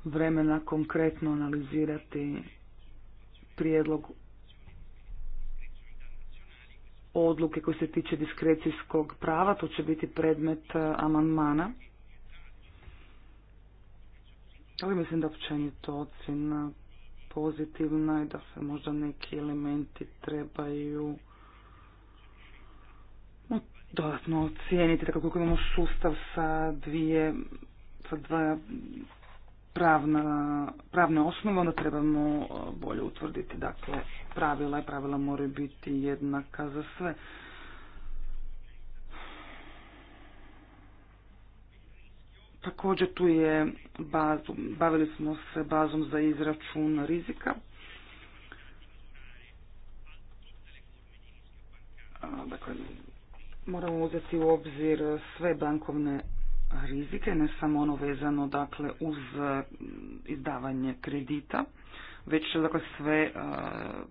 vremena konkretno analizirati prijedlog odluke koje se tiče diskrecijskog prava, to će biti predmet e, amandmana. Ali mislim da to ocjena pozitivna i da se možda neki elementi trebaju dodatno ocijeniti, tako dakle, koliko imamo sustav sa dvije, sa dva pravna, pravne osnove, onda trebamo e, bolje utvrditi. Dakle, pravila i pravila moraju biti jednaka za sve. Također tu je, bavili smo se bazom za izračun rizika. Dakle, moramo uzeti u obzir sve bankovne rizike, ne samo ono vezano dakle uz e, izdavanje kredita, već dakle sve e,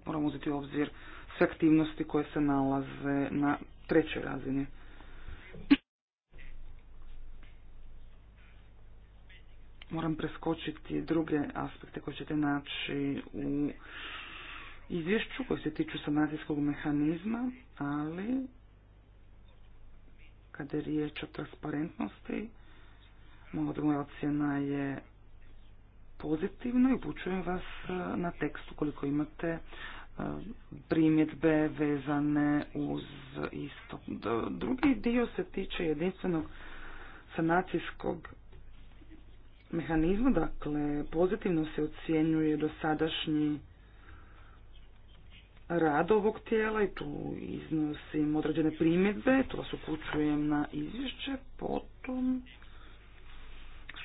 moramo uzeti u obzir sve aktivnosti koje se nalaze na trećoj razini. Moram preskočiti druge aspekte koje ćete naći u izvješću koje se tiču sanacijskog mehanizma, ali kada je riječ o transparentnosti, moja ocjena je pozitivna i upućujem vas e, na tekstu koliko imate e, primjedbe vezane uz isto. Drugi dio se tiče jedinstvenog sanacijskog mehanizma, dakle pozitivno se ocjenjuje dosadašnji rad ovog tijela i tu iznosim određene primjedbe, to vas upućujem na izvješće, potom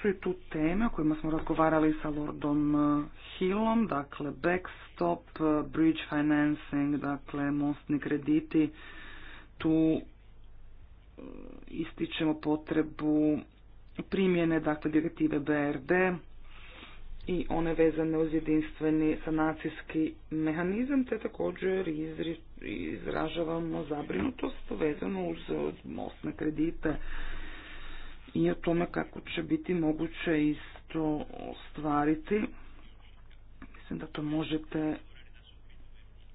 su i tu teme o kojima smo razgovarali sa Lordom Hillom, dakle backstop, bridge financing, dakle mostni krediti, tu e, ističemo potrebu primjene dakle direktive BRD, i one vezane uz jedinstveni sanacijski mehanizam, te također izražavamo zabrinutost vezano uz mostne kredite i o tome kako će biti moguće isto ostvariti. Mislim da to možete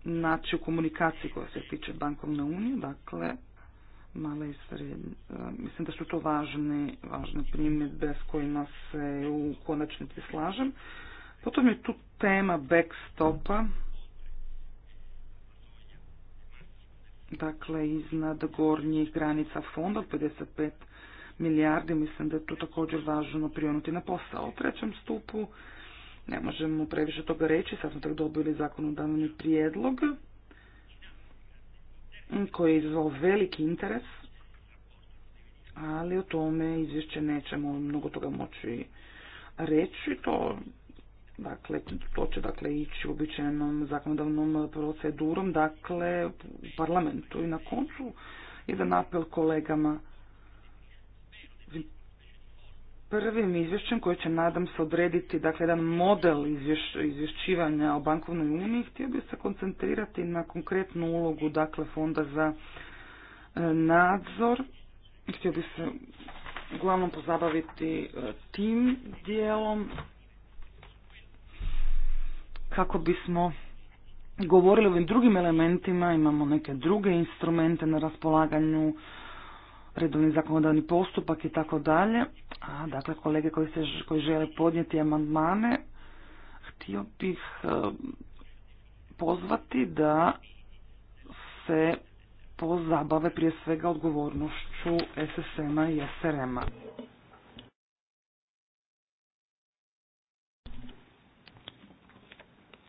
naći u komunikaciji koja se tiče bankovne unije, dakle male i e, Mislim da su to važne, važne primjedbe s kojima se u konačnici slažem. Potom je tu tema backstopa. Dakle, iznad gornjih granica fonda 55 milijardi, mislim da je tu također važno prionuti na posao. U trećem stupu ne možemo previše toga reći, sad smo tako dobili zakonodavni prijedlog koji je izazvao veliki interes, ali o tome izvješće nećemo mnogo toga moći reći. To, dakle, to će dakle ići običajnom zakonodavnom procedurom, dakle, u parlamentu i na koncu jedan apel kolegama prvim izvješćem koje će nadam se odrediti dakle jedan model izvješćivanja o bankovnoj uniji htio bih se koncentrirati na konkretnu ulogu dakle fonda za e, nadzor htio bih se uglavnom pozabaviti e, tim dijelom kako bismo govorili o ovim drugim elementima imamo neke druge instrumente na raspolaganju redovni zakonodavni postupak i tako dalje. A dakle, kolege koji, se, koji žele podnijeti amandmane, htio bih e, pozvati da se pozabave prije svega odgovornošću SSM-a i SRM-a.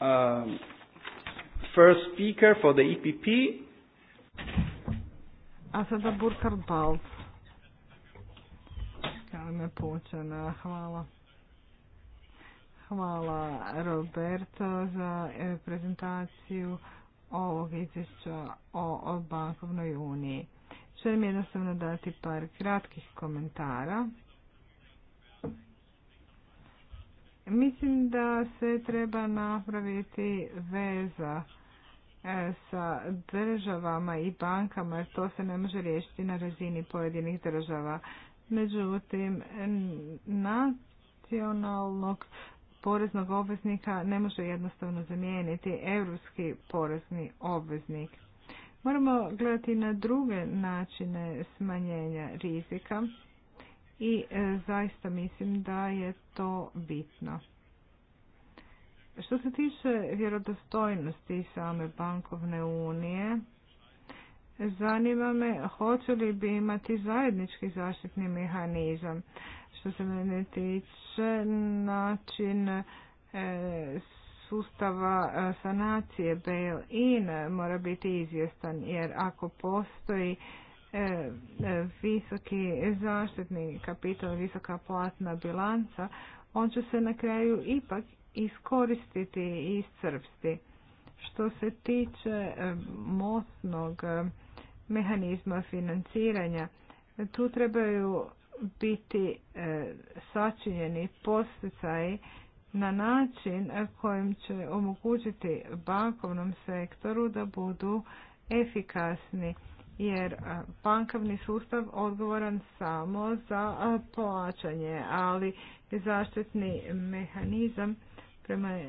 Um, first speaker for the EPP a sada Burkhard Balc. Kao ime počena, hvala. Hvala Roberto za e, prezentaciju ovog izvješća o bankovnoj uniji. Želim jednostavno dati par kratkih komentara. Mislim da se treba napraviti veza E, sa državama i bankama, jer to se ne može riješiti na razini pojedinih država. Međutim, nacionalnog poreznog obveznika ne može jednostavno zamijeniti europski porezni obveznik. Moramo gledati na druge načine smanjenja rizika i e, zaista mislim da je to bitno. Što se tiče vjerodostojnosti same bankovne unije, zanima me hoće li bi imati zajednički zaštitni mehanizam. Što se mene tiče, način e, sustava e, sanacije bail-in mora biti izvjestan, jer ako postoji e, visoki zaštitni kapital, visoka platna bilanca, on će se na kraju ipak iskoristiti i iscrpsti. Što se tiče eh, mostnog eh, mehanizma financiranja, tu trebaju biti eh, sačinjeni posticaji na način kojim će omogućiti bankovnom sektoru da budu efikasni jer bankovni sustav odgovoran samo za plaćanje, ali zaštitni mehanizam prema e,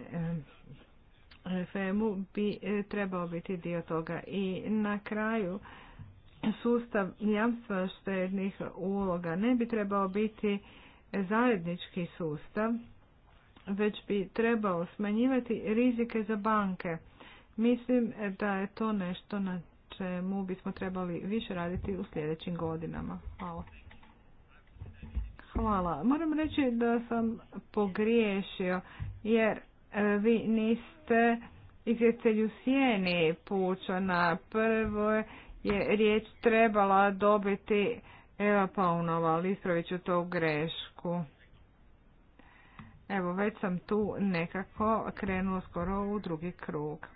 fm bi e, trebao biti dio toga. I na kraju sustav jamstva štednih uloga ne bi trebao biti zajednički sustav, već bi trebao smanjivati rizike za banke. Mislim da je to nešto na čemu bismo trebali više raditi u sljedećim godinama. Hvala. Hvala. Moram reći da sam pogriješio jer e, vi niste izvjestelju sjeni sjeni na Prvo je riječ trebala dobiti Eva Paunova, ali ispravit ću to u grešku. Evo, već sam tu nekako krenula skoro u drugi krug.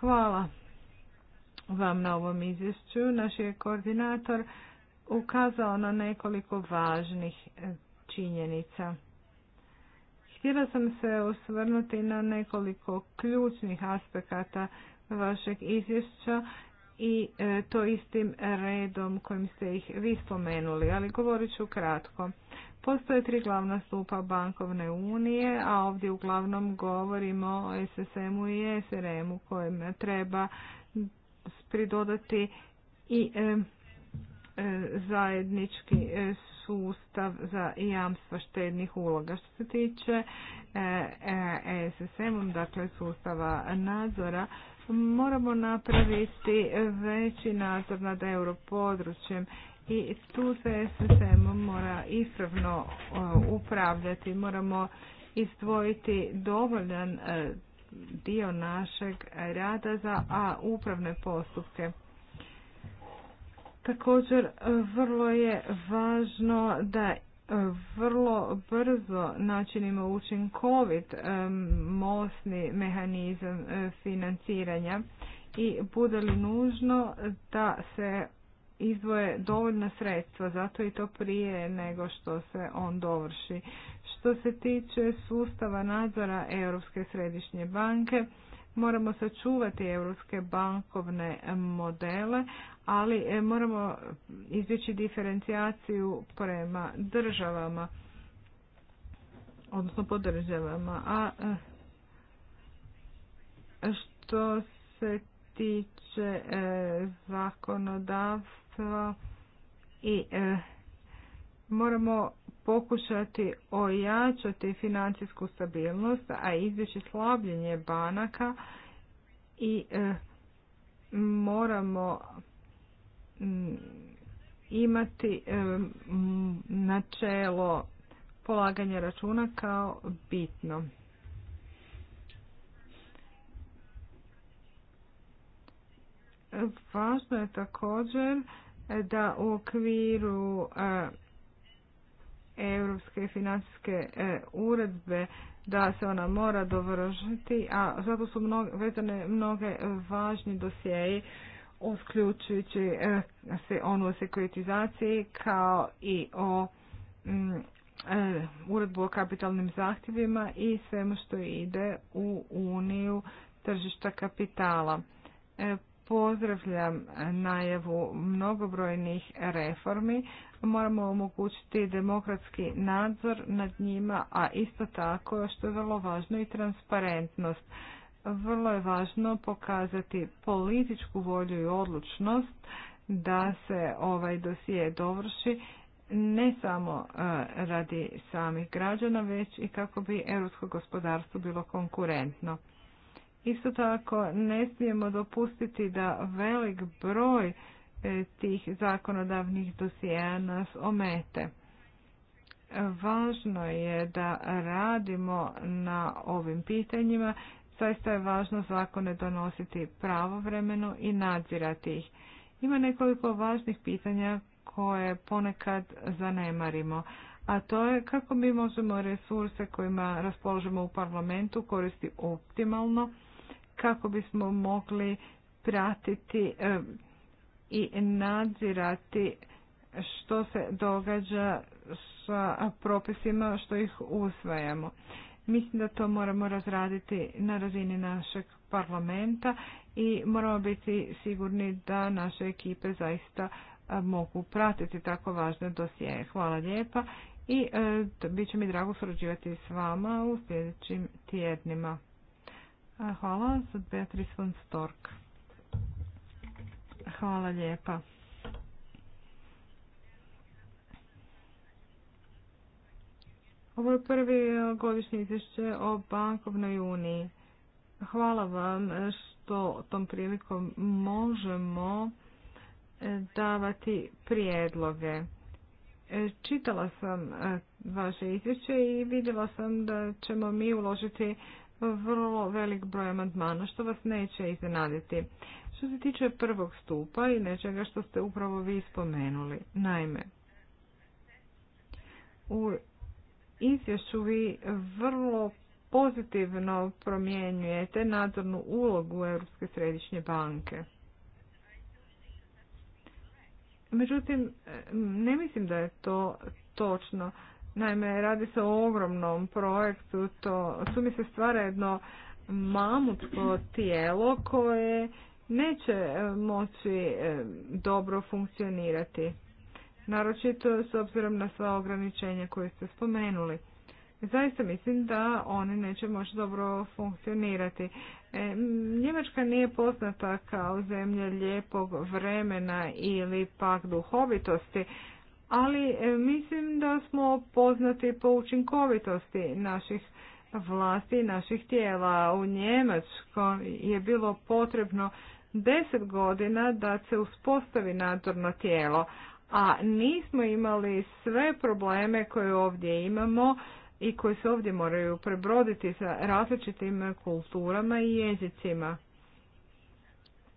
Hvala vam na ovom izvješću. Naš je koordinator ukazao na nekoliko važnih činjenica. Htjela sam se osvrnuti na nekoliko ključnih aspekata vašeg izvješća i e, to istim redom kojim ste ih vi spomenuli, ali govorit ću kratko. Postoje tri glavna stupa bankovne unije, a ovdje uglavnom govorimo o SSM-u i SRM-u kojem treba pridodati i e, E, zajednički e, sustav za jamstva štednih uloga. Što se tiče e, ssm om dakle sustava nadzora, moramo napraviti veći nadzor nad europodručjem i tu se SSM-om mora ispravno upravljati. Moramo izdvojiti dovoljan dio našeg rada za upravne postupke. Također, vrlo je važno da e, vrlo brzo načinimo učinkovit e, mosni mehanizam e, financiranja i bude li nužno da se izdvoje dovoljna sredstva, zato i to prije nego što se on dovrši. Što se tiče sustava nadzora Europske središnje banke, moramo sačuvati europske bankovne modele, ali e, moramo izvjeći diferencijaciju prema državama, odnosno po državama. A e, što se tiče e, zakonodavstva i moramo pokušati ojačati financijsku stabilnost, a izbjeći slabljenje banaka i e, moramo imati e, načelo polaganja računa kao bitno. Važno je također da u okviru e, europske financijske e, uredbe da se ona mora dovršiti, a zato su mnoge, vezane mnoge važni dosjeji uključujući e, se onu o sekuritizaciji kao i o mm, e, uredbu o kapitalnim zahtjevima i svemu što ide u uniju tržišta kapitala pozdravljam najavu mnogobrojnih reformi. Moramo omogućiti demokratski nadzor nad njima, a isto tako što je vrlo važno i transparentnost. Vrlo je važno pokazati političku volju i odlučnost da se ovaj dosije dovrši ne samo e, radi samih građana, već i kako bi europsko gospodarstvo bilo konkurentno. Isto tako ne smijemo dopustiti da velik broj e, tih zakonodavnih dosijeja nas omete. Važno je da radimo na ovim pitanjima. Zaista je važno zakone donositi pravovremeno i nadzirati ih. Ima nekoliko važnih pitanja koje ponekad zanemarimo, a to je kako mi možemo resurse kojima raspoložimo u parlamentu koristi optimalno kako bismo mogli pratiti i nadzirati što se događa sa propisima što ih usvajamo. Mislim da to moramo razraditi na razini našeg parlamenta i moramo biti sigurni da naše ekipe zaista mogu pratiti tako važne dosije. Hvala lijepa i e, bit će mi drago surađivati s vama u sljedećim tjednima. Hvala. Sad Beatrice von Stork. Hvala lijepa. Ovo je prvi godišnje izvješće o bankovnoj uniji. Hvala vam što tom prilikom možemo e, davati prijedloge. E, čitala sam e, vaše izvješće i vidjela sam da ćemo mi uložiti vrlo velik broj amandmana, što vas neće iznenaditi. Što se tiče prvog stupa i nečega što ste upravo vi spomenuli, naime, u izvješću vi vrlo pozitivno promjenjujete nadzornu ulogu Europske središnje banke. Međutim, ne mislim da je to točno. Naime, radi se o ogromnom projektu, to su mi se stvara jedno mamutsko tijelo koje neće e, moći e, dobro funkcionirati. Naročito s obzirom na sva ograničenja koje ste spomenuli. Zaista mislim da oni neće moći dobro funkcionirati. E, Njemačka nije poznata kao zemlja lijepog vremena ili pak duhovitosti ali e, mislim da smo poznati po učinkovitosti naših vlasti i naših tijela. U Njemačkoj je bilo potrebno deset godina da se uspostavi nadzorno tijelo, a nismo imali sve probleme koje ovdje imamo i koji se ovdje moraju prebroditi sa različitim kulturama i jezicima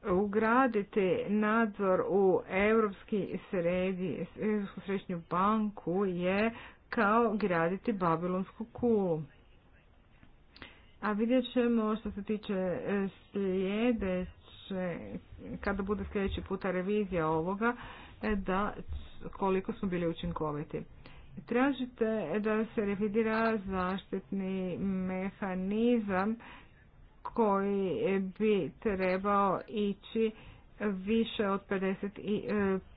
ugraditi nadzor u Europski sredi, Europsku središnju banku je kao graditi Babilonsku kulu. A vidjet ćemo što se tiče e, sljedeće, kada bude sljedeći puta revizija ovoga, e, da koliko smo bili učinkoviti. Tražite da se revidira zaštitni mehanizam koji bi trebao ići više od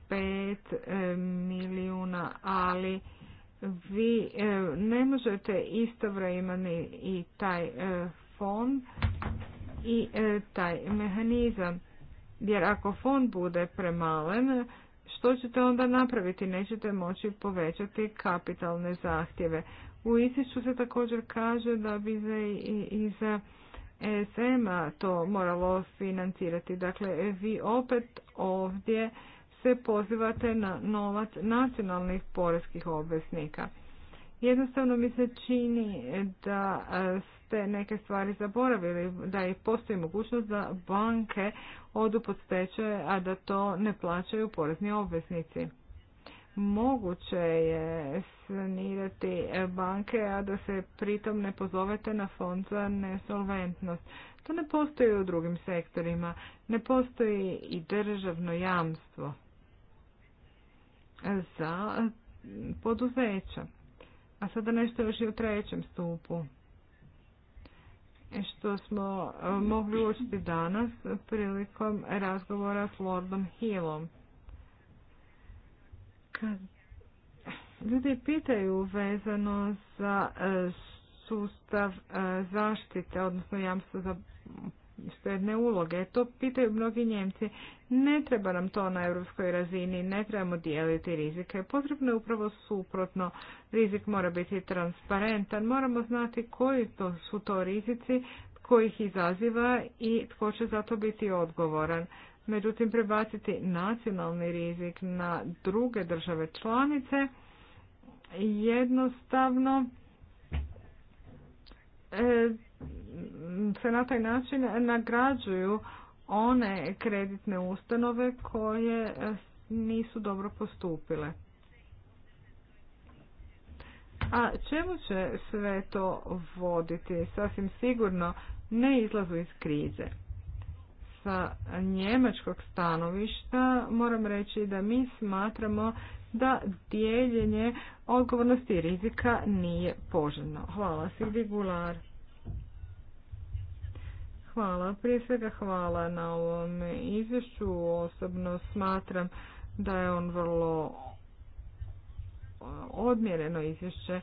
55 milijuna, ali vi ne možete istovremeno i taj e, fond i e, taj mehanizam. Jer ako fond bude premalen, što ćete onda napraviti? Nećete moći povećati kapitalne zahtjeve. U ističu se također kaže da bi za, i esm to moralo financirati. Dakle, vi opet ovdje se pozivate na novac nacionalnih poreskih obveznika. Jednostavno mi se čini da ste neke stvari zaboravili, da i postoji mogućnost da banke odu pod a da to ne plaćaju porezni obveznici moguće je sanirati banke, a da se pritom ne pozovete na fond za nesolventnost. To ne postoji u drugim sektorima, ne postoji i državno jamstvo za poduzeća. A sada nešto još i u trećem stupu. Što smo eh, mogli učiti danas prilikom razgovora s Lordom Hillom ljudi pitaju vezano za e, sustav e, zaštite, odnosno jamstvo za štedne uloge. To pitaju mnogi Njemci. Ne treba nam to na europskoj razini, ne trebamo dijeliti rizike. Potrebno je upravo suprotno. Rizik mora biti transparentan, moramo znati koji to su to rizici, tko ih izaziva i tko će za to biti odgovoran. Međutim, prebaciti nacionalni rizik na druge države članice jednostavno e, se na taj način nagrađuju one kreditne ustanove koje nisu dobro postupile. A čemu će sve to voditi? Sasvim sigurno ne izlazu iz krize sa njemačkog stanovišta moram reći da mi smatramo da dijeljenje odgovornosti i rizika nije poželjno. Hvala Sigdi Gular. Hvala, prije svega hvala na ovom izvješću. Osobno smatram da je on vrlo e, odmjereno izvješće.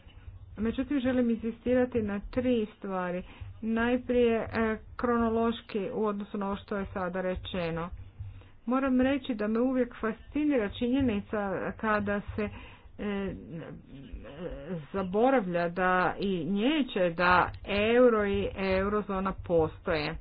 Međutim, želim insistirati na tri stvari. Najprije e, kronološki u odnosu na ovo što je sada rečeno. Moram reći da me uvijek fascinira činjenica kada se e, zaboravlja da i njeće da euro i eurozona postoje.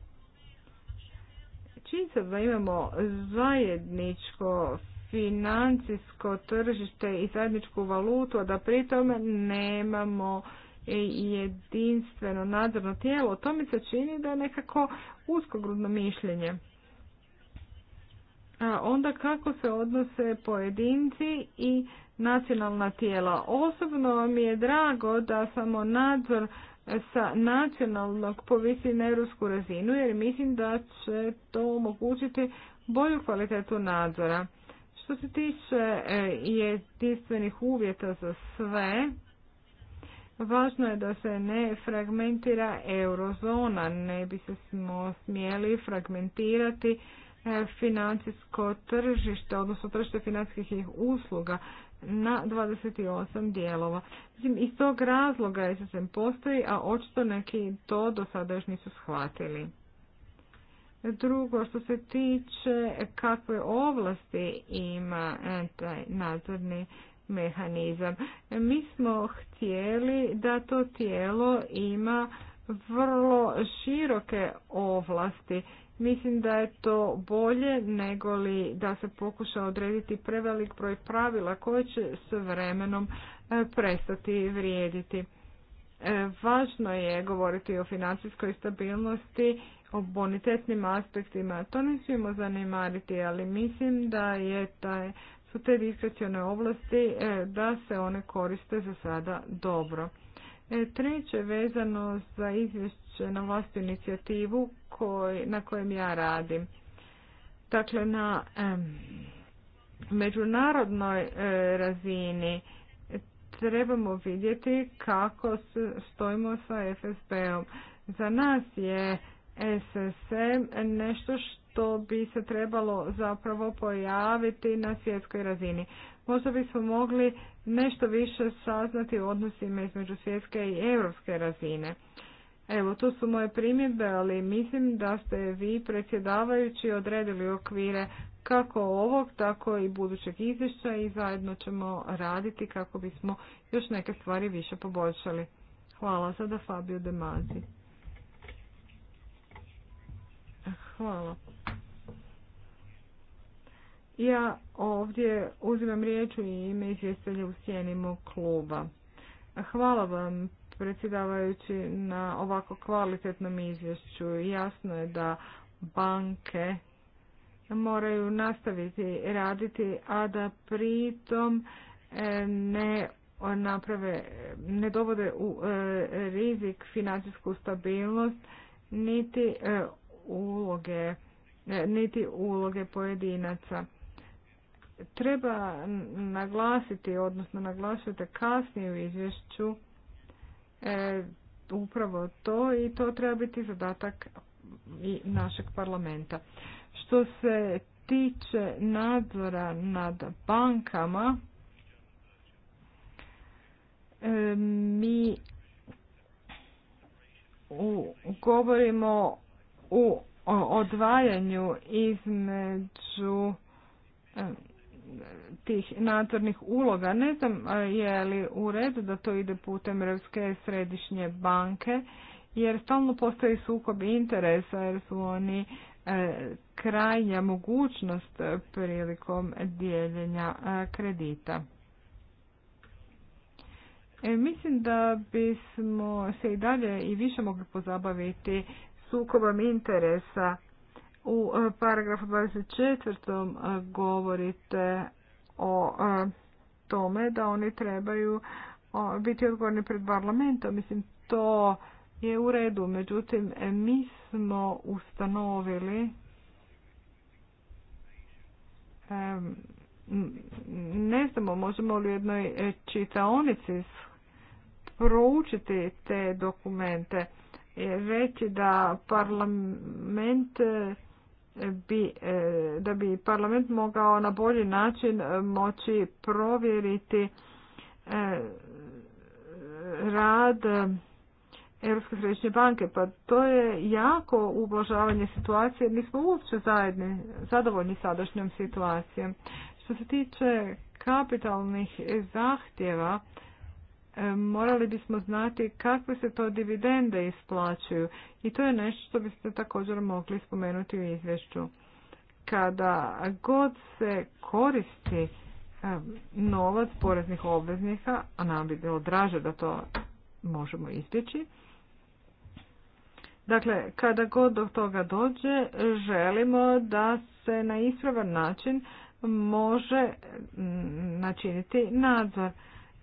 Činjenica da imamo zajedničko financijsko tržište i zajedničku valutu, a da pri tome nemamo jedinstveno nadzorno tijelo, to mi se čini da je nekako uskogrudno mišljenje. A onda kako se odnose pojedinci i nacionalna tijela. Osobno mi je drago da samo nadzor sa nacionalnog povisi na europsku razinu jer mislim da će to omogućiti bolju kvalitetu nadzora. Što se tiče e, jedinstvenih uvjeta za sve, Važno je da se ne fragmentira eurozona, ne bi se smo smjeli fragmentirati e, financijsko tržište, odnosno tržište financijskih usluga na 28 dijelova. Mislim, iz tog razloga se postoji, a očito neki to do sada još nisu shvatili. Drugo, što se tiče kakve ovlasti ima e, taj nadzorni mehanizam. Mi smo htjeli da to tijelo ima vrlo široke ovlasti. Mislim da je to bolje nego li da se pokuša odrediti prevelik broj pravila koje će s vremenom e, prestati vrijediti. E, važno je govoriti o financijskoj stabilnosti, o bonitetnim aspektima. To ne smijemo zanemariti, ali mislim da je taj su te diskrecione ovlasti e, da se one koriste za sada dobro. E, treće vezano za izvješće na vlastu inicijativu na kojem ja radim. Dakle, na međunarodnoj e, razini trebamo vidjeti kako stojimo sa FSB-om. Za nas je SSM nešto što to bi se trebalo zapravo pojaviti na svjetskoj razini. Možda bismo mogli nešto više saznati o odnosima između svjetske i europske razine. Evo, to su moje primjedbe, ali mislim da ste vi predsjedavajući odredili okvire kako ovog, tako i budućeg izvješća i zajedno ćemo raditi kako bismo još neke stvari više poboljšali. Hvala sada Fabio Demazi. Hvala. Ja ovdje uzimam riječ u ime izvjestelja u sjenimu kluba. Hvala vam predsjedavajući na ovako kvalitetnom izvješću. Jasno je da banke moraju nastaviti raditi, a da pritom e, ne naprave, ne dovode u e, rizik financijsku stabilnost niti e, uloge niti uloge pojedinaca treba naglasiti, odnosno naglašujete kasnije u izvješću e, upravo to i to treba biti zadatak i našeg parlamenta. Što se tiče nadzora nad bankama, e, mi u, govorimo u o odvajanju između tih nadzornih uloga. Ne znam je li u redu da to ide putem Europske središnje banke, jer stalno postoji sukob interesa, jer su oni e, krajnja mogućnost prilikom dijeljenja kredita. E, mislim da bismo se i dalje i više mogli pozabaviti sukobom interesa u e, paragrafu 24. E, govorite o e, tome da oni trebaju biti odgovorni pred parlamentom. Mislim, to je u redu. Međutim, mi smo ustanovili ne znamo, možemo li u jednoj čitaonici proučiti te dokumente reći da parlament bi, e, da bi parlament mogao na bolji način e, moći provjeriti e, rad Europske središnje banke. Pa to je jako ublažavanje situacije mi nismo uopće zajedni zadovoljni sadašnjom situacijom. Što se tiče kapitalnih zahtjeva E, morali bismo znati kakve se to dividende isplaćuju i to je nešto što biste također mogli spomenuti u izvješću. Kada god se koristi e, novac poreznih obveznika, a nam bi bilo draže da to možemo izbjeći, Dakle, kada god do toga dođe, želimo da se na ispravan način može načiniti nadzor.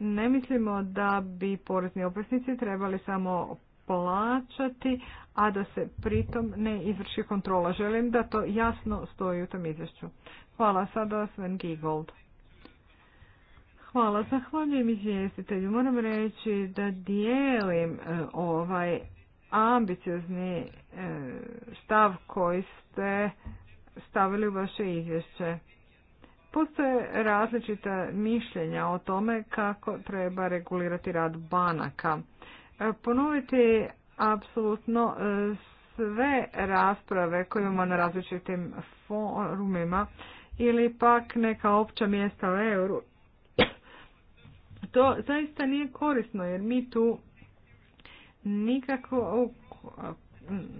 Ne mislimo da bi porezni obveznici trebali samo plaćati, a da se pritom ne izvrši kontrola. Želim da to jasno stoji u tom izvješću. Hvala sada Sven Gigold. Hvala, zahvaljujem izvjestitelju. Moram reći da dijelim e, ovaj ambiciozni e, stav koji ste stavili u vaše izvješće. Postoje različita mišljenja o tome kako treba regulirati rad banaka. E, ponoviti apsolutno e, sve rasprave koje imamo na različitim forumima ili pak neka opća mjesta u euru. To zaista nije korisno jer mi tu nikako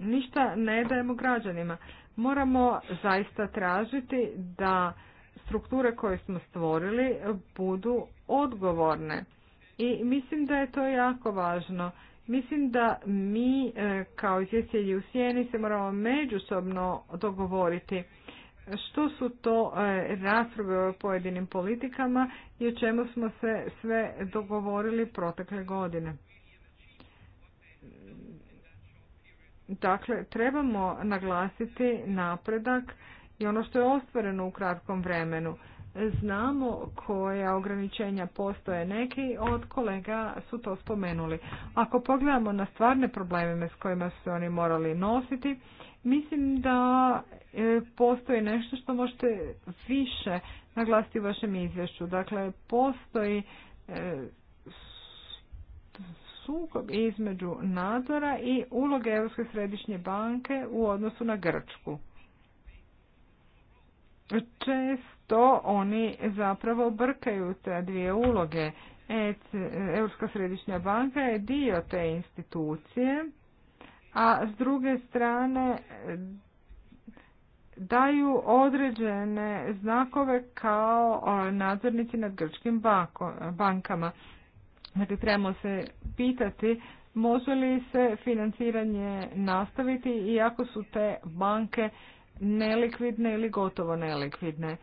ništa ne dajemo građanima. Moramo zaista tražiti da strukture koje smo stvorili budu odgovorne. I mislim da je to jako važno. Mislim da mi e, kao izvjestitelji u sjeni se moramo međusobno dogovoriti što su to e, rasprave o pojedinim politikama i o čemu smo se sve dogovorili protekle godine. Dakle, trebamo naglasiti napredak i ono što je ostvareno u kratkom vremenu. Znamo koja ograničenja postoje, neki od kolega su to spomenuli. Ako pogledamo na stvarne probleme s kojima su oni morali nositi, mislim da e, postoji nešto što možete više naglasiti u vašem izvješću. Dakle, postoji e, sukob između nadzora i uloge Europske središnje banke u odnosu na Grčku često oni zapravo brkaju te dvije uloge. Europska središnja banka je dio te institucije, a s druge strane daju određene znakove kao nadzornici nad grčkim bankama. Dakle, trebamo se pitati može li se financiranje nastaviti iako su te banke nelikvidne ili gotovo nelikvidne.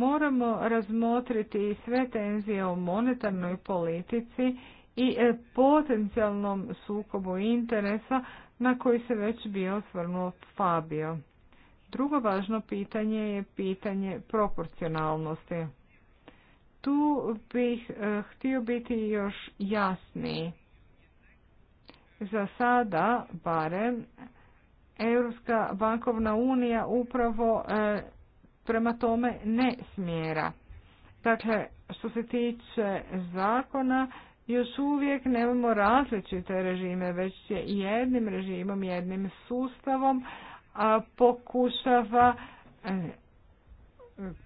Moramo razmotriti sve tenzije o monetarnoj politici i e, potencijalnom sukobu interesa na koji se već bio osvrnuo Fabio. Drugo važno pitanje je pitanje proporcionalnosti. Tu bih e, htio biti još jasniji. Za sada, barem, Europska bankovna unija upravo e, prema tome ne smjera. Dakle, što se tiče zakona, još uvijek nemamo različite režime, već je jednim režimom, jednim sustavom a pokušava e,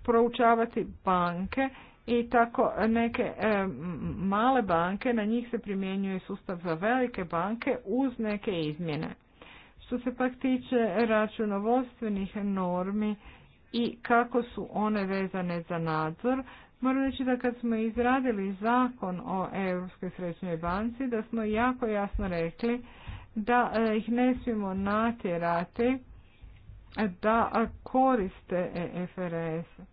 proučavati banke i tako neke e, male banke, na njih se primjenjuje sustav za velike banke uz neke izmjene. Što se pak tiče računovodstvenih normi i kako su one vezane za nadzor, moram reći da kad smo izradili zakon o Europskoj središnjoj banci, da smo jako jasno rekli da eh, ih ne smijemo natjerati da eh, koriste EFRS.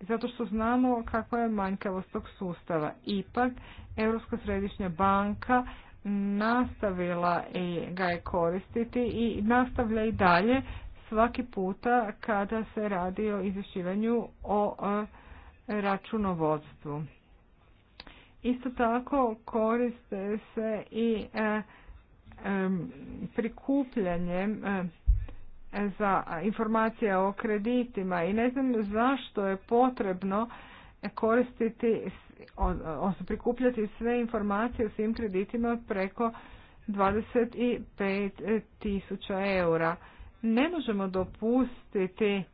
Zato što znamo kakva je manjkavost tog sustava. Ipak, Europska središnja banka nastavila i ga je koristiti i nastavlja i dalje svaki puta kada se radi o izvješćivanju o e, računovodstvu. Isto tako koriste se i e, e, prikupljanjem za informacije o kreditima i ne znam zašto je potrebno koristiti odnosno prikupljati sve informacije o svim kreditima preko 25 tisuća eura. Ne možemo dopustiti e,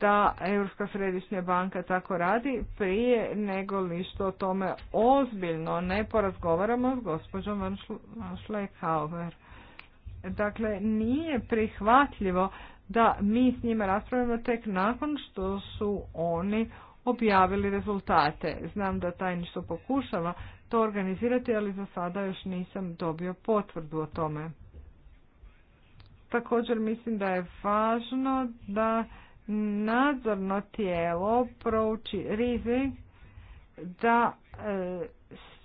da Europska središnja banka tako radi prije nego li što o tome ozbiljno ne porazgovaramo s gospođom Schleckhauer. Dakle, nije prihvatljivo da mi s njima raspravljamo tek nakon što su oni objavili rezultate. Znam da tajništvo pokušava to organizirati, ali za sada još nisam dobio potvrdu o tome. Također mislim da je važno da nadzorno tijelo prouči rizik da e,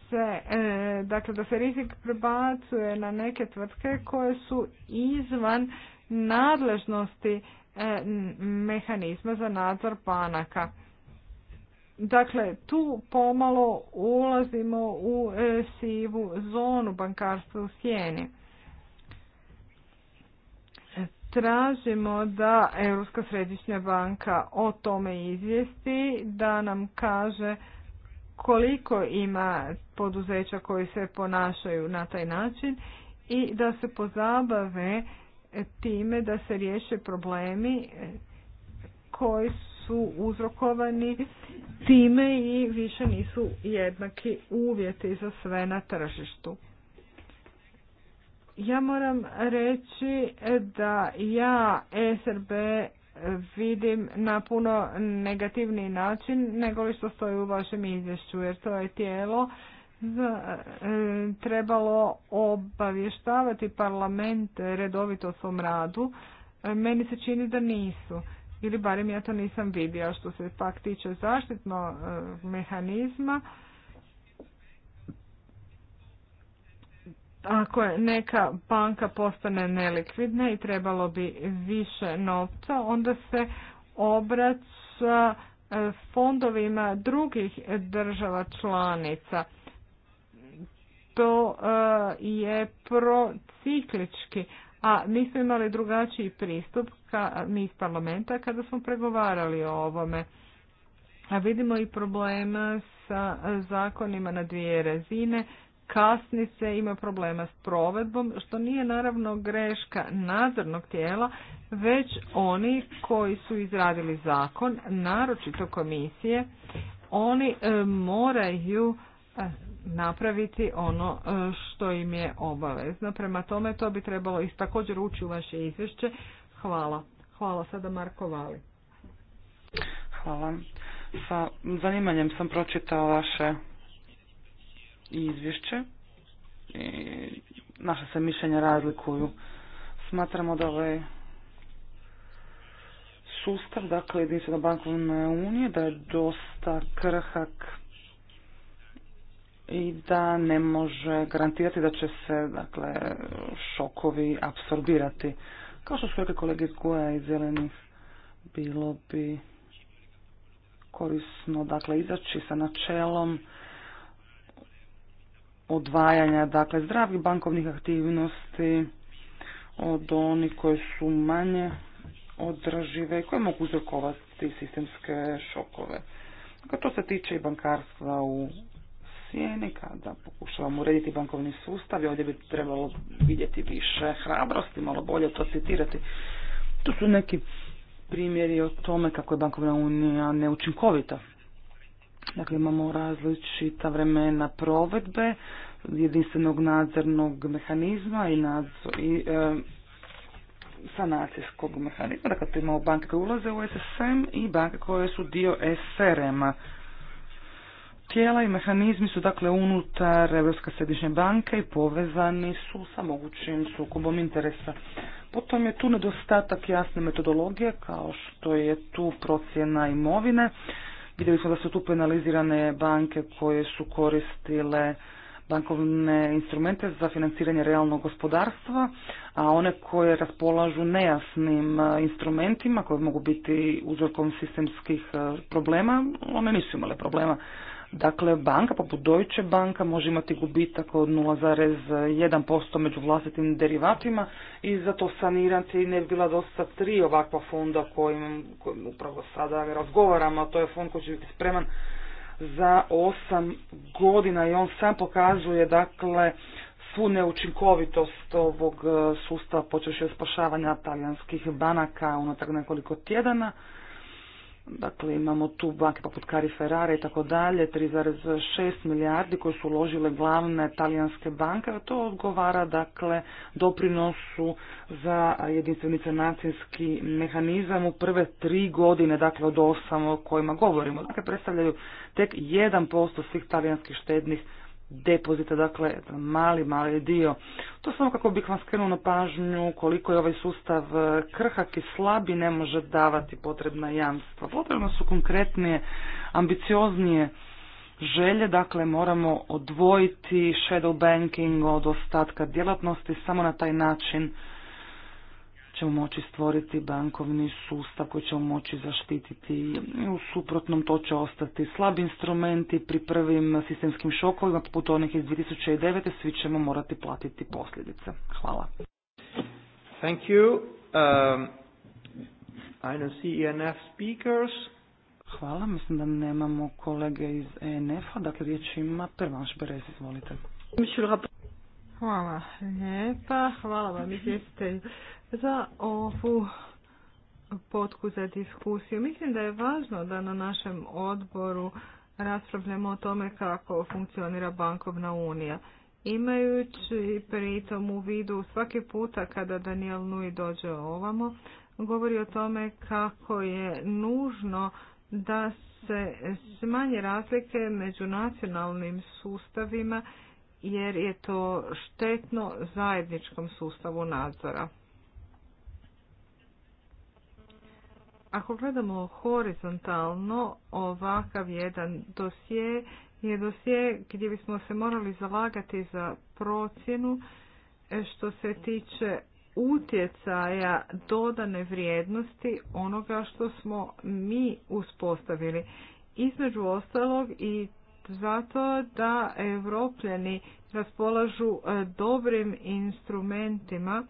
se, e, dakle, da se rizik prebacuje na neke tvrtke koje su izvan nadležnosti e, mehanizma za nadzor banaka. Dakle, tu pomalo ulazimo u e, sivu zonu bankarstva u sjeni. Tražimo da Europska središnja banka o tome izvijesti, da nam kaže koliko ima poduzeća koji se ponašaju na taj način i da se pozabave time da se riješe problemi e, koji su uzrokovani time i više nisu jednaki uvjeti za sve na tržištu. Ja moram reći da ja SRB vidim na puno negativni način nego li što stoji u vašem izvješću, jer to je tijelo za, e, trebalo obavještavati parlament redovito o svom radu. E, meni se čini da nisu ili barem ja to nisam vidio. Što se pak tiče zaštitnog e, mehanizma, ako je neka banka postane nelikvidna i trebalo bi više novca, onda se s e, fondovima drugih država članica. To e, je prociklički, a mi imali drugačiji pristup ka, mi iz parlamenta kada smo pregovarali o ovome. A vidimo i problema sa zakonima na dvije razine, kasni se, ima problema s provedbom, što nije naravno greška nadzornog tijela, već oni koji su izradili zakon, naročito komisije, oni e, moraju e, napraviti ono e, što im je obavezno. Prema tome to bi trebalo i također ući u vaše izvješće. Hvala. Hvala sada Marko Vali. Hvala. Sa zanimanjem sam pročitao vaše izvješće. I naše se mišljenja razlikuju. Smatramo da ovaj sustav, dakle jedinstveno bankovne unije, da je dosta krhak i da ne može garantirati da će se dakle, šokovi apsorbirati. Kao što su rekli kolege iz Goja i Zelenih, bilo bi korisno dakle, izaći sa načelom odvajanja dakle, zdravih bankovnih aktivnosti od onih koje su manje odražive i koje mogu uzrokovati sistemske šokove. Dakle, to se tiče i bankarstva u cijene, kada pokušavamo urediti bankovni sustav i ovdje bi trebalo vidjeti više hrabrosti, malo bolje to citirati. Tu su neki primjeri o tome kako je bankovna unija neučinkovita. Dakle, imamo različita vremena provedbe jedinstvenog nadzornog mehanizma i, nadzor, i e, sanacijskog mehanizma. Dakle, imamo banke koje ulaze u SSM i banke koje su dio SRM-a tijela i mehanizmi su dakle unutar Europske središnje banke i povezani su sa mogućim sukobom interesa. Potom je tu nedostatak jasne metodologije kao što je tu procjena imovine. Vidjeli smo da su tu penalizirane banke koje su koristile bankovne instrumente za financiranje realnog gospodarstva, a one koje raspolažu nejasnim e, instrumentima koji mogu biti uzrokom sistemskih e, problema, one nisu imale problema. Dakle, banka poput Deutsche banka može imati gubitak od 0,1% među vlastitim derivatima i zato sanirati ne bi bila dosta tri ovakva fonda kojim, kojim upravo sada razgovaramo, a to je fond koji će biti spreman za 8 godina i on sam pokazuje dakle svu neučinkovitost ovog e, sustava počeš od spašavanja talijanskih banaka unatrag nekoliko tjedana. Dakle, imamo tu banke poput Cari Ferrara i tako dalje, 3,6 milijardi koje su uložile glavne talijanske banke, a to odgovara dakle doprinosu za jedinstveni sanacijski mehanizam u prve tri godine, dakle od osam o kojima govorimo. Dakle, predstavljaju tek 1% svih talijanskih štednih depozita, dakle mali, mali dio. To samo kako bih vam skrenuo na pažnju koliko je ovaj sustav e, krhak i slab i ne može davati potrebna jamstva. Potrebno su konkretnije, ambicioznije želje, dakle moramo odvojiti shadow banking od ostatka djelatnosti, samo na taj način ćemo moći stvoriti bankovni sustav koji ćemo moći zaštititi. U suprotnom to će ostati slabi instrumenti pri prvim sistemskim šokovima, poput onih iz 2009. Svi ćemo morati platiti posljedice. Hvala. Thank you. Um, I don't see ENF speakers. Hvala, mislim da nemamo kolege iz ENF-a, dakle riječ ima Pervanš Berez, izvolite. Hvala lijepa, hvala vam izvjestitelju za ovu potku za diskusiju. Mislim da je važno da na našem odboru raspravljamo o tome kako funkcionira bankovna unija. Imajući pritom u vidu svaki puta kada Daniel Nui dođe ovamo, govori o tome kako je nužno da se smanje razlike među nacionalnim sustavima jer je to štetno zajedničkom sustavu nadzora. Ako gledamo horizontalno, ovakav jedan dosje je dosje gdje bismo se morali zalagati za procjenu e, što se tiče utjecaja dodane vrijednosti onoga što smo mi uspostavili. Između ostalog i zato da evropljani raspolažu e, dobrim instrumentima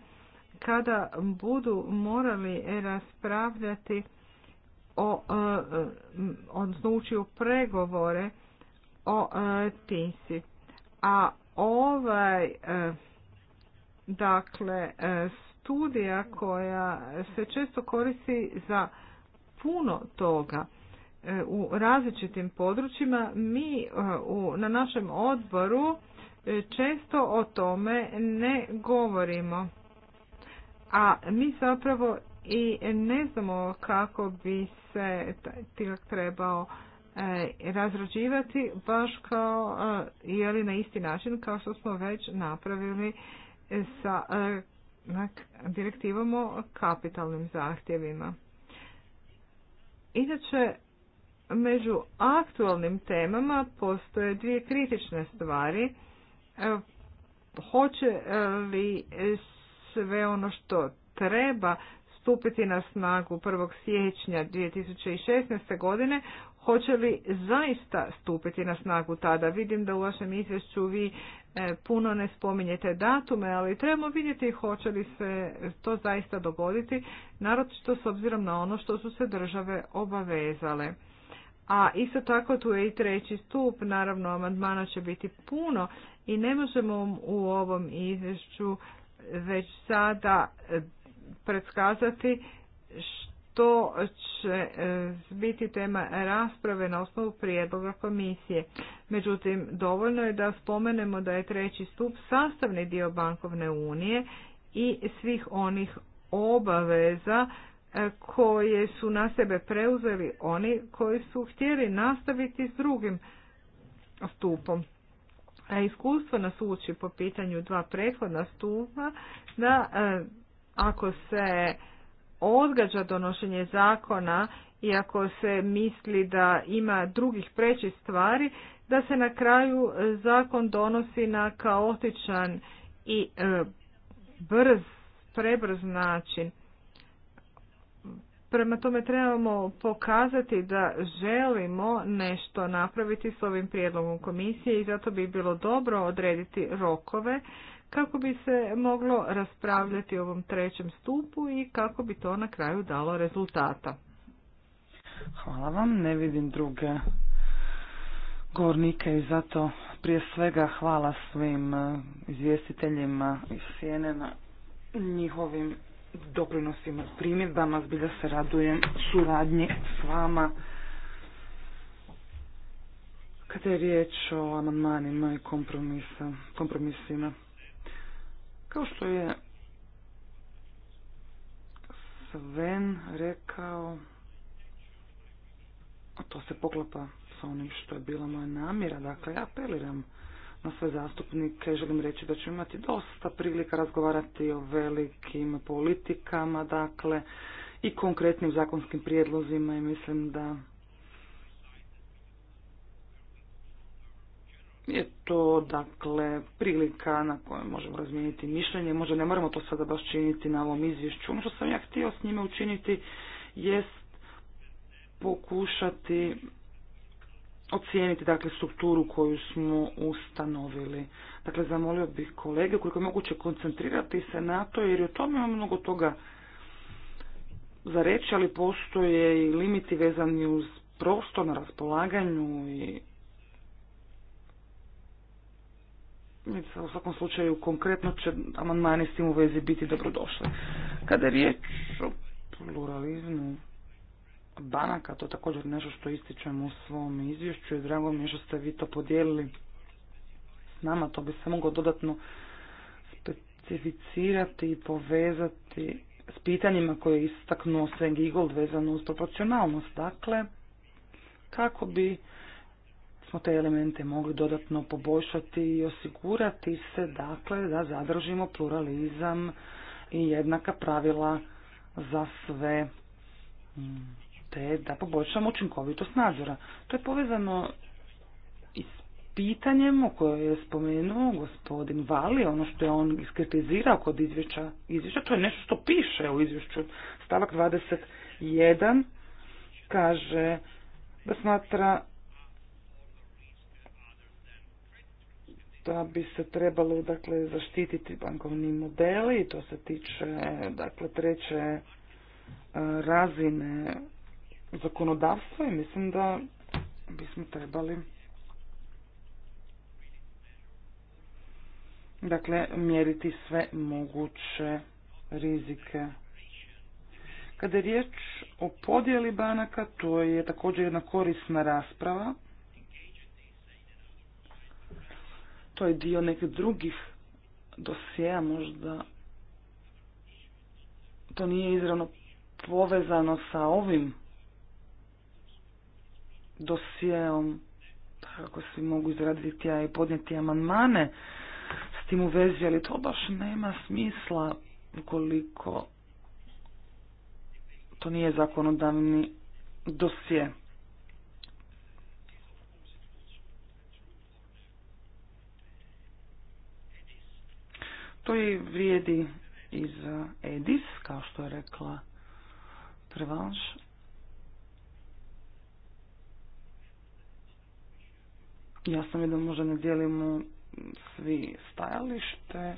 kada budu morali raspravljati o, e, e, odnosno u pregovore o e, TISI. A ovaj, dakle, studija koja se često koristi za puno toga u različitim područjima, mi na našem odboru često o tome ne govorimo a mi zapravo i ne znamo kako bi se taj tilak trebao e, razrađivati baš kao e, je na isti način kao što smo već napravili sa e, direktivom o kapitalnim zahtjevima. Inače, među aktualnim temama postoje dvije kritične stvari. Hoće li sve ono što treba stupiti na snagu 1. siječnja 2016. godine, hoće li zaista stupiti na snagu tada? Vidim da u vašem izvješću vi e, puno ne spominjete datume, ali trebamo vidjeti hoće li se to zaista dogoditi, naročito s obzirom na ono što su se države obavezale. A isto tako tu je i treći stup, naravno amandmana će biti puno i ne možemo u ovom izvješću već sada e, predskazati što će e, biti tema rasprave na osnovu prijedloga komisije. Međutim, dovoljno je da spomenemo da je treći stup sastavni dio bankovne unije i svih onih obaveza e, koje su na sebe preuzeli oni koji su htjeli nastaviti s drugim stupom iskustvo nas uči po pitanju dva prethodna stupa da e, ako se odgađa donošenje zakona i ako se misli da ima drugih prećih stvari, da se na kraju e, zakon donosi na kaotičan i e, brz, prebrz način. Prema tome trebamo pokazati da želimo nešto napraviti s ovim prijedlogom komisije i zato bi bilo dobro odrediti rokove kako bi se moglo raspravljati o ovom trećem stupu i kako bi to na kraju dalo rezultata. Hvala vam, ne vidim druge govornike i zato prije svega hvala svim eh, izvjestiteljima iz Sjenena na njihovim doprinosima, primjedbama, zbilja se radujem suradnji s vama. Kada je riječ o amandmanima i kompromisima, kao što je Sven rekao, a to se poklapa sa onim što je bila moja namjera, dakle ja apeliram na sve zastupnike želim reći da ćemo imati dosta prilika razgovarati o velikim politikama, dakle, i konkretnim zakonskim prijedlozima i mislim da je to dakle prilika na kojoj možemo razmijeniti mišljenje, možda ne moramo to sada baš činiti na ovom izvješću. Ono što sam ja htio s njime učiniti jest pokušati ocijeniti dakle strukturu koju smo ustanovili. Dakle, zamolio bih kolege koliko je moguće koncentrirati se na to jer je o tome imamo mnogo toga za reći, ali postoje i limiti vezani uz prostor na raspolaganju i u svakom slučaju konkretno će amandmani s tim u vezi biti dobrodošli. Kada je riječ o pluralizmu, banaka, to je također nešto što ističem u svom izvješću i drago mi je što ste vi to podijelili s nama, to bi se moglo dodatno specificirati i povezati s pitanjima koje je istaknuo Sven vezano uz proporcionalnost. Dakle, kako bi smo te elemente mogli dodatno poboljšati i osigurati se dakle da zadržimo pluralizam i jednaka pravila za sve. Hmm te da poboljšamo učinkovitost nadzora. To je povezano i s pitanjem o kojoj je spomenuo gospodin Vali, ono što je on iskritizirao kod izvješća, izvješća to je nešto što piše u izvješću. Stavak 21 kaže da smatra da bi se trebalo dakle zaštititi bankovni modeli i to se tiče dakle treće e, razine zakonodavstva i mislim da bismo trebali dakle mjeriti sve moguće rizike. Kada je riječ o podjeli banaka, to je također jedna korisna rasprava. To je dio nekih drugih dosjeja, možda to nije izravno povezano sa ovim dosijeom kako svi mogu izraditi a i podnijeti amandmane s tim u vezi, ali to baš nema smisla ukoliko to nije zakonodavni dosije. To i vrijedi i za Edis, kao što je rekla Prevanš. Ja sam vidio možda ne dijelimo svi stajalište.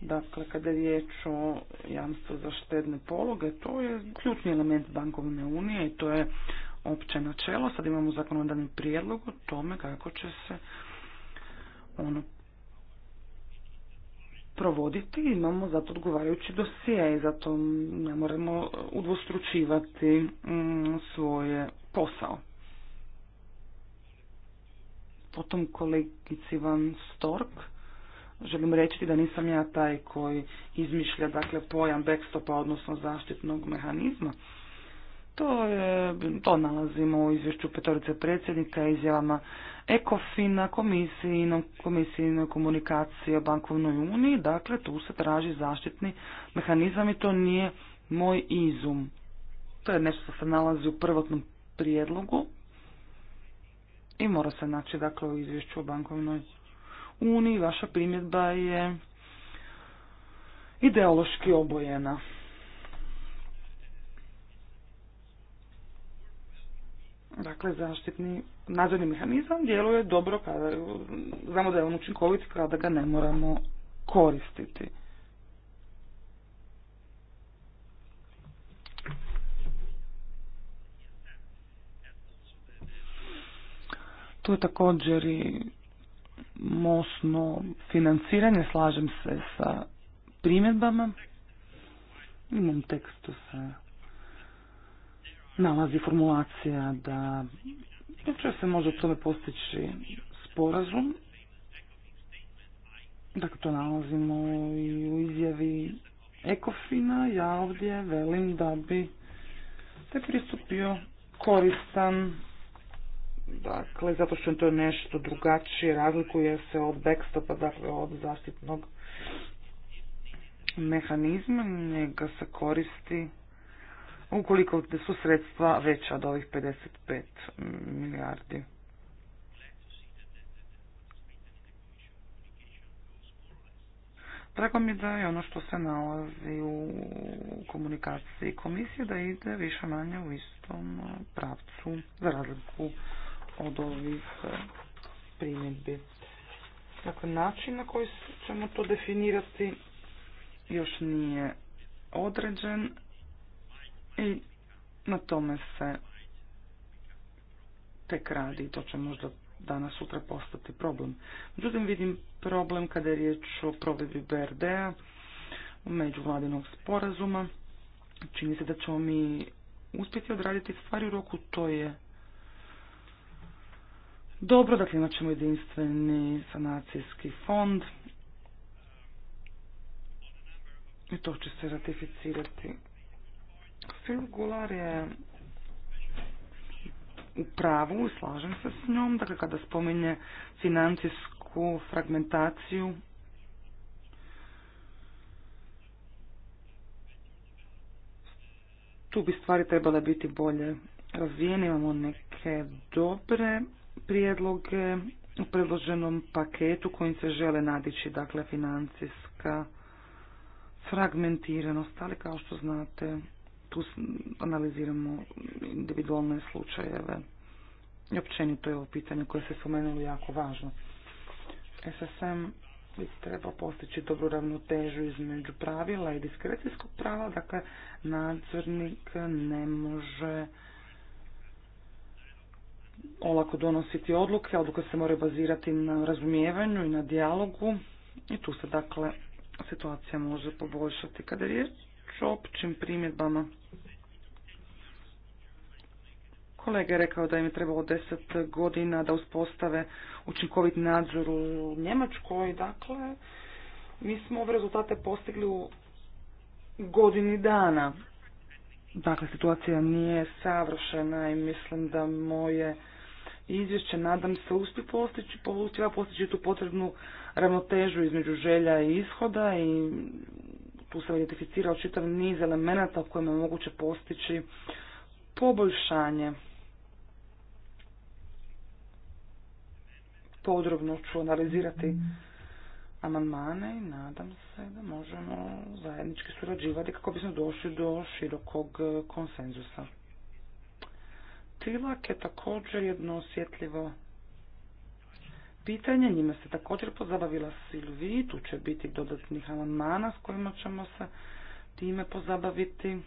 Dakle, kada je riječ o jamstvu za štedne pologe, to je ključni element bankovne unije i to je opće načelo. Sad imamo zakonodavni prijedlog o tome kako će se ono provoditi. Imamo zato odgovarajući dosije i zato ne moramo udvostručivati mm, svoje posao potom kolegici Van Stork. Želim reći da nisam ja taj koji izmišlja dakle, pojam backstopa, odnosno zaštitnog mehanizma. To, je, to nalazimo u izvješću petorice predsjednika, izjavama ECOFIN-a, komisijinoj komunikaciji komunikacije o bankovnoj uniji. Dakle, tu se traži zaštitni mehanizam i to nije moj izum. To je nešto što se nalazi u prvotnom prijedlogu i mora se naći dakle u izvješću o bankovnoj uniji. Vaša primjedba je ideološki obojena. Dakle, zaštitni nadzorni mehanizam djeluje dobro kada znamo da je on učinkovit kada ga ne moramo koristiti. Tu je također i mosno financiranje, slažem se sa primjedbama. U mom tekstu se nalazi formulacija da će se može od tome postići sporazum. Dakle, to nalazimo i u izjavi Ekofina. Ja ovdje velim da bi te pristupio koristan dakle, zato što je to nešto drugačije, razlikuje se od backstopa, dakle, od zaštitnog mehanizma, njega se koristi ukoliko su sredstva veća od ovih 55 milijardi. Drago mi da je ono što se nalazi u komunikaciji komisije da ide više manje u istom pravcu za razliku od ovih e, primjedbi. Dakle, način na koji ćemo to definirati još nije određen i na tome se tek radi i to će možda danas sutra postati problem. Međutim, vidim problem kada je riječ o provedbi BRD-a, međuvladinog sporazuma. Čini se da ćemo mi uspjeti odraditi stvari u roku, to je dobro, dakle imat ćemo jedinstveni sanacijski fond. I to će se ratificirati. Filgular je u pravu, slažem se s njom, dakle kada spominje financijsku fragmentaciju, tu bi stvari trebale biti bolje razvijene, imamo neke dobre prijedloge u predloženom paketu kojim se žele nadići, dakle, financijska fragmentiranost, ali kao što znate, tu analiziramo individualne slučajeve. I općenito je ovo pitanje koje se spomenulo jako važno. SSM bi treba postići dobru ravnotežu između pravila i diskrecijskog prava, dakle nadzornik ne može olako donositi odluke, odluke se moraju bazirati na razumijevanju i na dijalogu i tu se dakle situacija može poboljšati. Kada je riječ o općim primjedbama, kolega je rekao da im je trebalo deset godina da uspostave učinkovit nadzor u Njemačkoj, dakle mi smo ove rezultate postigli u godini dana. Dakle, situacija nije savršena i mislim da moje izvješće, nadam se, uspije postići, uspjeva postići tu potrebnu ravnotežu između želja i ishoda i tu sam identificirao čitav niz elemenata u kojima je moguće postići poboljšanje. Podrobno ću analizirati amandmane i nadam se da možemo zajednički surađivati kako bismo došli do širokog konsenzusa. Tilak je također jedno osjetljivo pitanje. Njime se također pozabavila Silvi. Tu će biti dodatnih amandmana s kojima ćemo se time pozabaviti.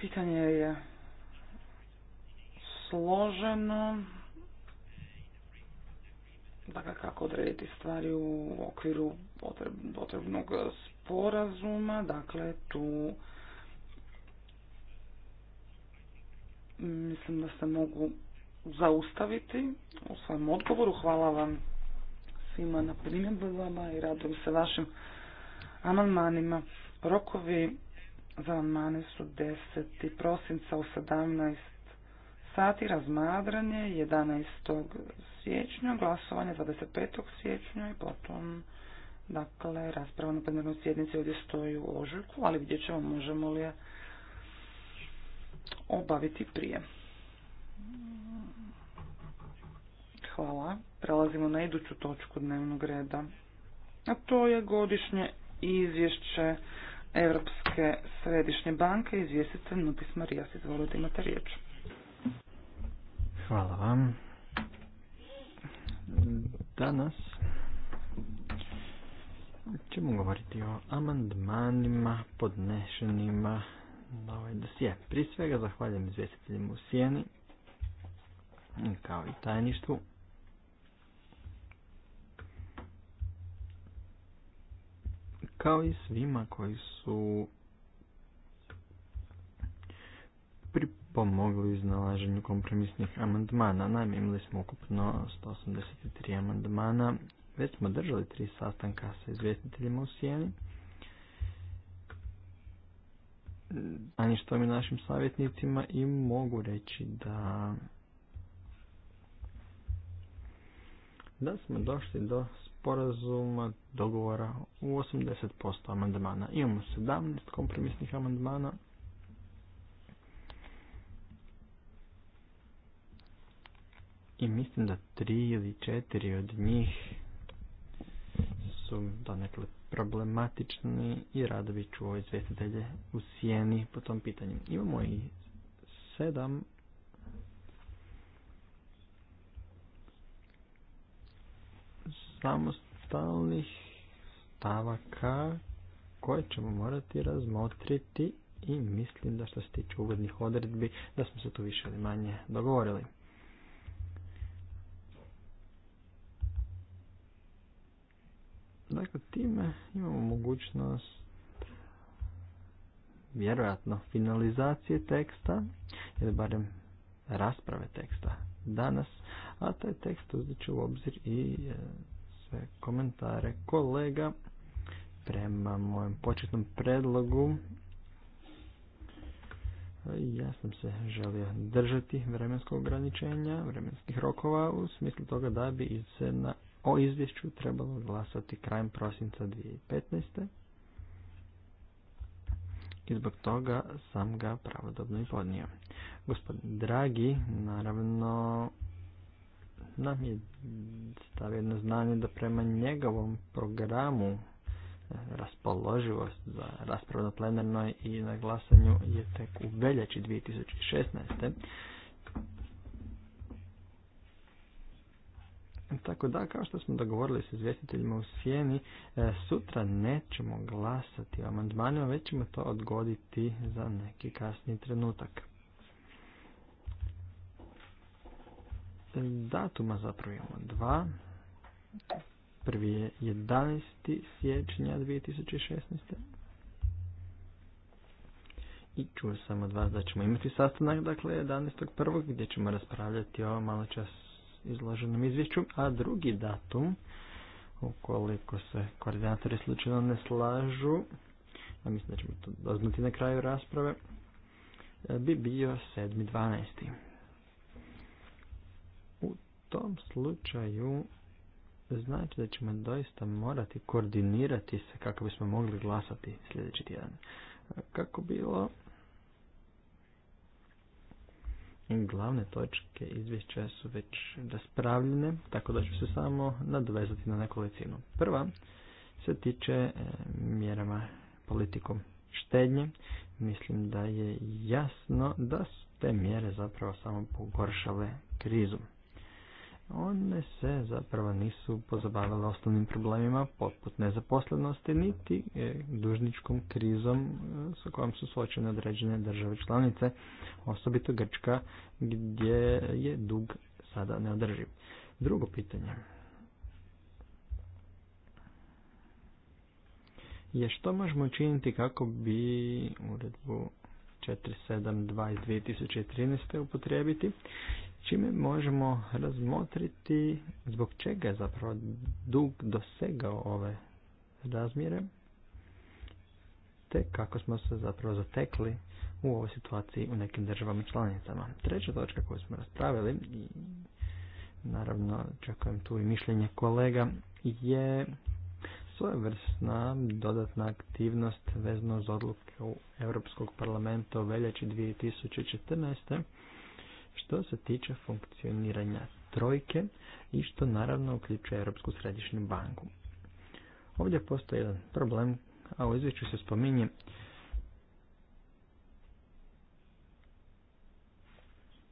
Pitanje je složeno. Dakle, kako odrediti stvari u okviru potrebnog sporazuma, dakle tu mislim da se mogu zaustaviti u svojem odgovoru. Hvala vam svima na primjedbama i radujem se vašim amandmanima. Rokovi za amandmane su 10. prosinca u 17 sati razmadranje 11. siječnja, glasovanje 25. siječnja i potom Dakle, rasprava na plenarnoj sjednici ovdje stoji u ožujku, ali vidjet ćemo možemo li je obaviti prije. Hvala. Prelazimo na iduću točku dnevnog reda. A to je godišnje izvješće Europske središnje banke. Izvjestitelj Nupis Marijas, izvolite imate riječ. Hvala vam. Danas ćemo govoriti o amandmanima podnešenima na ovaj dosije. Prije svega zahvaljujem izvjestiteljima u Sijeni, kao i tajništvu. Kao i svima koji su pripomogli u iznalaženju kompromisnih amandmana. Naime, imali smo ukupno 183 amandmana već smo držali tri sastanka sa izvjestiteljima u Sijeni. ništa mi našim savjetnicima i mogu reći da da smo došli do sporazuma dogovora u 80% amandmana. Imamo 17 kompromisnih amandmana. I mislim da tri ili četiri od njih su donekle problematični i radovi bi čuo izvjestitelje u sjeni po tom pitanju. Imamo i sedam samostalnih stavaka koje ćemo morati razmotriti i mislim da što se tiče uvodnih odredbi da smo se tu više ili manje dogovorili. Dakle, time imamo mogućnost vjerojatno finalizacije teksta ili barem rasprave teksta danas, a taj tekst uzet ću u obzir i e, sve komentare kolega prema mojem početnom predlogu ja sam se želio držati vremenskog ograničenja, vremenskih rokova u smislu toga da bi se na o izvješću trebalo glasati krajem prosinca 2015. I zbog toga sam ga pravodobno i podnio. Gospodin Dragi, naravno, nam je stavio jedno znanje da prema njegovom programu e, raspoloživost za raspravu na plenarnoj i na glasanju je tek u veljači 2016. Tako da, kao što smo dogovorili s izvjestiteljima u sjeni, e, sutra nećemo glasati o amandmanima, već ćemo to odgoditi za neki kasni trenutak. Datuma zapravo imamo dva. Prvi je 11. siječnja 2016. I čuo sam od vas da ćemo imati sastanak, dakle, 11.1. gdje ćemo raspravljati o malo čas izloženom izvješću, a drugi datum, ukoliko se koordinatori slučajno ne slažu, a mislim da ćemo to doznati na kraju rasprave, e, bi bio 7.12. U tom slučaju znači da ćemo doista morati koordinirati se kako bismo mogli glasati sljedeći tjedan. E, kako bilo, glavne točke izvješća su već raspravljene, tako da ću se samo nadvezati na nekolicinu. Prva se tiče e, mjerama politikom štednje. Mislim da je jasno da su te mjere zapravo samo pogoršale krizu one se zapravo nisu pozabavile osnovnim problemima poput nezaposlenosti niti e, dužničkom krizom e, sa kojom su suočene određene države članice, osobito Grčka gdje je dug sada neodrživ. Drugo pitanje je što možemo učiniti kako bi uredbu 472 iz 2013. upotrijebiti čime možemo razmotriti zbog čega je zapravo dug dosegao ove razmjere te kako smo se zapravo zatekli u ovoj situaciji u nekim državama članicama. Treća točka koju smo raspravili i naravno čekujem tu i mišljenje kolega je svojevrsna dodatna aktivnost vezano uz odluke u Europskog parlamenta u veljači 2014 što se tiče funkcioniranja trojke i što naravno uključuje Europsku središnju banku. Ovdje postoji jedan problem, a u izvješću se spominje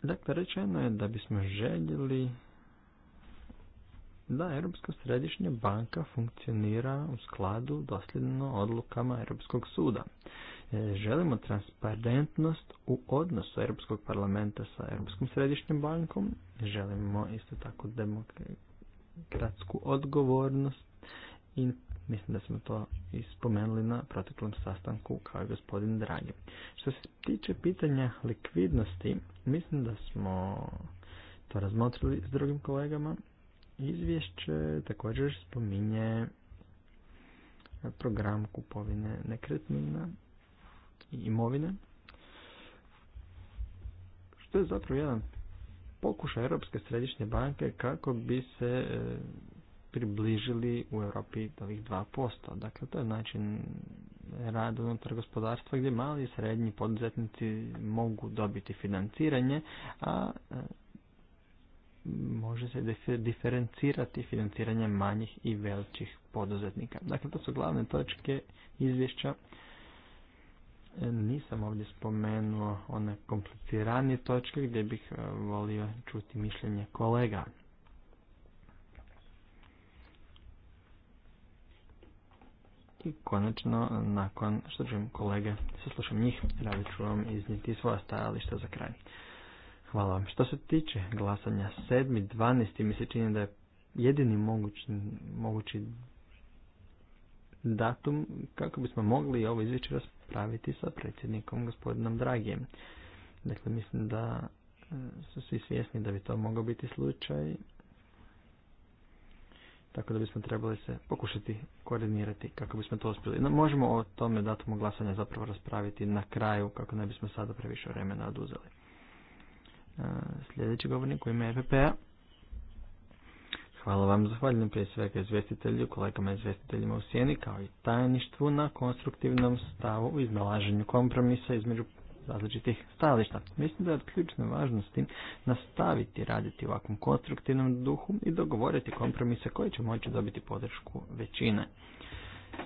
Dakle, rečeno je da bismo željeli da Europska središnja banka funkcionira u skladu dosljedno odlukama Europskog suda želimo transparentnost u odnosu Europskog parlamenta sa Europskom središnjom bankom, želimo isto tako demokratsku odgovornost i mislim da smo to ispomenuli na proteklom sastanku kao i gospodin Dragi. Što se tiče pitanja likvidnosti, mislim da smo to razmotrili s drugim kolegama. Izvješće također spominje program kupovine nekretnina imovine. Što je zapravo jedan pokušaj Europske središnje banke kako bi se e, približili u Europi ovih 2%. Dakle, to je način rada unutar gospodarstva gdje mali i srednji poduzetnici mogu dobiti financiranje, a e, može se diferencirati financiranje manjih i velikih poduzetnika. Dakle, to su glavne točke izvješća nisam ovdje spomenuo one kompliciranije točke gdje bih e, volio čuti mišljenje kolega. I konačno, nakon što čujem kolege, saslušam njih, radit ću vam iznijeti svoja stajališta za kraj. Hvala vam. Što se tiče glasanja 7.12. mi se čini da je jedini mogući, mogući datum kako bismo mogli ovo izvješće raspraviti raspraviti sa predsjednikom gospodinom Dragijem. Dakle, mislim da e, su svi svjesni da bi to mogao biti slučaj. Tako da bismo trebali se pokušati koordinirati kako bismo to uspjeli. No, možemo o tome datumu glasanja zapravo raspraviti na kraju kako ne bismo sada previše vremena oduzeli. E, sljedeći govornik u ime EPP-a. Hvala vam, zahvaljujem prije svega izvjestitelju, kolegama izvjestiteljima u Sjeni, kao i tajništvu na konstruktivnom stavu u iznalaženju kompromisa između različitih stajališta. Mislim da je od ključne važnosti nastaviti raditi u ovakvom konstruktivnom duhu i dogovoriti kompromise koji će moći dobiti podršku većine.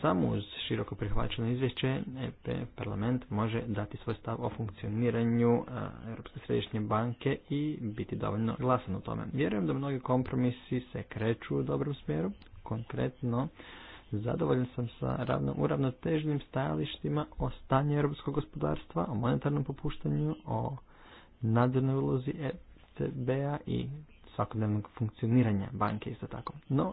Samo uz široko prihvaćeno izvješće EP parlament može dati svoj stav o funkcioniranju e, Europske središnje banke i biti dovoljno glasan u tome. Vjerujem da mnogi kompromisi se kreću u dobrom smjeru. Konkretno, zadovoljan sam sa ravno uravnotežnim stajalištima o stanju europskog gospodarstva, o monetarnom popuštanju, o nadzornoj ulozi ECB-a i svakodnevnog funkcioniranja banke isto tako. No,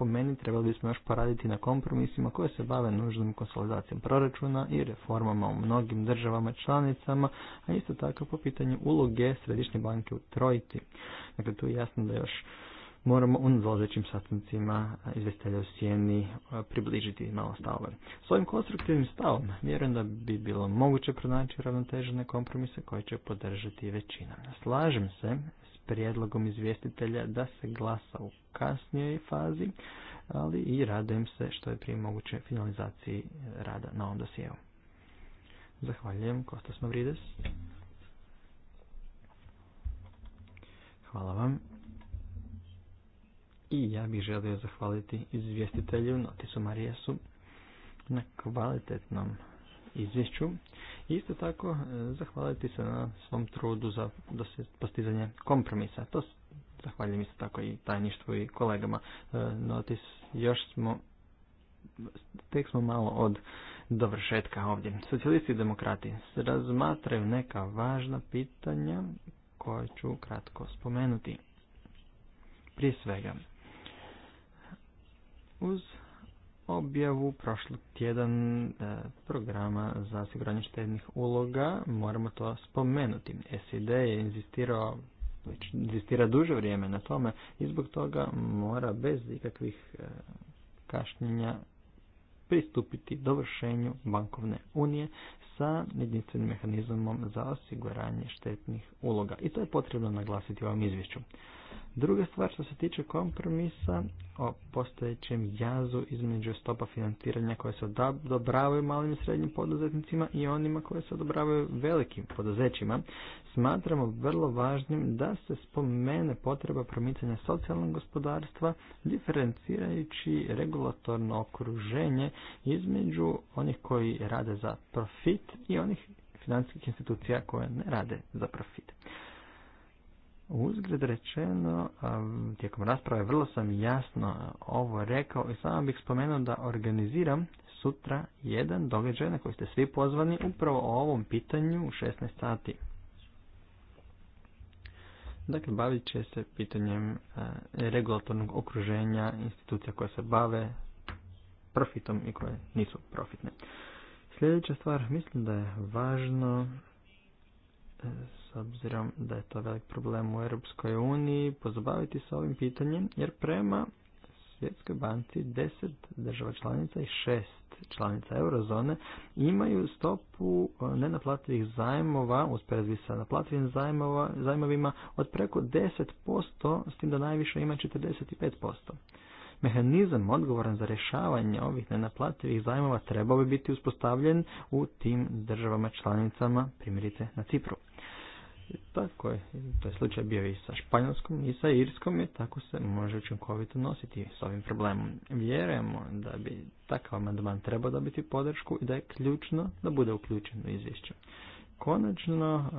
po meni trebali bismo još poraditi na kompromisima koje se bave nužnom konsolidacijom proračuna i reformama u mnogim državama članicama, a isto tako po pitanju uloge Središnje banke u trojiti. Dakle, tu je jasno da još moramo u nadolazećim sastancima izvestelja u sjeni e, približiti malo stavove. S ovim konstruktivnim stavom vjerujem da bi bilo moguće pronaći ravnotežene kompromise koje će podržati većina. Slažem se prijedlogom izvjestitelja da se glasa u kasnijoj fazi, ali i radujem se što je prije moguće finalizaciji rada na ovom dosijelu. Zahvaljujem, Kostas Mavrides. Hvala vam. I ja bih želio zahvaliti izvjestitelju Notisu Marijesu na kvalitetnom izvješću isto tako e, zahvaliti se na svom trudu za postizanje kompromisa. To zahvaljujem isto tako i tajništvu i kolegama. E, Notis, još smo, tek smo malo od dovršetka ovdje. Socijalisti i demokrati se razmatraju neka važna pitanja koja ću kratko spomenuti. Prije svega, uz objavu prošlog tjedan e, programa za osiguranje štednih uloga, moramo to spomenuti. SID je inzistirao već inzistira duže vrijeme na tome i zbog toga mora bez ikakvih e, kašnjenja pristupiti dovršenju bankovne unije sa jedinstvenim mehanizmom za osiguranje štetnih uloga. I to je potrebno naglasiti u ovom izvješću. Druga stvar što se tiče kompromisa o postojećem jazu između stopa financiranja koje se odobravaju malim i srednjim poduzetnicima i onima koje se odobravaju velikim poduzećima, smatramo vrlo važnim da se spomene potreba promicanja socijalnog gospodarstva diferencirajući regulatorno okruženje između onih koji rade za profit i onih financijskih institucija koje ne rade za profit. Uzgled rečeno, tijekom rasprave vrlo sam jasno ovo rekao i samo bih spomenuo da organiziram sutra jedan događaj na koji ste svi pozvani upravo o ovom pitanju u 16 sati. Dakle, bavit će se pitanjem e, regulatornog okruženja institucija koje se bave profitom i koje nisu profitne. Sljedeća stvar, mislim da je važno e, s obzirom da je to velik problem u Europskoj uniji, pozabaviti se ovim pitanjem, jer prema Svjetskoj banci 10 država članica i 6 članica eurozone imaju stopu e, nenaplativih zajmova, usporedbi sa naplativim zajmovima, od preko 10%, s tim da najviše ima 45%. Mehanizam odgovoran za rješavanje ovih nenaplativih zajmova trebao bi biti uspostavljen u tim državama članicama, primjerice na Cipru. Tako pa, je, to je slučaj bio i sa Španjolskom i sa Irskom i tako se može učinkovito nositi s ovim problemom. Vjerujemo da bi takav amandman trebao dobiti podršku i da je ključno da bude uključen u izvješće. Konačno, e,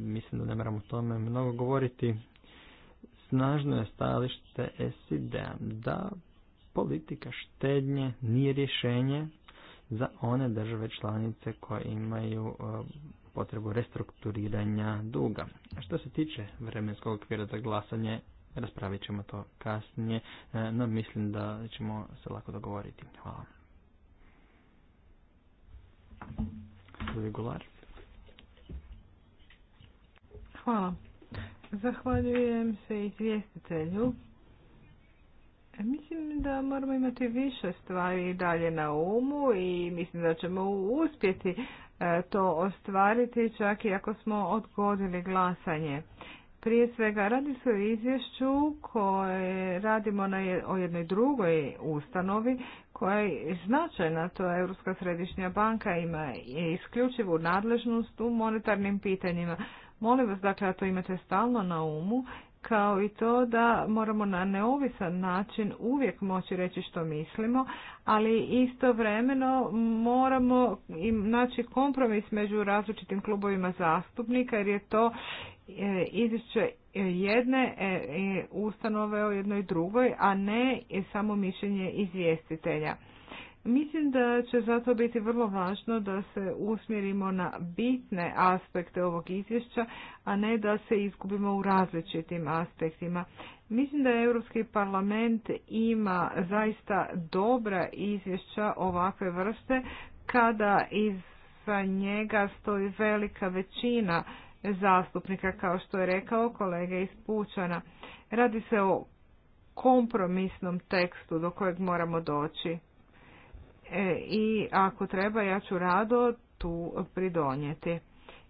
mislim da ne moramo o tome mnogo govoriti, snažno je stajalište sid da politika štednje nije rješenje za one države članice koje imaju e, potrebu restrukturiranja duga. A što se tiče vremenskog okvira za glasanje, raspravit ćemo to kasnije, e, no mislim da ćemo se lako dogovoriti. Hvala. Regular. Hvala. Zahvaljujem se izvjestitelju. E, mislim da moramo imati više stvari dalje na umu i mislim da ćemo uspjeti E, to ostvariti, čak i ako smo odgodili glasanje. Prije svega radi se o izvješću koje radimo na, o jednoj drugoj ustanovi koja je značajna, to je Europska središnja banka, ima isključivu nadležnost u monetarnim pitanjima. Molim vas dakle da to imate stalno na umu kao i to da moramo na neovisan način uvijek moći reći što mislimo, ali istovremeno moramo naći kompromis među različitim klubovima zastupnika jer je to e, izvješće jedne e, e, ustanove o jednoj drugoj, a ne samo mišljenje izvjestitelja. Mislim da će zato biti vrlo važno da se usmjerimo na bitne aspekte ovog izvješća, a ne da se izgubimo u različitim aspektima. Mislim da Europski parlament ima zaista dobra izvješća ovakve vrste kada iza njega stoji velika većina zastupnika, kao što je rekao kolega iz Pučana. Radi se o kompromisnom tekstu do kojeg moramo doći. E, i ako treba ja ću rado tu pridonijeti.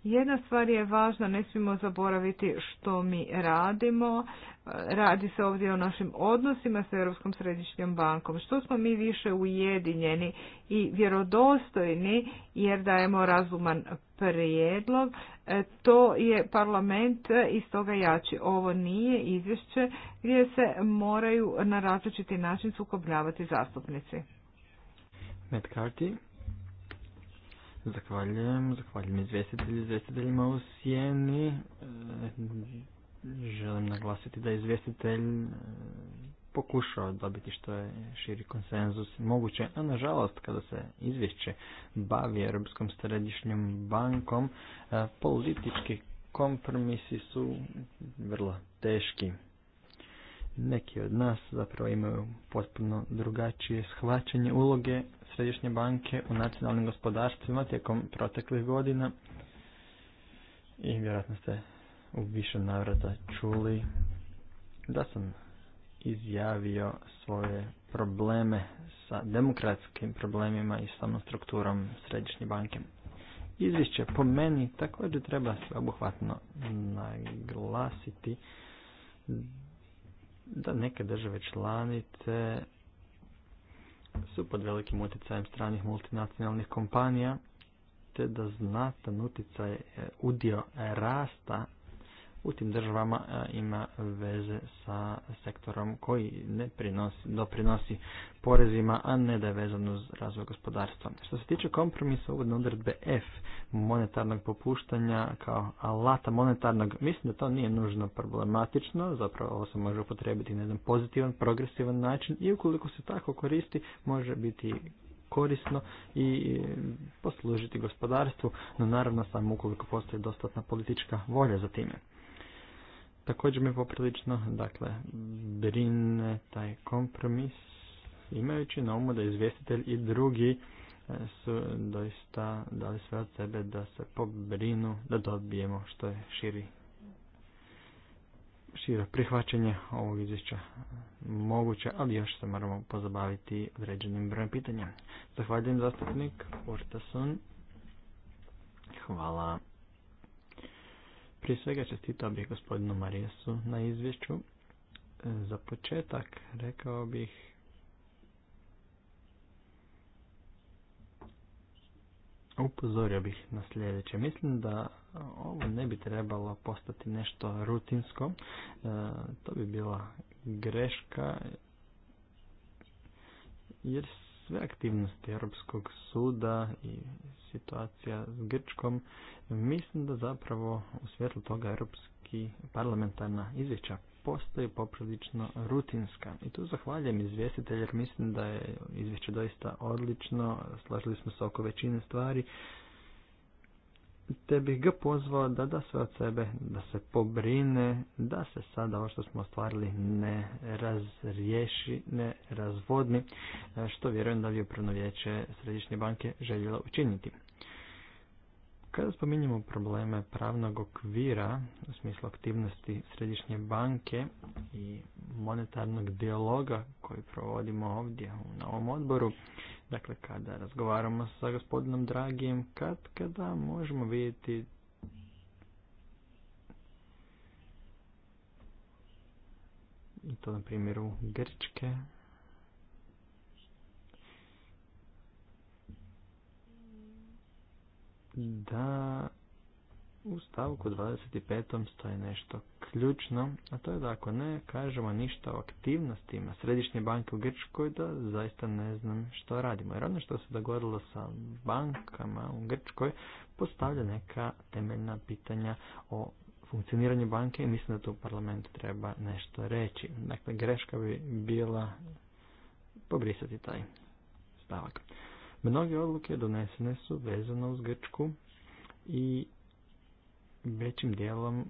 Jedna stvar je važna, ne smijemo zaboraviti što mi radimo. E, radi se ovdje o našim odnosima sa Europskom središnjom bankom. Što smo mi više ujedinjeni i vjerodostojni jer dajemo razuman prijedlog, e, to je parlament i stoga jači. Ovo nije izvješće gdje se moraju na različiti način sukobljavati zastupnici. Matt Carty. Zahvaljujem, zahvaljujem izvjestitelji, izvjestiteljima u Sijeni. E, želim naglasiti da je izvjestitelj e, pokušao dobiti što je širi konsenzus moguće, a nažalost kada se izvješće bavi Europskom središnjom bankom, e, politički kompromisi su vrlo teški. Neki od nas zapravo imaju potpuno drugačije shvaćanje uloge središnje banke u nacionalnim gospodarstvima tijekom proteklih godina i vjerojatno ste u više navrata čuli da sam izjavio svoje probleme sa demokratskim problemima i samom strukturom središnje banke. Izvješće po meni također treba sveobuhvatno naglasiti da neke države članice su pod velikim utjecajem stranih multinacionalnih kompanija, te da znatan utjecaj e, udio rasta u tim državama e, ima veze sa sektorom koji ne prinosi, doprinosi porezima, a ne da je vezan uz razvoj gospodarstva. Što se tiče kompromisa uvodne odredbe F monetarnog popuštanja kao alata monetarnog, mislim da to nije nužno problematično, zapravo ovo se može upotrebiti na jedan pozitivan, progresivan način i ukoliko se tako koristi može biti korisno i poslužiti gospodarstvu, no naravno samo ukoliko postoji dostatna politička volja za time. Također me poprilično, dakle, brine taj kompromis, imajući na umu da izvjestitelj i drugi e, su doista dali sve od sebe da se pobrinu, da dobijemo što je širi širo prihvaćanje ovog izvješća moguće, ali još se moramo pozabaviti određenim brojem pitanja. Zahvaljujem zastupnik Urtasun. Hvala. Prije svega čestitao bih gospodinu Marijesu na izvješću. E, za početak rekao bih upozorio bih na sljedeće. Mislim da ovo ne bi trebalo postati nešto rutinsko. E, to bi bila greška jer sve aktivnosti Europskog suda i situacija s Grčkom, mislim da zapravo u svjetlu toga Europski parlamentarna izvješća postaju poprilično rutinska. I tu zahvaljujem izvjestitelj jer mislim da je izvješće doista odlično, slažili smo se oko većine stvari, te bih ga pozvao da da sve od sebe, da se pobrine, da se sada ovo što smo ostvarili ne razriješi, ne razvodni, e, što vjerujem da bi upravno vijeće Središnje banke željelo učiniti. Kada spominjemo probleme pravnog okvira u smislu aktivnosti Središnje banke i monetarnog dijaloga koji provodimo ovdje na ovom odboru, Dakle, kada razgovaramo sa gospodinom Dragijem, kad kada možemo vidjeti i to na primjeru Grčke. Da u stavku 25. stoji nešto ključno, a to je da ako ne kažemo ništa o aktivnostima Središnje banke u Grčkoj, da zaista ne znam što radimo. Jer ono što se dogodilo sa bankama u Grčkoj postavlja neka temeljna pitanja o funkcioniranju banke i mislim da tu u parlamentu treba nešto reći. Dakle, greška bi bila pobrisati taj stavak. Mnoge odluke donesene su vezano uz Grčku i većim dijelom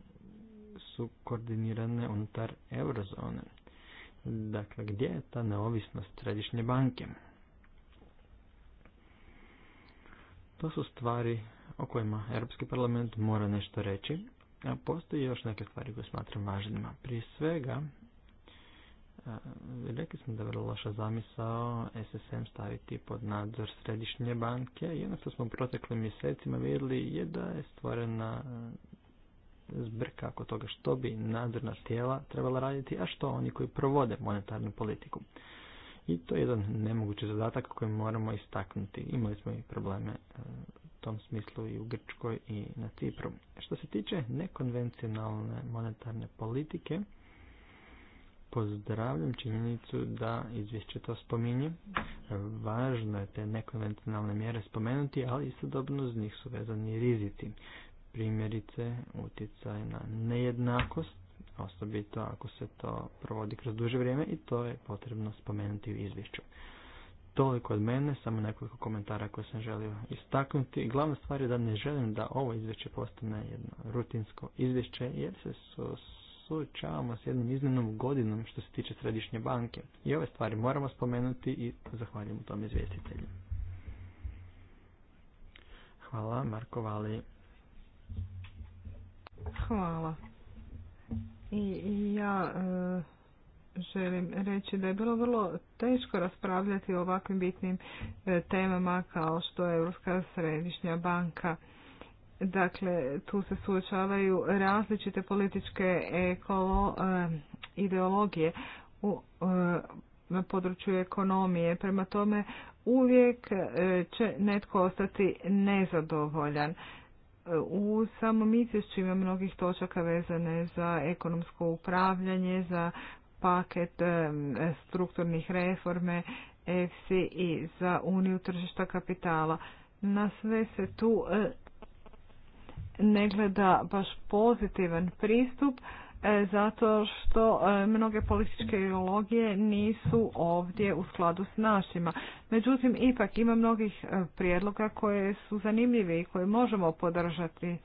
su koordinirane unutar eurozone. Dakle, gdje je ta neovisnost središnje banke? To su stvari o kojima Europski parlament mora nešto reći, a postoji još neke stvari koje smatram važnima. Prije svega, E, rekli smo da je vrlo loša zamisao SSM staviti pod nadzor središnje banke. Jedno što smo u proteklim mjesecima vidjeli je da je stvorena e, zbrka oko toga što bi nadzorna tijela trebala raditi, a što oni koji provode monetarnu politiku. I to je jedan nemogući zadatak koji moramo istaknuti. Imali smo i probleme e, u tom smislu i u Grčkoj i na Cipru. Što se tiče nekonvencionalne monetarne politike, pozdravljam činjenicu da izvješće to spominje. Važno je te nekonvencionalne mjere spomenuti, ali istodobno z njih su vezani rizici. Primjerice, utjecaj na nejednakost, osobito ako se to provodi kroz duže vrijeme i to je potrebno spomenuti u izvješću. Toliko od mene, samo nekoliko komentara koje sam želio istaknuti. Glavna stvar je da ne želim da ovo izvješće postane jedno rutinsko izvješće jer se su suočavamo s jednom iznimnom godinom što se tiče središnje banke. I ove stvari moramo spomenuti i zahvaljujem u tom izvjestitelju. Hvala, Marko Vali. Hvala. I ja e, želim reći da je bilo vrlo teško raspravljati o ovakvim bitnim e, temama kao što je Europska središnja banka. Dakle, tu se suočavaju različite političke ekolo, eh, ideologije u, eh, na području ekonomije. Prema tome, uvijek eh, će netko ostati nezadovoljan. U samom izvješću ima mnogih točaka vezane za ekonomsko upravljanje, za paket strukturnih reforme, EFSI i za uniju tržišta kapitala. Na sve se tu ne gleda baš pozitivan pristup E, zato što e, mnoge političke ideologije nisu ovdje u skladu s našima. Međutim, ipak ima mnogih e, prijedloga koje su zanimljive i koje možemo podržati.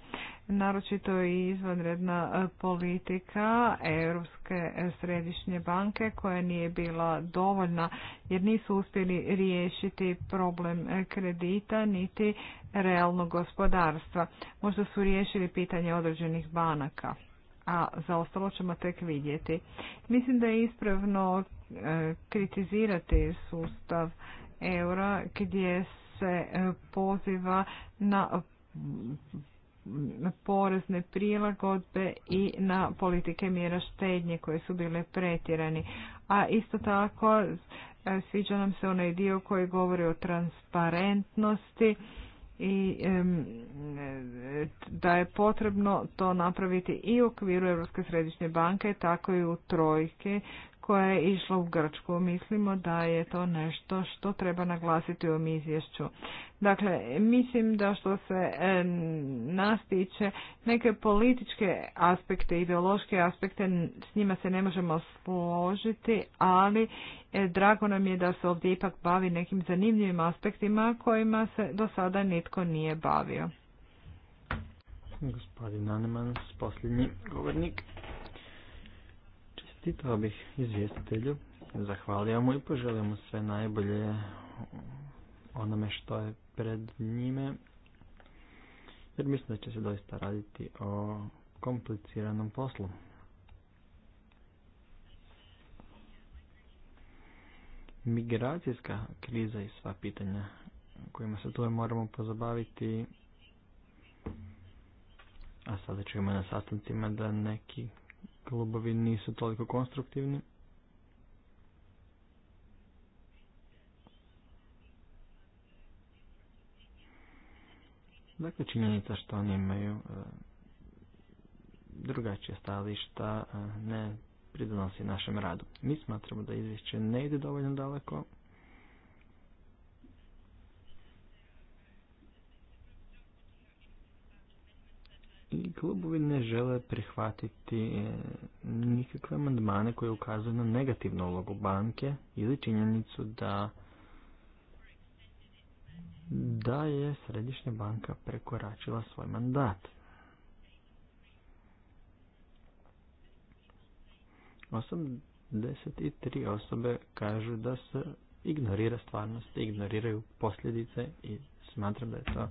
Naročito i izvanredna politika Europske središnje banke koja nije bila dovoljna jer nisu uspjeli riješiti problem kredita niti realnog gospodarstva. Možda su riješili pitanje određenih banaka a za ostalo ćemo tek vidjeti. Mislim da je ispravno e, kritizirati sustav eura gdje se e, poziva na porezne prilagodbe i na politike mjera štednje koje su bile pretjerani. A isto tako e, sviđa nam se onaj dio koji govori o transparentnosti i da je potrebno to napraviti i u okviru Europske središnje banke, tako i u trojke koja je išla u Grčku. Mislimo da je to nešto što treba naglasiti u ovom izvješću. Dakle, mislim da što se e, nas tiče neke političke aspekte, ideološke aspekte, s njima se ne možemo složiti, ali e, drago nam je da se ovdje ipak bavi nekim zanimljivim aspektima kojima se do sada nitko nije bavio. Gospodin Anemans, posljednji govornik. Čestitao bih izvjestitelju, zahvalio mu i poželio mu sve najbolje onome što je pred njime, jer mislim da će se doista raditi o kompliciranom poslu. Migracijska kriza i sva pitanja kojima se tu moramo pozabaviti, a sada ćemo na sastancima da neki klubovi nisu toliko konstruktivni. Dakle, činjenica što oni imaju e, drugačije stajališta e, ne pridonosi našem radu. Mi smatramo da izvješće ne ide dovoljno daleko, klubovi ne žele prihvatiti e, nikakve amandmane koje ukazuju na negativnu ulogu banke ili činjenicu da da je Središnja banka prekoračila svoj mandat. Osam deset i tri osobe kažu da se ignorira stvarnost, ignoriraju posljedice i smatram da je to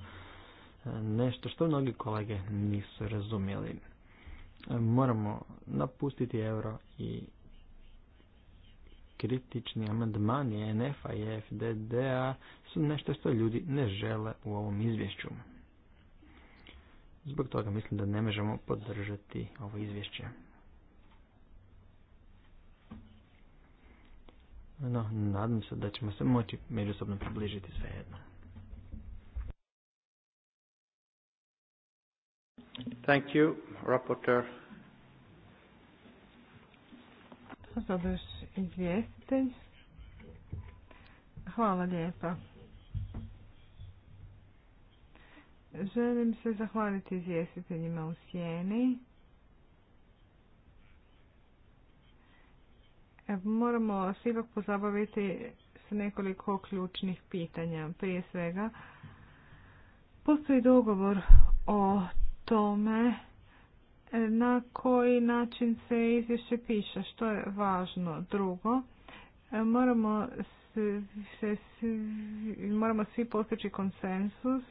nešto što mnogi kolege nisu razumjeli. Moramo napustiti euro i kritični amandmani nf a i FDD-a su nešto što ljudi ne žele u ovom izvješću. Zbog toga mislim da ne možemo podržati ovo izvješće. No, nadam se da ćemo se moći međusobno približiti svejedno. Thank you, rapporteur. Hvala lijepa. Želim se zahvaliti izvjestiteljima u sjeni. Moramo se ipak pozabaviti s nekoliko ključnih pitanja. Prije svega, postoji dogovor o tome e, na koji način se izvješće piše, što je važno. Drugo, e, moramo se, moramo svi postići konsensus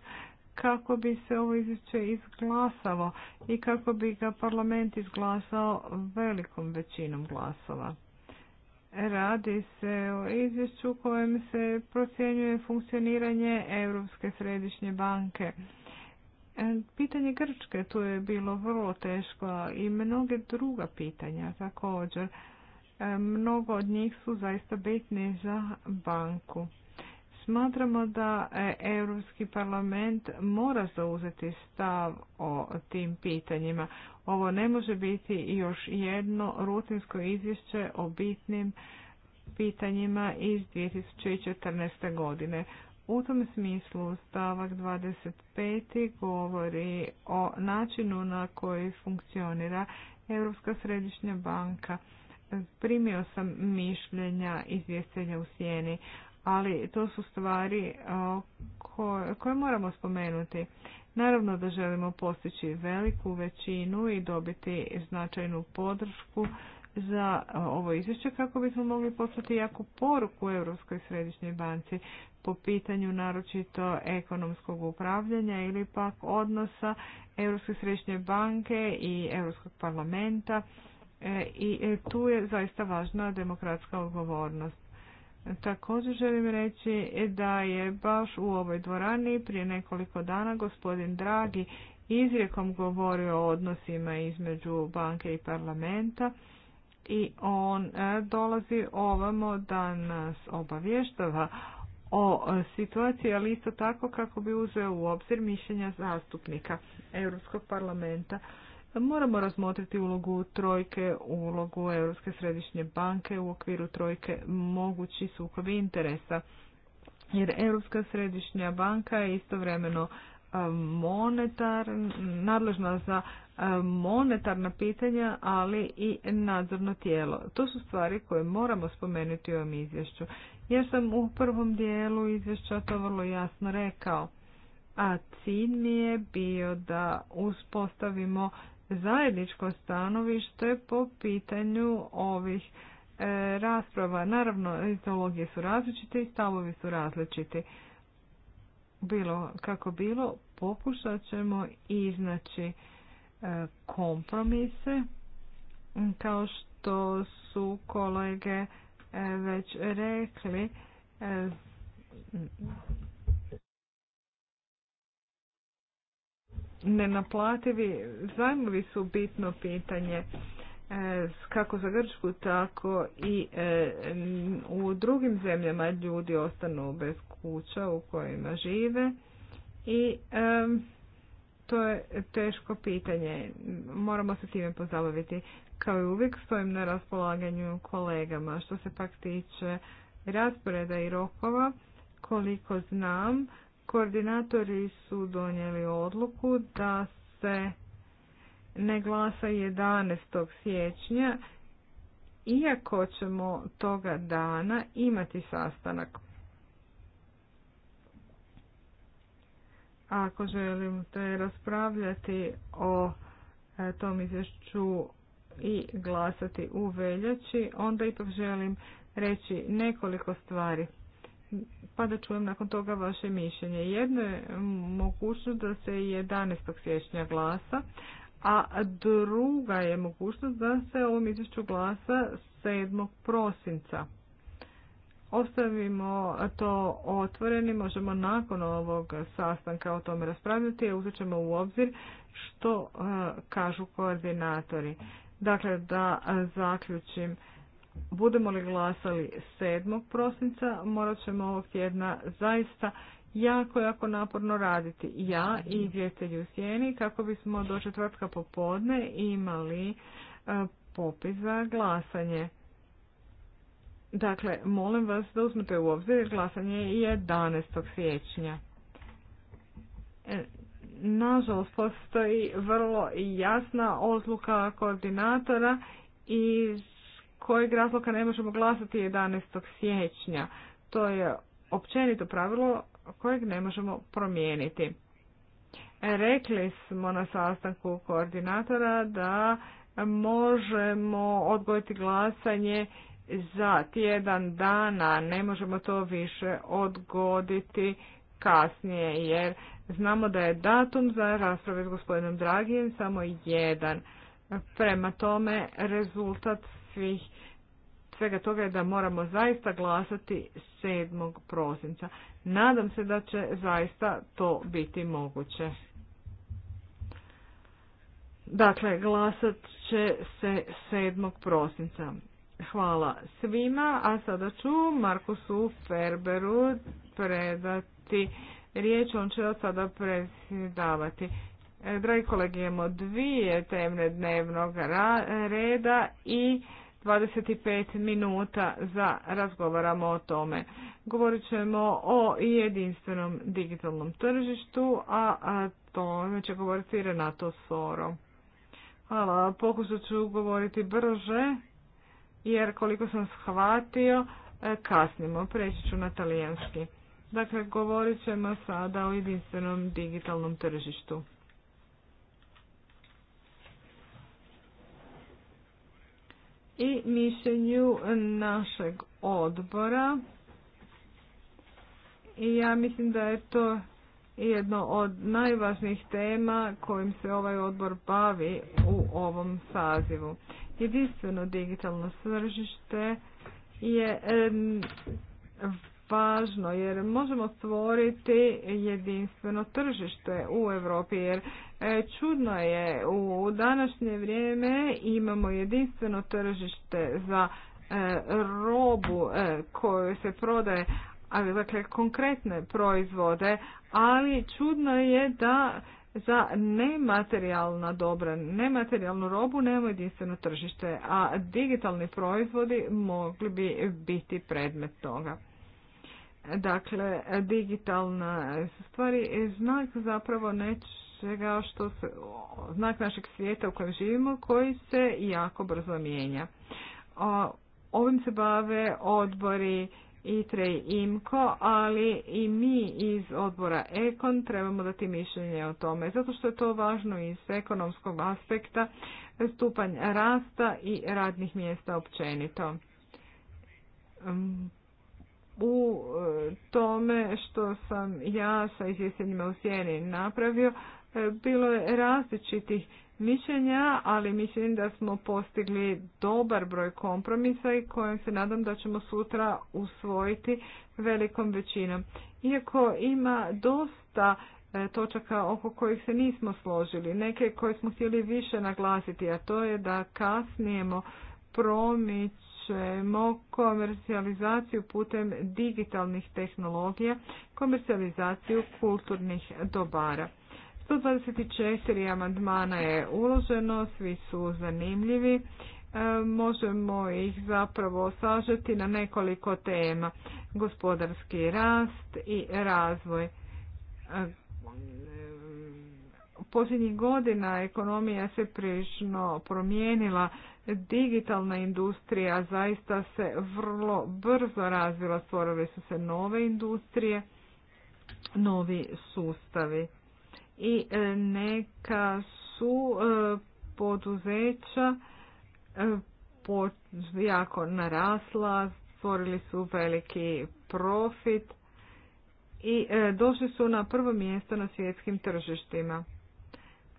kako bi se ovo izvješće izglasalo i kako bi ga parlament izglasao velikom većinom glasova. Radi se o izvješću kojem se procjenjuje funkcioniranje Europske središnje banke E, pitanje Grčke tu je bilo vrlo teško i mnoge druga pitanja također. E, mnogo od njih su zaista bitni za banku. Smatramo da e, Europski parlament mora zauzeti stav o tim pitanjima. Ovo ne može biti još jedno rutinsko izvješće o bitnim pitanjima iz 2014. godine. U tom smislu stavak 25. govori o načinu na koji funkcionira Europska središnja banka. Primio sam mišljenja izvjestelja u sjeni, ali to su stvari e, koje, koje moramo spomenuti. Naravno da želimo postići veliku većinu i dobiti značajnu podršku za ovo izvješće kako bismo mogli poslati jako poruku Europskoj središnjoj banci po pitanju naročito ekonomskog upravljanja ili pak odnosa Europske središnje banke i Europskog parlamenta e, i e, tu je zaista važna demokratska odgovornost. Također želim reći da je baš u ovoj dvorani prije nekoliko dana gospodin Dragi izrijekom govorio o odnosima između banke i parlamenta i on e, dolazi ovamo da nas obavještava o situaciji, ali isto tako kako bi uzeo u obzir mišljenja zastupnika Europskog parlamenta. Moramo razmotriti ulogu trojke, ulogu Europske središnje banke u okviru trojke mogući sukovi interesa. Jer Europska središnja banka je istovremeno monetar, nadležna za monetarna pitanja, ali i nadzorno tijelo. To su stvari koje moramo spomenuti u ovom izvješću. Ja sam u prvom dijelu izvješća to vrlo jasno rekao, a cilj mi je bio da uspostavimo zajedničko stanovište po pitanju ovih e, rasprava. Naravno, ideologije su različite i stavovi su različiti. Bilo kako bilo, pokušat ćemo iznaći e, kompromise kao što su kolege e, već rekli e, nenaplativi zajmovi su bitno pitanje kako za Grčku tako i u drugim zemljama ljudi ostanu bez kuća u kojima žive i to je teško pitanje. Moramo se time pozabaviti. Kao i uvijek stojim na raspolaganju kolegama. Što se pak tiče rasporeda i rokova, koliko znam, koordinatori su donijeli odluku da se ne glasa 11. siječnja, iako ćemo toga dana imati sastanak. Ako želim te raspravljati o e, tom izvješću i glasati u veljači, onda ipak želim reći nekoliko stvari. Pa da čujem nakon toga vaše mišljenje. Jedno je mogućnost da se 11. siječnja glasa, a druga je mogućnost da se ovom izvješću glasa 7. prosinca ostavimo to otvoreni, možemo nakon ovog sastanka o tome raspravljati, uzet ćemo u obzir što e, kažu koordinatori. Dakle, da zaključim, budemo li glasali 7. prosinca, morat ćemo ovog tjedna zaista jako, jako naporno raditi. Ja i izvjestelji u sjeni kako bismo do četvrtka popodne imali e, popis za glasanje. Dakle, molim vas da uzmete u obzir glasanje 11. siječnja. E, nažalost, postoji vrlo jasna odluka koordinatora iz kojeg razloga ne možemo glasati 11. siječnja. To je općenito pravilo kojeg ne možemo promijeniti. Rekli smo na sastanku koordinatora da možemo odgojiti glasanje za tjedan dana, ne možemo to više odgoditi kasnije, jer znamo da je datum za rasprave s gospodinom Dragijem samo jedan. Prema tome, rezultat svih svega toga je da moramo zaista glasati 7. prosinca. Nadam se da će zaista to biti moguće. Dakle, glasat će se 7. prosinca. Hvala svima, a sada ću Markusu Ferberu predati riječ, on će od sada predsjedavati. E, dragi kolegi, imamo dvije temne dnevnog reda i 25 minuta za razgovaramo o tome. Govorit ćemo o jedinstvenom digitalnom tržištu, a, a to će govoriti Renato Soro. Hvala, pokušat ću govoriti brže jer koliko sam shvatio, e, kasnimo. Preći ću na talijanski. Dakle, govorit ćemo sada o jedinstvenom digitalnom tržištu. I mišljenju našeg odbora. I ja mislim da je to jedno od najvažnijih tema kojim se ovaj odbor bavi u ovom sazivu jedinstveno digitalno tržište je važno jer možemo stvoriti jedinstveno tržište u Europi jer e, čudno je u današnje vrijeme imamo jedinstveno tržište za e, robu e, koju se prodaje dakle konkretne proizvode ali čudno je da za nematerijalna dobra, nematerijalnu robu nema jedinstveno tržište, a digitalni proizvodi mogli bi biti predmet toga. Dakle, digitalna stvari znak zapravo nečega što se, znak našeg svijeta u kojem živimo koji se jako brzo mijenja. Ovim se bave odbori ITRE i IMKO, ali i mi iz odbora EKON trebamo dati mišljenje o tome, zato što je to važno iz ekonomskog aspekta, stupanj rasta i radnih mjesta općenito. Mm, u e, tome što sam ja sa izvjestenjima u sjeni napravio, e, bilo je različitih mišljenja, ali mislim da smo postigli dobar broj kompromisa i kojem se nadam da ćemo sutra usvojiti velikom većinom. Iako ima dosta e, točaka oko kojih se nismo složili, neke koje smo htjeli više naglasiti, a to je da kasnijemo promičemo komercijalizaciju putem digitalnih tehnologija, komercijalizaciju kulturnih dobara. 124 amandmana je uloženo, svi su zanimljivi. E, možemo ih zapravo sažeti na nekoliko tema. Gospodarski rast i razvoj. E, posljednjih godina ekonomija se prilično promijenila. Digitalna industrija zaista se vrlo brzo razvila, stvorile su se nove industrije, novi sustavi i e, neka su e, poduzeća e, jako narasla, stvorili su veliki profit i došli su na prvo mjesto na svjetskim tržištima.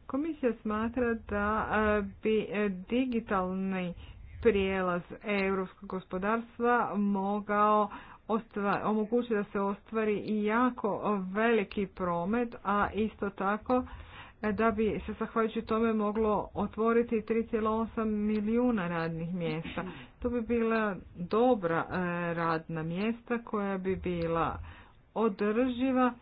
Komisija smatra da bi digitalni prijelaz europskog gospodarstva mogao omogući da se ostvari i jako veliki promet, a isto tako e, da bi se zahvaljujući tome moglo otvoriti 3,8 milijuna radnih mjesta. To bi bila dobra e, radna mjesta koja bi bila održiva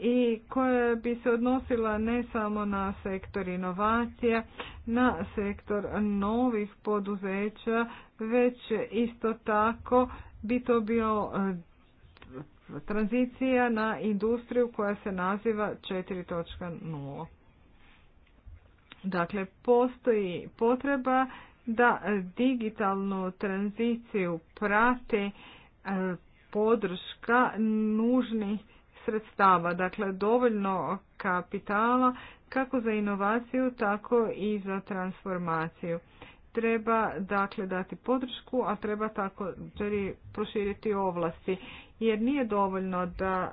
i koja bi se odnosila ne samo na sektor inovacija, na sektor novih poduzeća, već isto tako bi to bio e, tranzicija na industriju koja se naziva 4.0. Dakle, postoji potreba da digitalnu tranziciju prate e, podrška nužnih sredstava, dakle dovoljno kapitala kako za inovaciju, tako i za transformaciju treba dakle dati podršku, a treba tako i proširiti ovlasti. Jer nije dovoljno da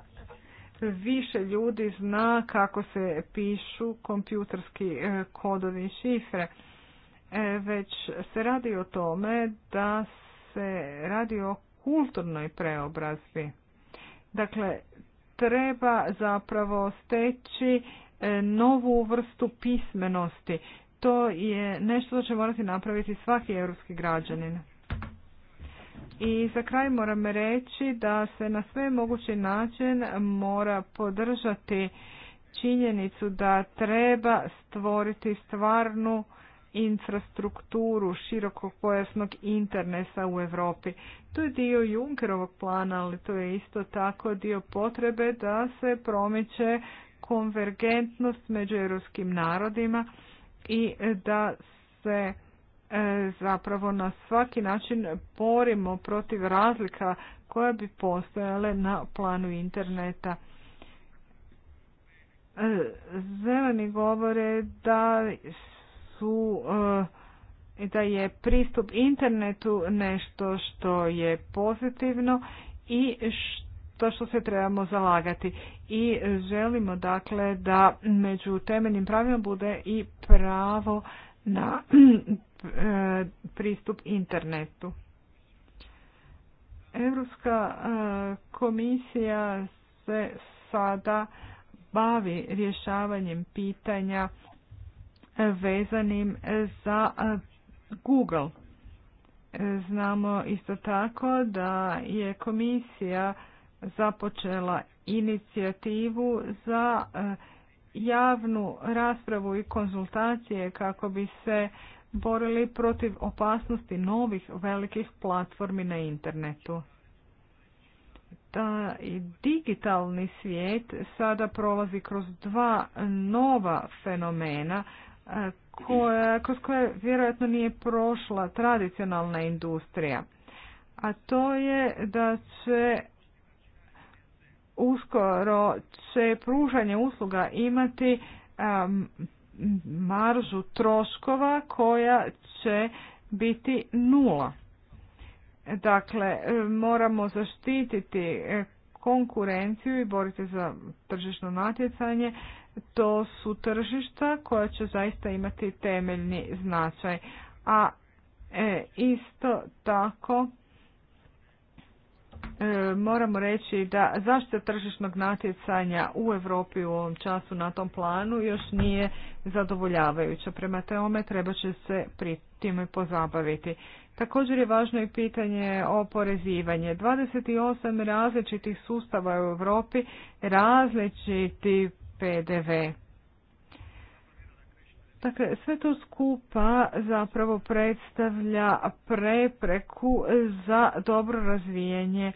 više ljudi zna kako se pišu kompjuterski e, kodovi i šifre. E, već se radi o tome da se radi o kulturnoj preobrazbi. Dakle, treba zapravo steći e, novu vrstu pismenosti to je nešto što će morati napraviti svaki europski građanin. I za kraj moram reći da se na sve mogući način mora podržati činjenicu da treba stvoriti stvarnu infrastrukturu širokog pojasnog interneta u Europi. To je dio Junkerovog plana, ali to je isto tako dio potrebe da se promiče konvergentnost među europskim narodima i da se e, zapravo na svaki način borimo protiv razlika koje bi postojale na planu interneta. E, zeleni govore da su e, da je pristup internetu nešto što je pozitivno i što to što se trebamo zalagati. I želimo dakle da među temeljnim pravima bude i pravo na e, pristup internetu. Europska e, komisija se sada bavi rješavanjem pitanja vezanim za e, Google. Znamo isto tako da je komisija započela inicijativu za e, javnu raspravu i konzultacije kako bi se borili protiv opasnosti novih velikih platformi na internetu. Ta digitalni svijet sada prolazi kroz dva nova fenomena e, koja, kroz koje vjerojatno nije prošla tradicionalna industrija. A to je da će uskoro će pružanje usluga imati maržu troškova koja će biti nula. Dakle, moramo zaštititi konkurenciju i boriti za tržišno natjecanje. To su tržišta koja će zaista imati temeljni značaj. A e, isto tako E, moramo reći da zaštita tržišnog natjecanja u Europi u ovom času na tom planu još nije zadovoljavajuća. Prema tome treba će se pri time pozabaviti. Također je važno i pitanje oporezivanje. 28 različitih sustava u Europi, različiti PDV. Dakle, sve to skupa zapravo predstavlja prepreku za dobro razvijenje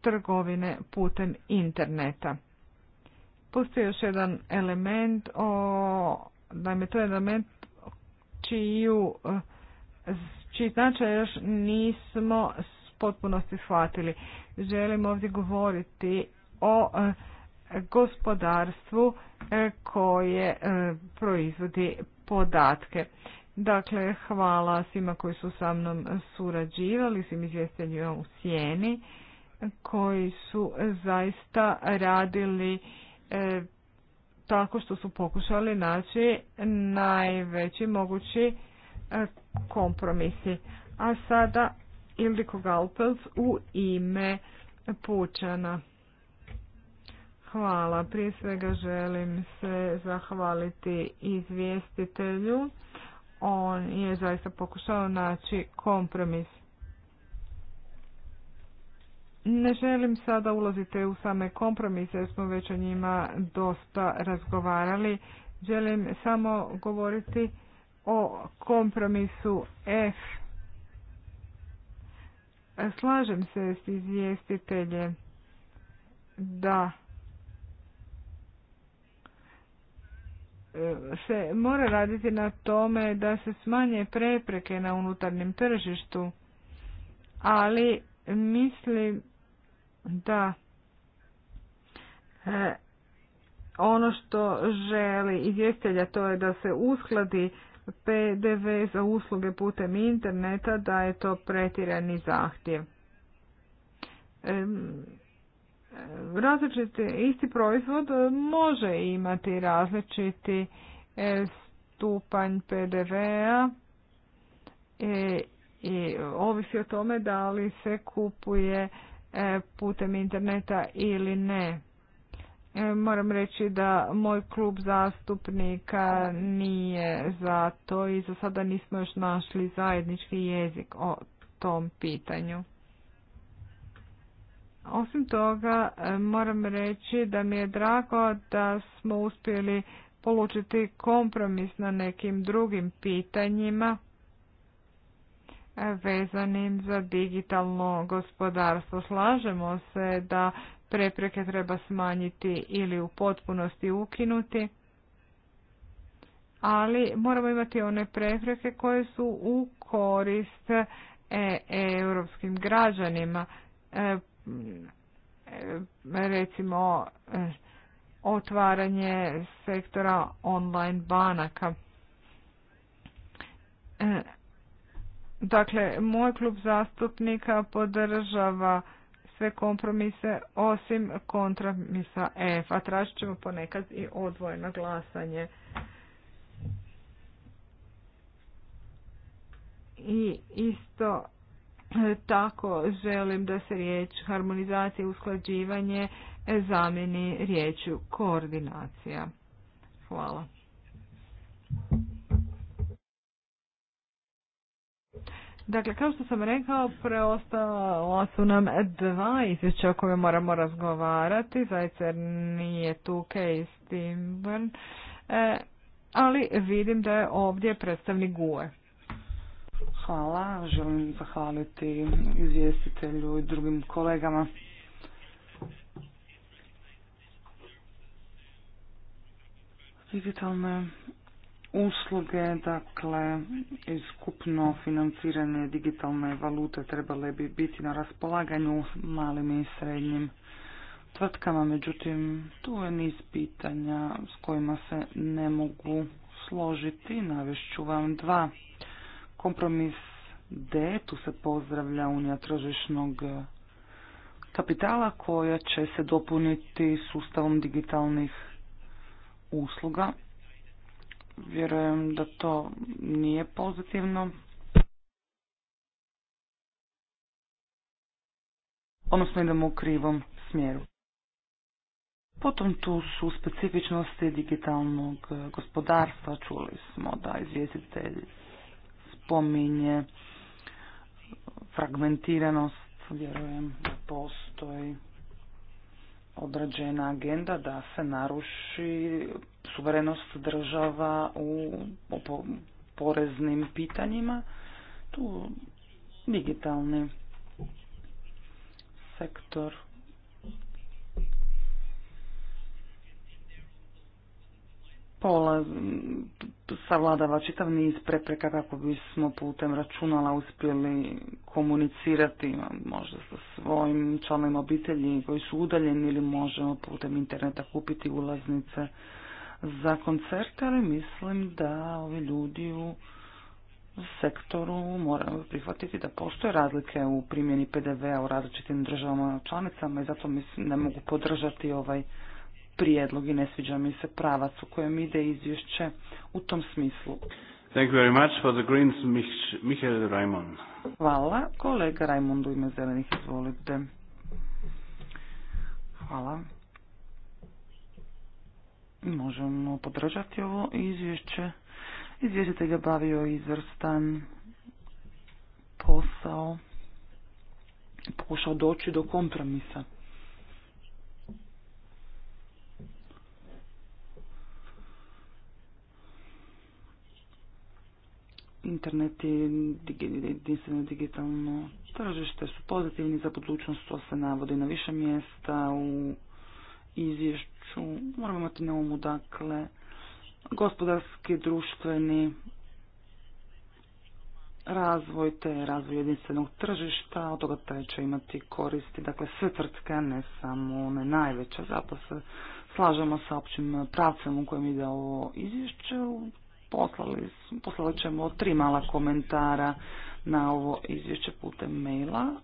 trgovine putem interneta. Postoji još jedan element, o, naime to je element čiju, čiji značaj još nismo potpunosti shvatili. Želim ovdje govoriti o gospodarstvu e, koje e, proizvodi podatke. Dakle, hvala svima koji su sa mnom surađivali, svim izvjestiteljima u sjeni, koji su zaista radili e, tako što su pokušali naći najveći mogući kompromisi. A sada Ildiko Galpels u ime Pučana. Hvala. Prije svega želim se zahvaliti izvjestitelju. On je zaista pokušao naći kompromis. Ne želim sada ulaziti u same kompromise jer smo već o njima dosta razgovarali. Želim samo govoriti o kompromisu F. Slažem se s izvjestiteljem da se mora raditi na tome da se smanje prepreke na unutarnjem tržištu, ali mislim da e, ono što želi izvjestelja to je da se uskladi PDV za usluge putem interneta, da je to pretirani zahtjev različiti, isti proizvod može imati različiti e, stupanj PDV-a i, e, i ovisi o tome da li se kupuje e, putem interneta ili ne. Moram reći da moj klub zastupnika nije za to i za sada nismo još našli zajednički jezik o tom pitanju. Osim toga, e, moram reći da mi je drago da smo uspjeli polučiti kompromis na nekim drugim pitanjima e, vezanim za digitalno gospodarstvo. Slažemo se da prepreke treba smanjiti ili u potpunosti ukinuti, ali moramo imati one prepreke koje su u korist e, europskim građanima. Mm-hmm. E, recimo e, otvaranje sektora online banaka. E, dakle, moj klub zastupnika podržava sve kompromise osim kontramisa F, a tražit ćemo ponekad i odvojeno glasanje. I isto tako želim da se riječ harmonizacija i usklađivanje zameni riječju koordinacija. Hvala. Dakle, kao što sam rekao, preostala su nam dva izvješća o kojima moramo razgovarati. Zajcer nije tu Case s tim. ali vidim da je ovdje predstavnik GUE. Hvala. Želim zahvaliti izvjestitelju i drugim kolegama. Digitalne usluge, dakle, skupno financiranje digitalne valute trebale bi biti na raspolaganju malim i srednjim tvrtkama, međutim, tu je niz pitanja s kojima se ne mogu složiti. Navešću vam dva. Kompromis D, tu se pozdravlja Unija tržišnog e, kapitala koja će se dopuniti sustavom digitalnih usluga. Vjerujem da to nije pozitivno. Odnosno idemo u krivom smjeru. Potom tu su specifičnosti digitalnog e, gospodarstva. Čuli smo da izvjestitelj spominje fragmentiranost, vjerujem da postoji određena agenda da se naruši suverenost država u poreznim pitanjima. Tu digitalni sektor pola savladava čitav niz prepreka kako bismo putem računala uspjeli komunicirati možda sa svojim članovima obitelji koji su udaljeni ili možemo putem interneta kupiti ulaznice za koncerte, ali mislim da ovi ljudi u sektoru moraju prihvatiti da postoje razlike u primjeni PDV-a u različitim državama članicama i zato mislim da mogu podržati ovaj prijedlog i ne sviđa mi se pravac u kojem ide izvješće u tom smislu. Thank you very much for the Greens, Michael Raimond. Hvala. Kolega Raimond u ime zelenih, izvolite. Hvala. Možemo podržati ovo izvješće. Izvjestitelj je bavio izvrstan posao. Pokušao doći do kompromisa. Internet i jedinstveno digitalno tržište su pozitivni za budućnost, to se navodi na više mjesta u izvješću. Moramo imati na umu, dakle, gospodarski, društveni razvoj te razvoj jedinstvenog tržišta, od toga taj će imati koristi, dakle sve tvrtke, ne samo one najveće, zapravo se slažemo sa općim pravcem u kojem ide ovo izvješće, Poslali, poslali ćemo tri mala komentara na ovo izvješće putem maila.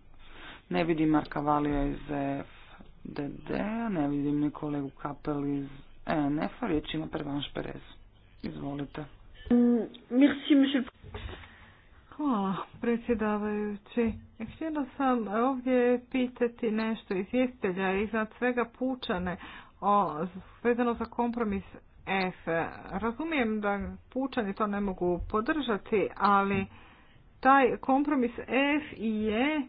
Ne vidim Marka Valija iz FDD, ne vidim ni kolegu Kapel iz ENF-a, riječ ima Pervanš Perez. Izvolite. Mm, merci, Hvala, predsjedavajući. Htjela sam ovdje pitati nešto izvjestelja i iznad svega pučane o, vezano za kompromis F. Razumijem da pučani to ne mogu podržati, ali taj kompromis F je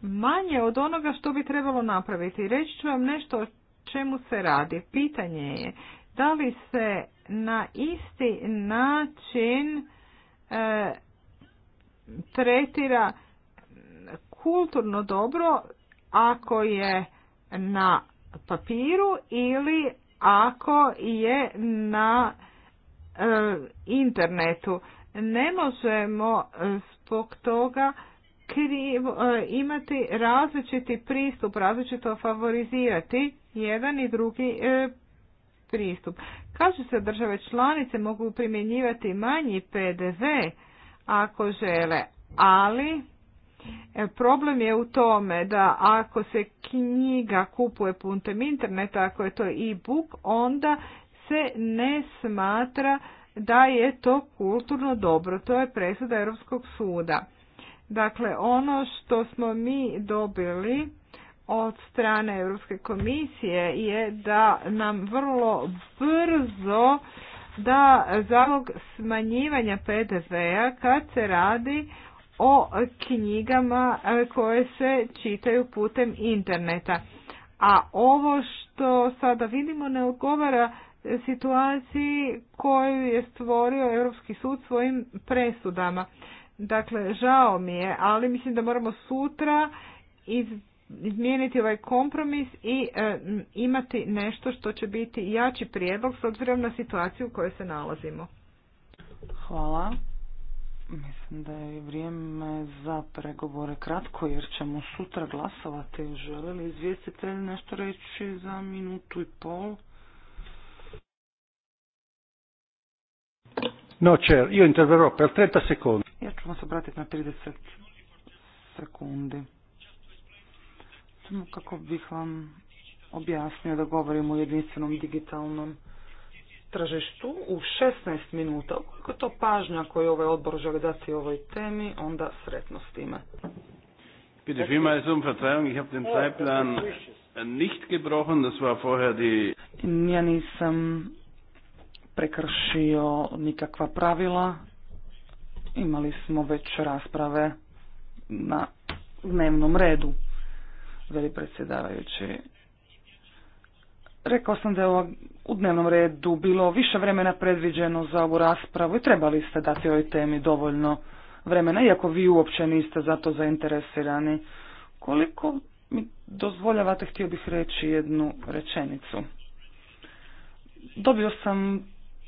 manje od onoga što bi trebalo napraviti. Reći ću vam nešto o čemu se radi. Pitanje je da li se na isti način e, tretira kulturno dobro ako je na papiru ili ako je na e, internetu. Ne možemo e, zbog toga e, imati različiti pristup, različito favorizirati jedan i drugi pristup. Kaže se države članice mogu primjenjivati manji PDV ako žele, ali E, problem je u tome da ako se knjiga kupuje putem interneta, ako je to e-book, onda se ne smatra da je to kulturno dobro. To je presuda Europskog suda. Dakle, ono što smo mi dobili od strane Europske komisije je da nam vrlo brzo da zalog smanjivanja PDV-a kad se radi o knjigama e, koje se čitaju putem interneta. A ovo što sada vidimo ne odgovara situaciji koju je stvorio Europski sud svojim presudama. Dakle, žao mi je, ali mislim da moramo sutra izmijeniti ovaj kompromis i e, imati nešto što će biti jači prijedlog s obzirom na situaciju u kojoj se nalazimo. Hvala. Mislim da je vrijeme za pregovore kratko jer ćemo sutra glasovati. Žele li izvjestitelj nešto reći za minutu i pol? No, io per 30 Ja ću vam se obratiti na 30 sekundi. Samo kako bih vam objasnio da govorimo o jedinstvenom digitalnom tržištu u 16 minuta. Ukoliko je to pažnja koju ovaj odbor želi dati ovoj temi, onda sretno s time. Bitte vielmals um Verzeihung, ich habe den Zeitplan nicht gebrochen, das war vorher die... Ja nisam prekršio nikakva pravila, imali smo već rasprave na dnevnom redu, veli predsjedavajući. Rekao sam da je u dnevnom redu bilo više vremena predviđeno za ovu raspravu i trebali ste dati ovoj temi dovoljno vremena, iako vi uopće niste za to zainteresirani. Koliko mi dozvoljavate, htio bih reći jednu rečenicu. Dobio sam,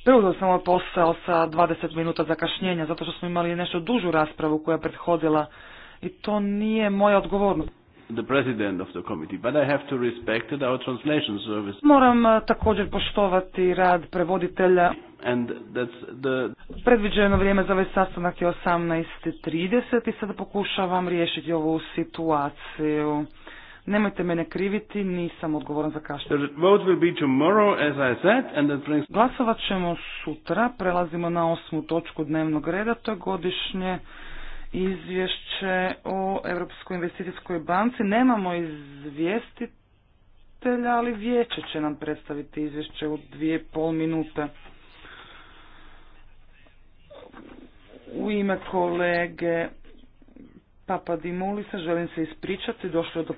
preuzeo sam ovaj posao sa 20 minuta zakašnjenja, zato što smo imali nešto dužu raspravu koja je prethodila i to nije moja odgovornost the president of the committee, Moram eh, također poštovati rad prevoditelja. And that's the... Predviđeno vrijeme za ovaj sastanak je 18.30 i sada pokušavam riješiti ovu situaciju. Nemojte mene kriviti, nisam odgovoran za kašnjenje. Brings... Glasovat ćemo sutra, prelazimo na osmu točku dnevnog reda, to je godišnje izvješće o Europskoj investicijskoj banci. Nemamo izvjestitelja, ali vijeće će nam predstaviti izvješće u dvije pol minute. U ime kolege Papa Dimulisa želim se ispričati. Došlo je do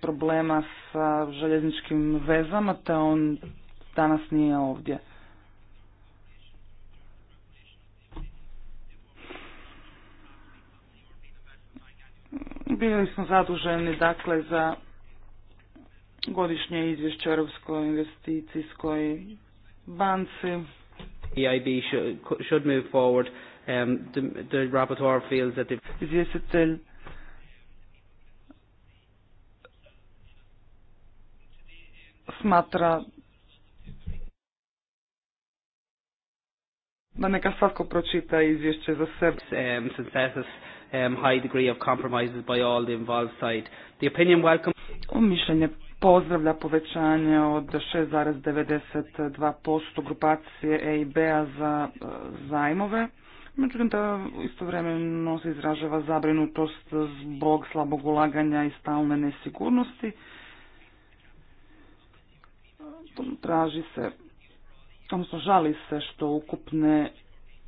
problema sa željezničkim vezama, te on danas nije ovdje. Bili smo zaduženi dakle za godišnje izvješće Europskoj investicijskoj banci. EIB should, should move forward. Um, the, the rapporteur feels that Izvjestitelj smatra da neka svatko pročita izvješće za sebe. Um, synthesis um, high degree of compromises by all the involved side. The opinion welcome... pozdravlja povećanje od 6,92% grupacije EIB-a za e, zajmove. Međutim, da istovremeno se izražava zabrinutost zbog slabog ulaganja i stalne nesigurnosti. Traži se, odnosno žali se što ukupne,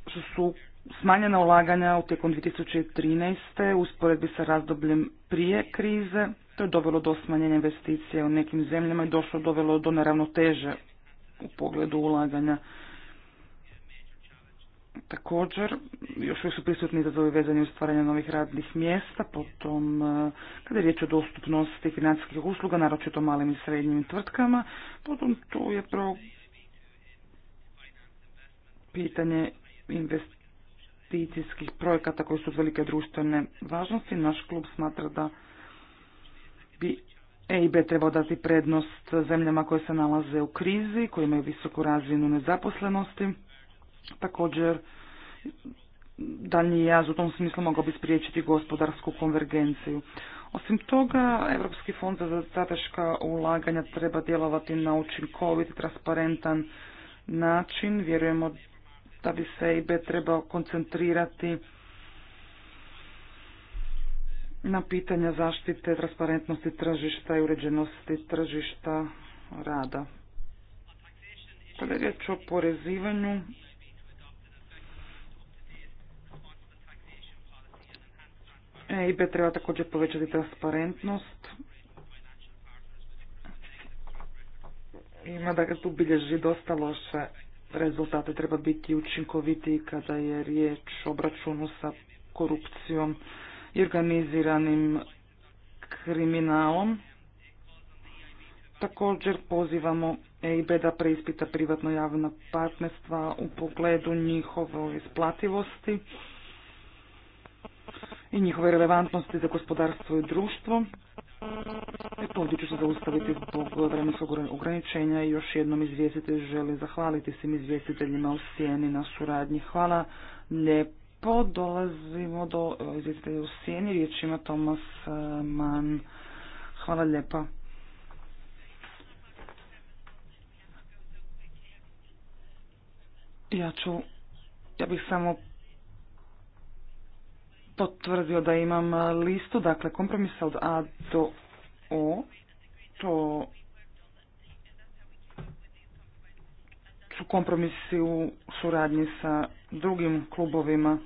što su smanjena ulaganja u tijekom 2013. usporedbi sa razdobljem prije krize. To je dovelo do smanjenja investicija u nekim zemljama i došlo dovelo do neravnoteže u pogledu ulaganja. Također, još su prisutni izazovi vezani uz stvaranje novih radnih mjesta, potom eh, kada je riječ o dostupnosti financijskih usluga, naročito malim i srednjim tvrtkama, potom tu je pro pitanje invest investicijskih projekata koji su velike društvene važnosti. Naš klub smatra da bi EIB trebao dati prednost zemljama koje se nalaze u krizi, koje imaju visoku razinu nezaposlenosti. Također, daljnji jaz u tom smislu mogao bi spriječiti gospodarsku konvergenciju. Osim toga, Europski fond za strateška ulaganja treba djelovati na učinkovit, transparentan način. Vjerujemo da bi se EIB trebao koncentrirati na pitanja zaštite, transparentnosti tržišta i uređenosti tržišta rada. Kada je riječ o porezivanju, EIB treba također povećati transparentnost. Ima da tu bilježi dosta loše rezultate treba biti učinkovitiji kada je riječ o obračunu sa korupcijom i organiziranim kriminalom. Također pozivamo EIB da preispita privatno javna partnerstva u pogledu njihove isplativosti i njihove relevantnosti za gospodarstvo i društvo. E, ovdje ću se zaustaviti zbog vremenskog ograničenja i još jednom izvjestitelj želi zahvaliti svim izvjestiteljima u sjeni na suradnji. Hvala lijepo. Dolazimo do e, izvjestitelja u sjeni. Riječ ima Tomas e, Mann. Hvala lijepa. Ja ću, ja bih samo potvrdio da imam e, listu, dakle kompromisa od A do O. To su kompromisi u suradnji sa drugim klubovima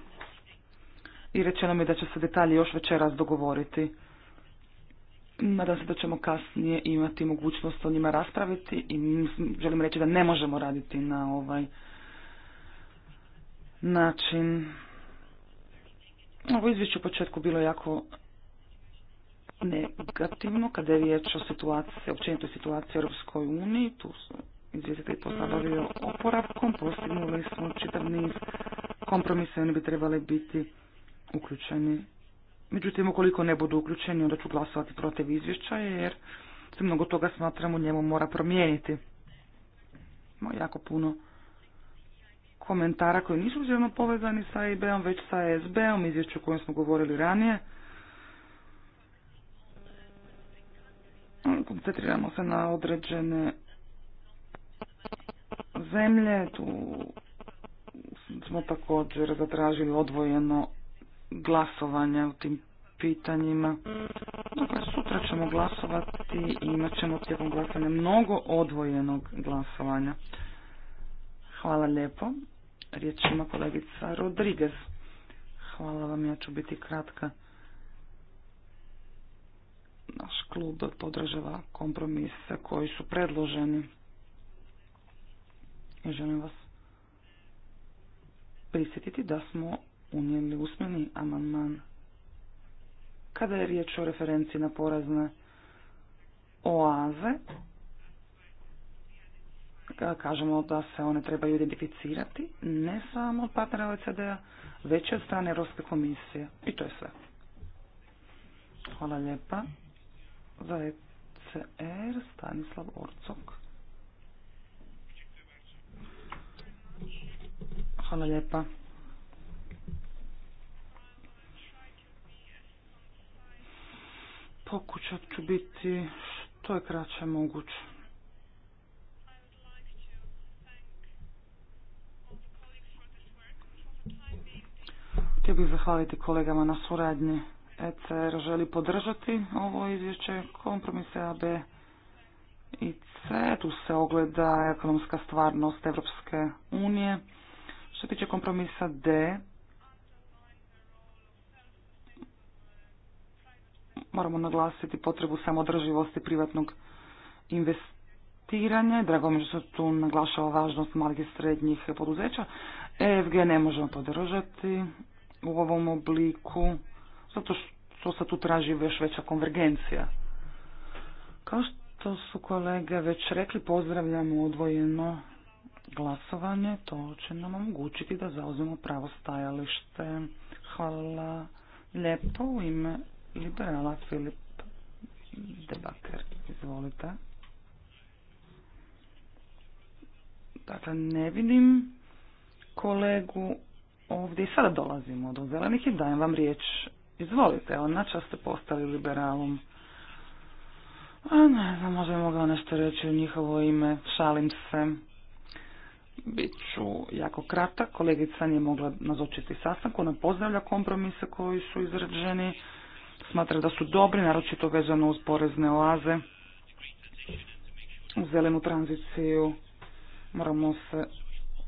i rečeno mi da će se detalji još večeras dogovoriti. Nadam se da ćemo kasnije imati mogućnost o njima raspraviti i želim reći da ne možemo raditi na ovaj način. Ovo izvješće u početku bilo jako negativno kada je riječ o situaciji, općenitoj situaciji u Europskoj uniji, tu su izvjestitelj postavio oporavkom, postignuli smo čitav niz kompromisa i oni bi trebali biti uključeni. Međutim, ukoliko ne budu uključeni, onda ću glasovati protiv izvješća, jer se mnogo toga smatramo u njemu mora promijeniti. Ima jako puno komentara koji nisu uzirno povezani sa IB-om, e već sa ESB-om, izvješću o kojem smo govorili ranije. Koncentriramo se na određene zemlje, tu smo također zatražili odvojeno glasovanje u tim pitanjima. Dakle, sutra ćemo glasovati i imat ćemo tijekom glasanja mnogo odvojenog glasovanja. Hvala lijepo. Riječ ima kolegica Rodriguez. Hvala vam, ja ću biti kratka. Naš klub podržava kompromise koji su predloženi. Ja želim vas prisjetiti da smo unijeli usmeni amandman. Kada je riječ o referenciji na porazne oaze, kažemo da se one trebaju identificirati ne samo od partnera OECD-a, već od strane Europske komisije. I to je sve. Hvala lijepa. Za ECR Stanislav Orcok. Hvala lijepa. Pokušat ću biti što je kraće moguće. Htio bih zahvaliti kolegama na suradnji. ECR želi podržati ovo izvješće kompromise B i C. Tu se ogleda ekonomska stvarnost Evropske unije. Što tiče kompromisa D, moramo naglasiti potrebu samodrživosti privatnog investiranja. Drago mi je što tu naglašava važnost malih i srednjih poduzeća. EFG ne možemo podržati u ovom obliku, zato što se tu traži još veća konvergencija. Kao što su kolege već rekli, pozdravljamo odvojeno glasovanje, to će nam omogućiti da zauzmemo pravo stajalište. Hvala lijepo u ime liberala Filip Debaker. Izvolite. Dakle, ne vidim kolegu ovdje i sada dolazimo do zelenih i dajem vam riječ. Izvolite, on nača ste postali liberalom. A ne znam, možda bi mogla nešto reći u njihovo ime, šalim se. Biću jako kratak, kolegica nije mogla nazočiti sastanku, ona pozdravlja kompromise koji su izrađeni, smatra da su dobri, naročito vezano uz porezne oaze, u zelenu tranziciju, moramo se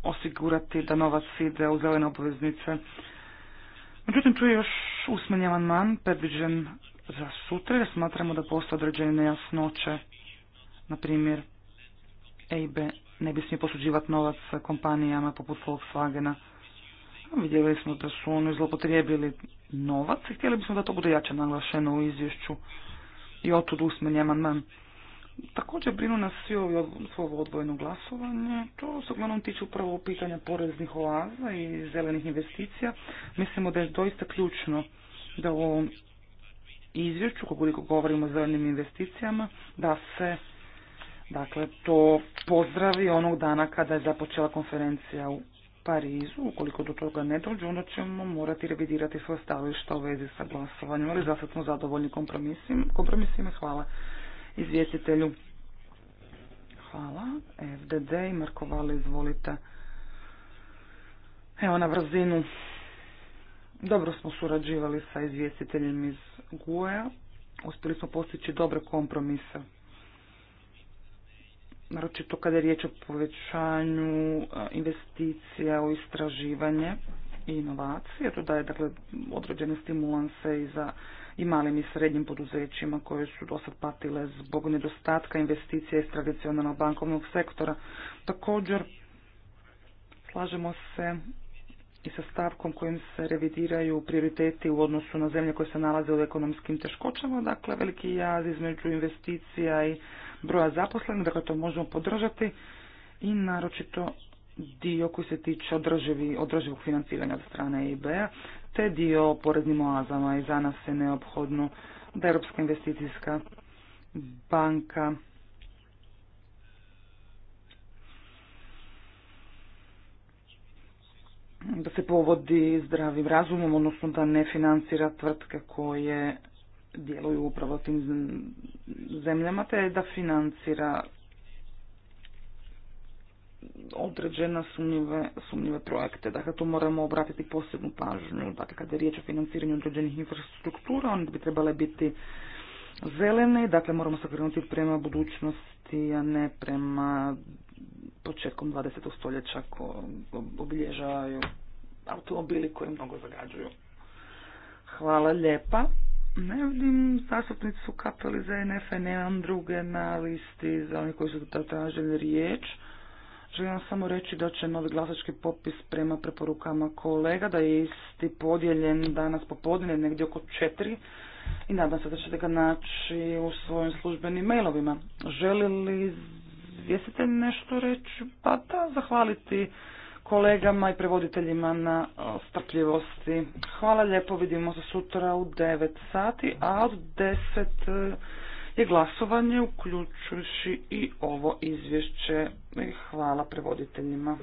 osigurati da novac ide u zelene obveznice. Međutim, tu još usmeni amandman predviđen za sutra jer smatramo da postoje određene nejasnoće. Na primjer, EIB ne bi smije posuđivati novac kompanijama poput Volkswagena. Vidjeli smo da su oni zlopotrijebili novac i htjeli bismo da to bude jače naglašeno u izvješću. I otud usmeni amandman. Također brinu nas svi ovi ovo odvojeno glasovanje. To se uglavnom tiče upravo pitanja poreznih oaza i zelenih investicija. Mislimo da je doista ključno da u ovom izvješću, koliko govorimo o zelenim investicijama, da se dakle, to pozdravi onog dana kada je započela konferencija u Parizu. Ukoliko do toga ne dođe, onda ćemo morati revidirati svoje stavišta u vezi sa glasovanjem, ali zasad smo zadovoljni kompromisima hvala izvjestitelju. Hvala. FDD i izvolite. Evo na vrzinu. Dobro smo surađivali sa izvjestiteljem iz GUE-a. Uspjeli smo postići dobre kompromise. Naročito kada je riječ o povećanju investicija u istraživanje i inovacije. To daje dakle, određene stimulanse i za i malim i srednjim poduzećima koje su dosad patile zbog nedostatka investicija iz tradicionalnog bankovnog sektora. Također, slažemo se i sa stavkom kojim se revidiraju prioriteti u odnosu na zemlje koje se nalaze u ekonomskim teškoćama, dakle veliki jaz između investicija i broja zaposlenih, dakle to možemo podržati i naročito dio koji se tiče održivog financiranja od strane EIB-a te dio o poreznim oazama i za nas je neophodno da Europska investicijska banka da se povodi zdravim razumom, odnosno da ne financira tvrtke koje djeluju upravo tim zemljama, te da financira određena sumnjive, sumnjive projekte. Dakle, tu moramo obratiti posebnu pažnju. Dakle, kada je riječ o financiranju određenih infrastruktura, one bi trebale biti zelene, dakle moramo se krenuti prema budućnosti, a ne prema početkom 20. stoljeća ko obilježavaju automobili koji mnogo zagađuju. Hvala lijepa. Ne vidim zastupnicu kapeli za nemam druge na listi za onih koji su tražili riječ. Želim samo reći da će novi glasački popis prema preporukama kolega, da je isti podijeljen danas popodne, negdje oko četiri i nadam se da ćete ga naći u svojim službenim mailovima. Želi li izvjestitelj nešto reći? Pa da, zahvaliti kolegama i prevoditeljima na strpljivosti. Hvala lijepo, vidimo se sutra u 9 sati, a od 10 je glasovanje uključujući i ovo izvješće. Hvala prevoditeljima.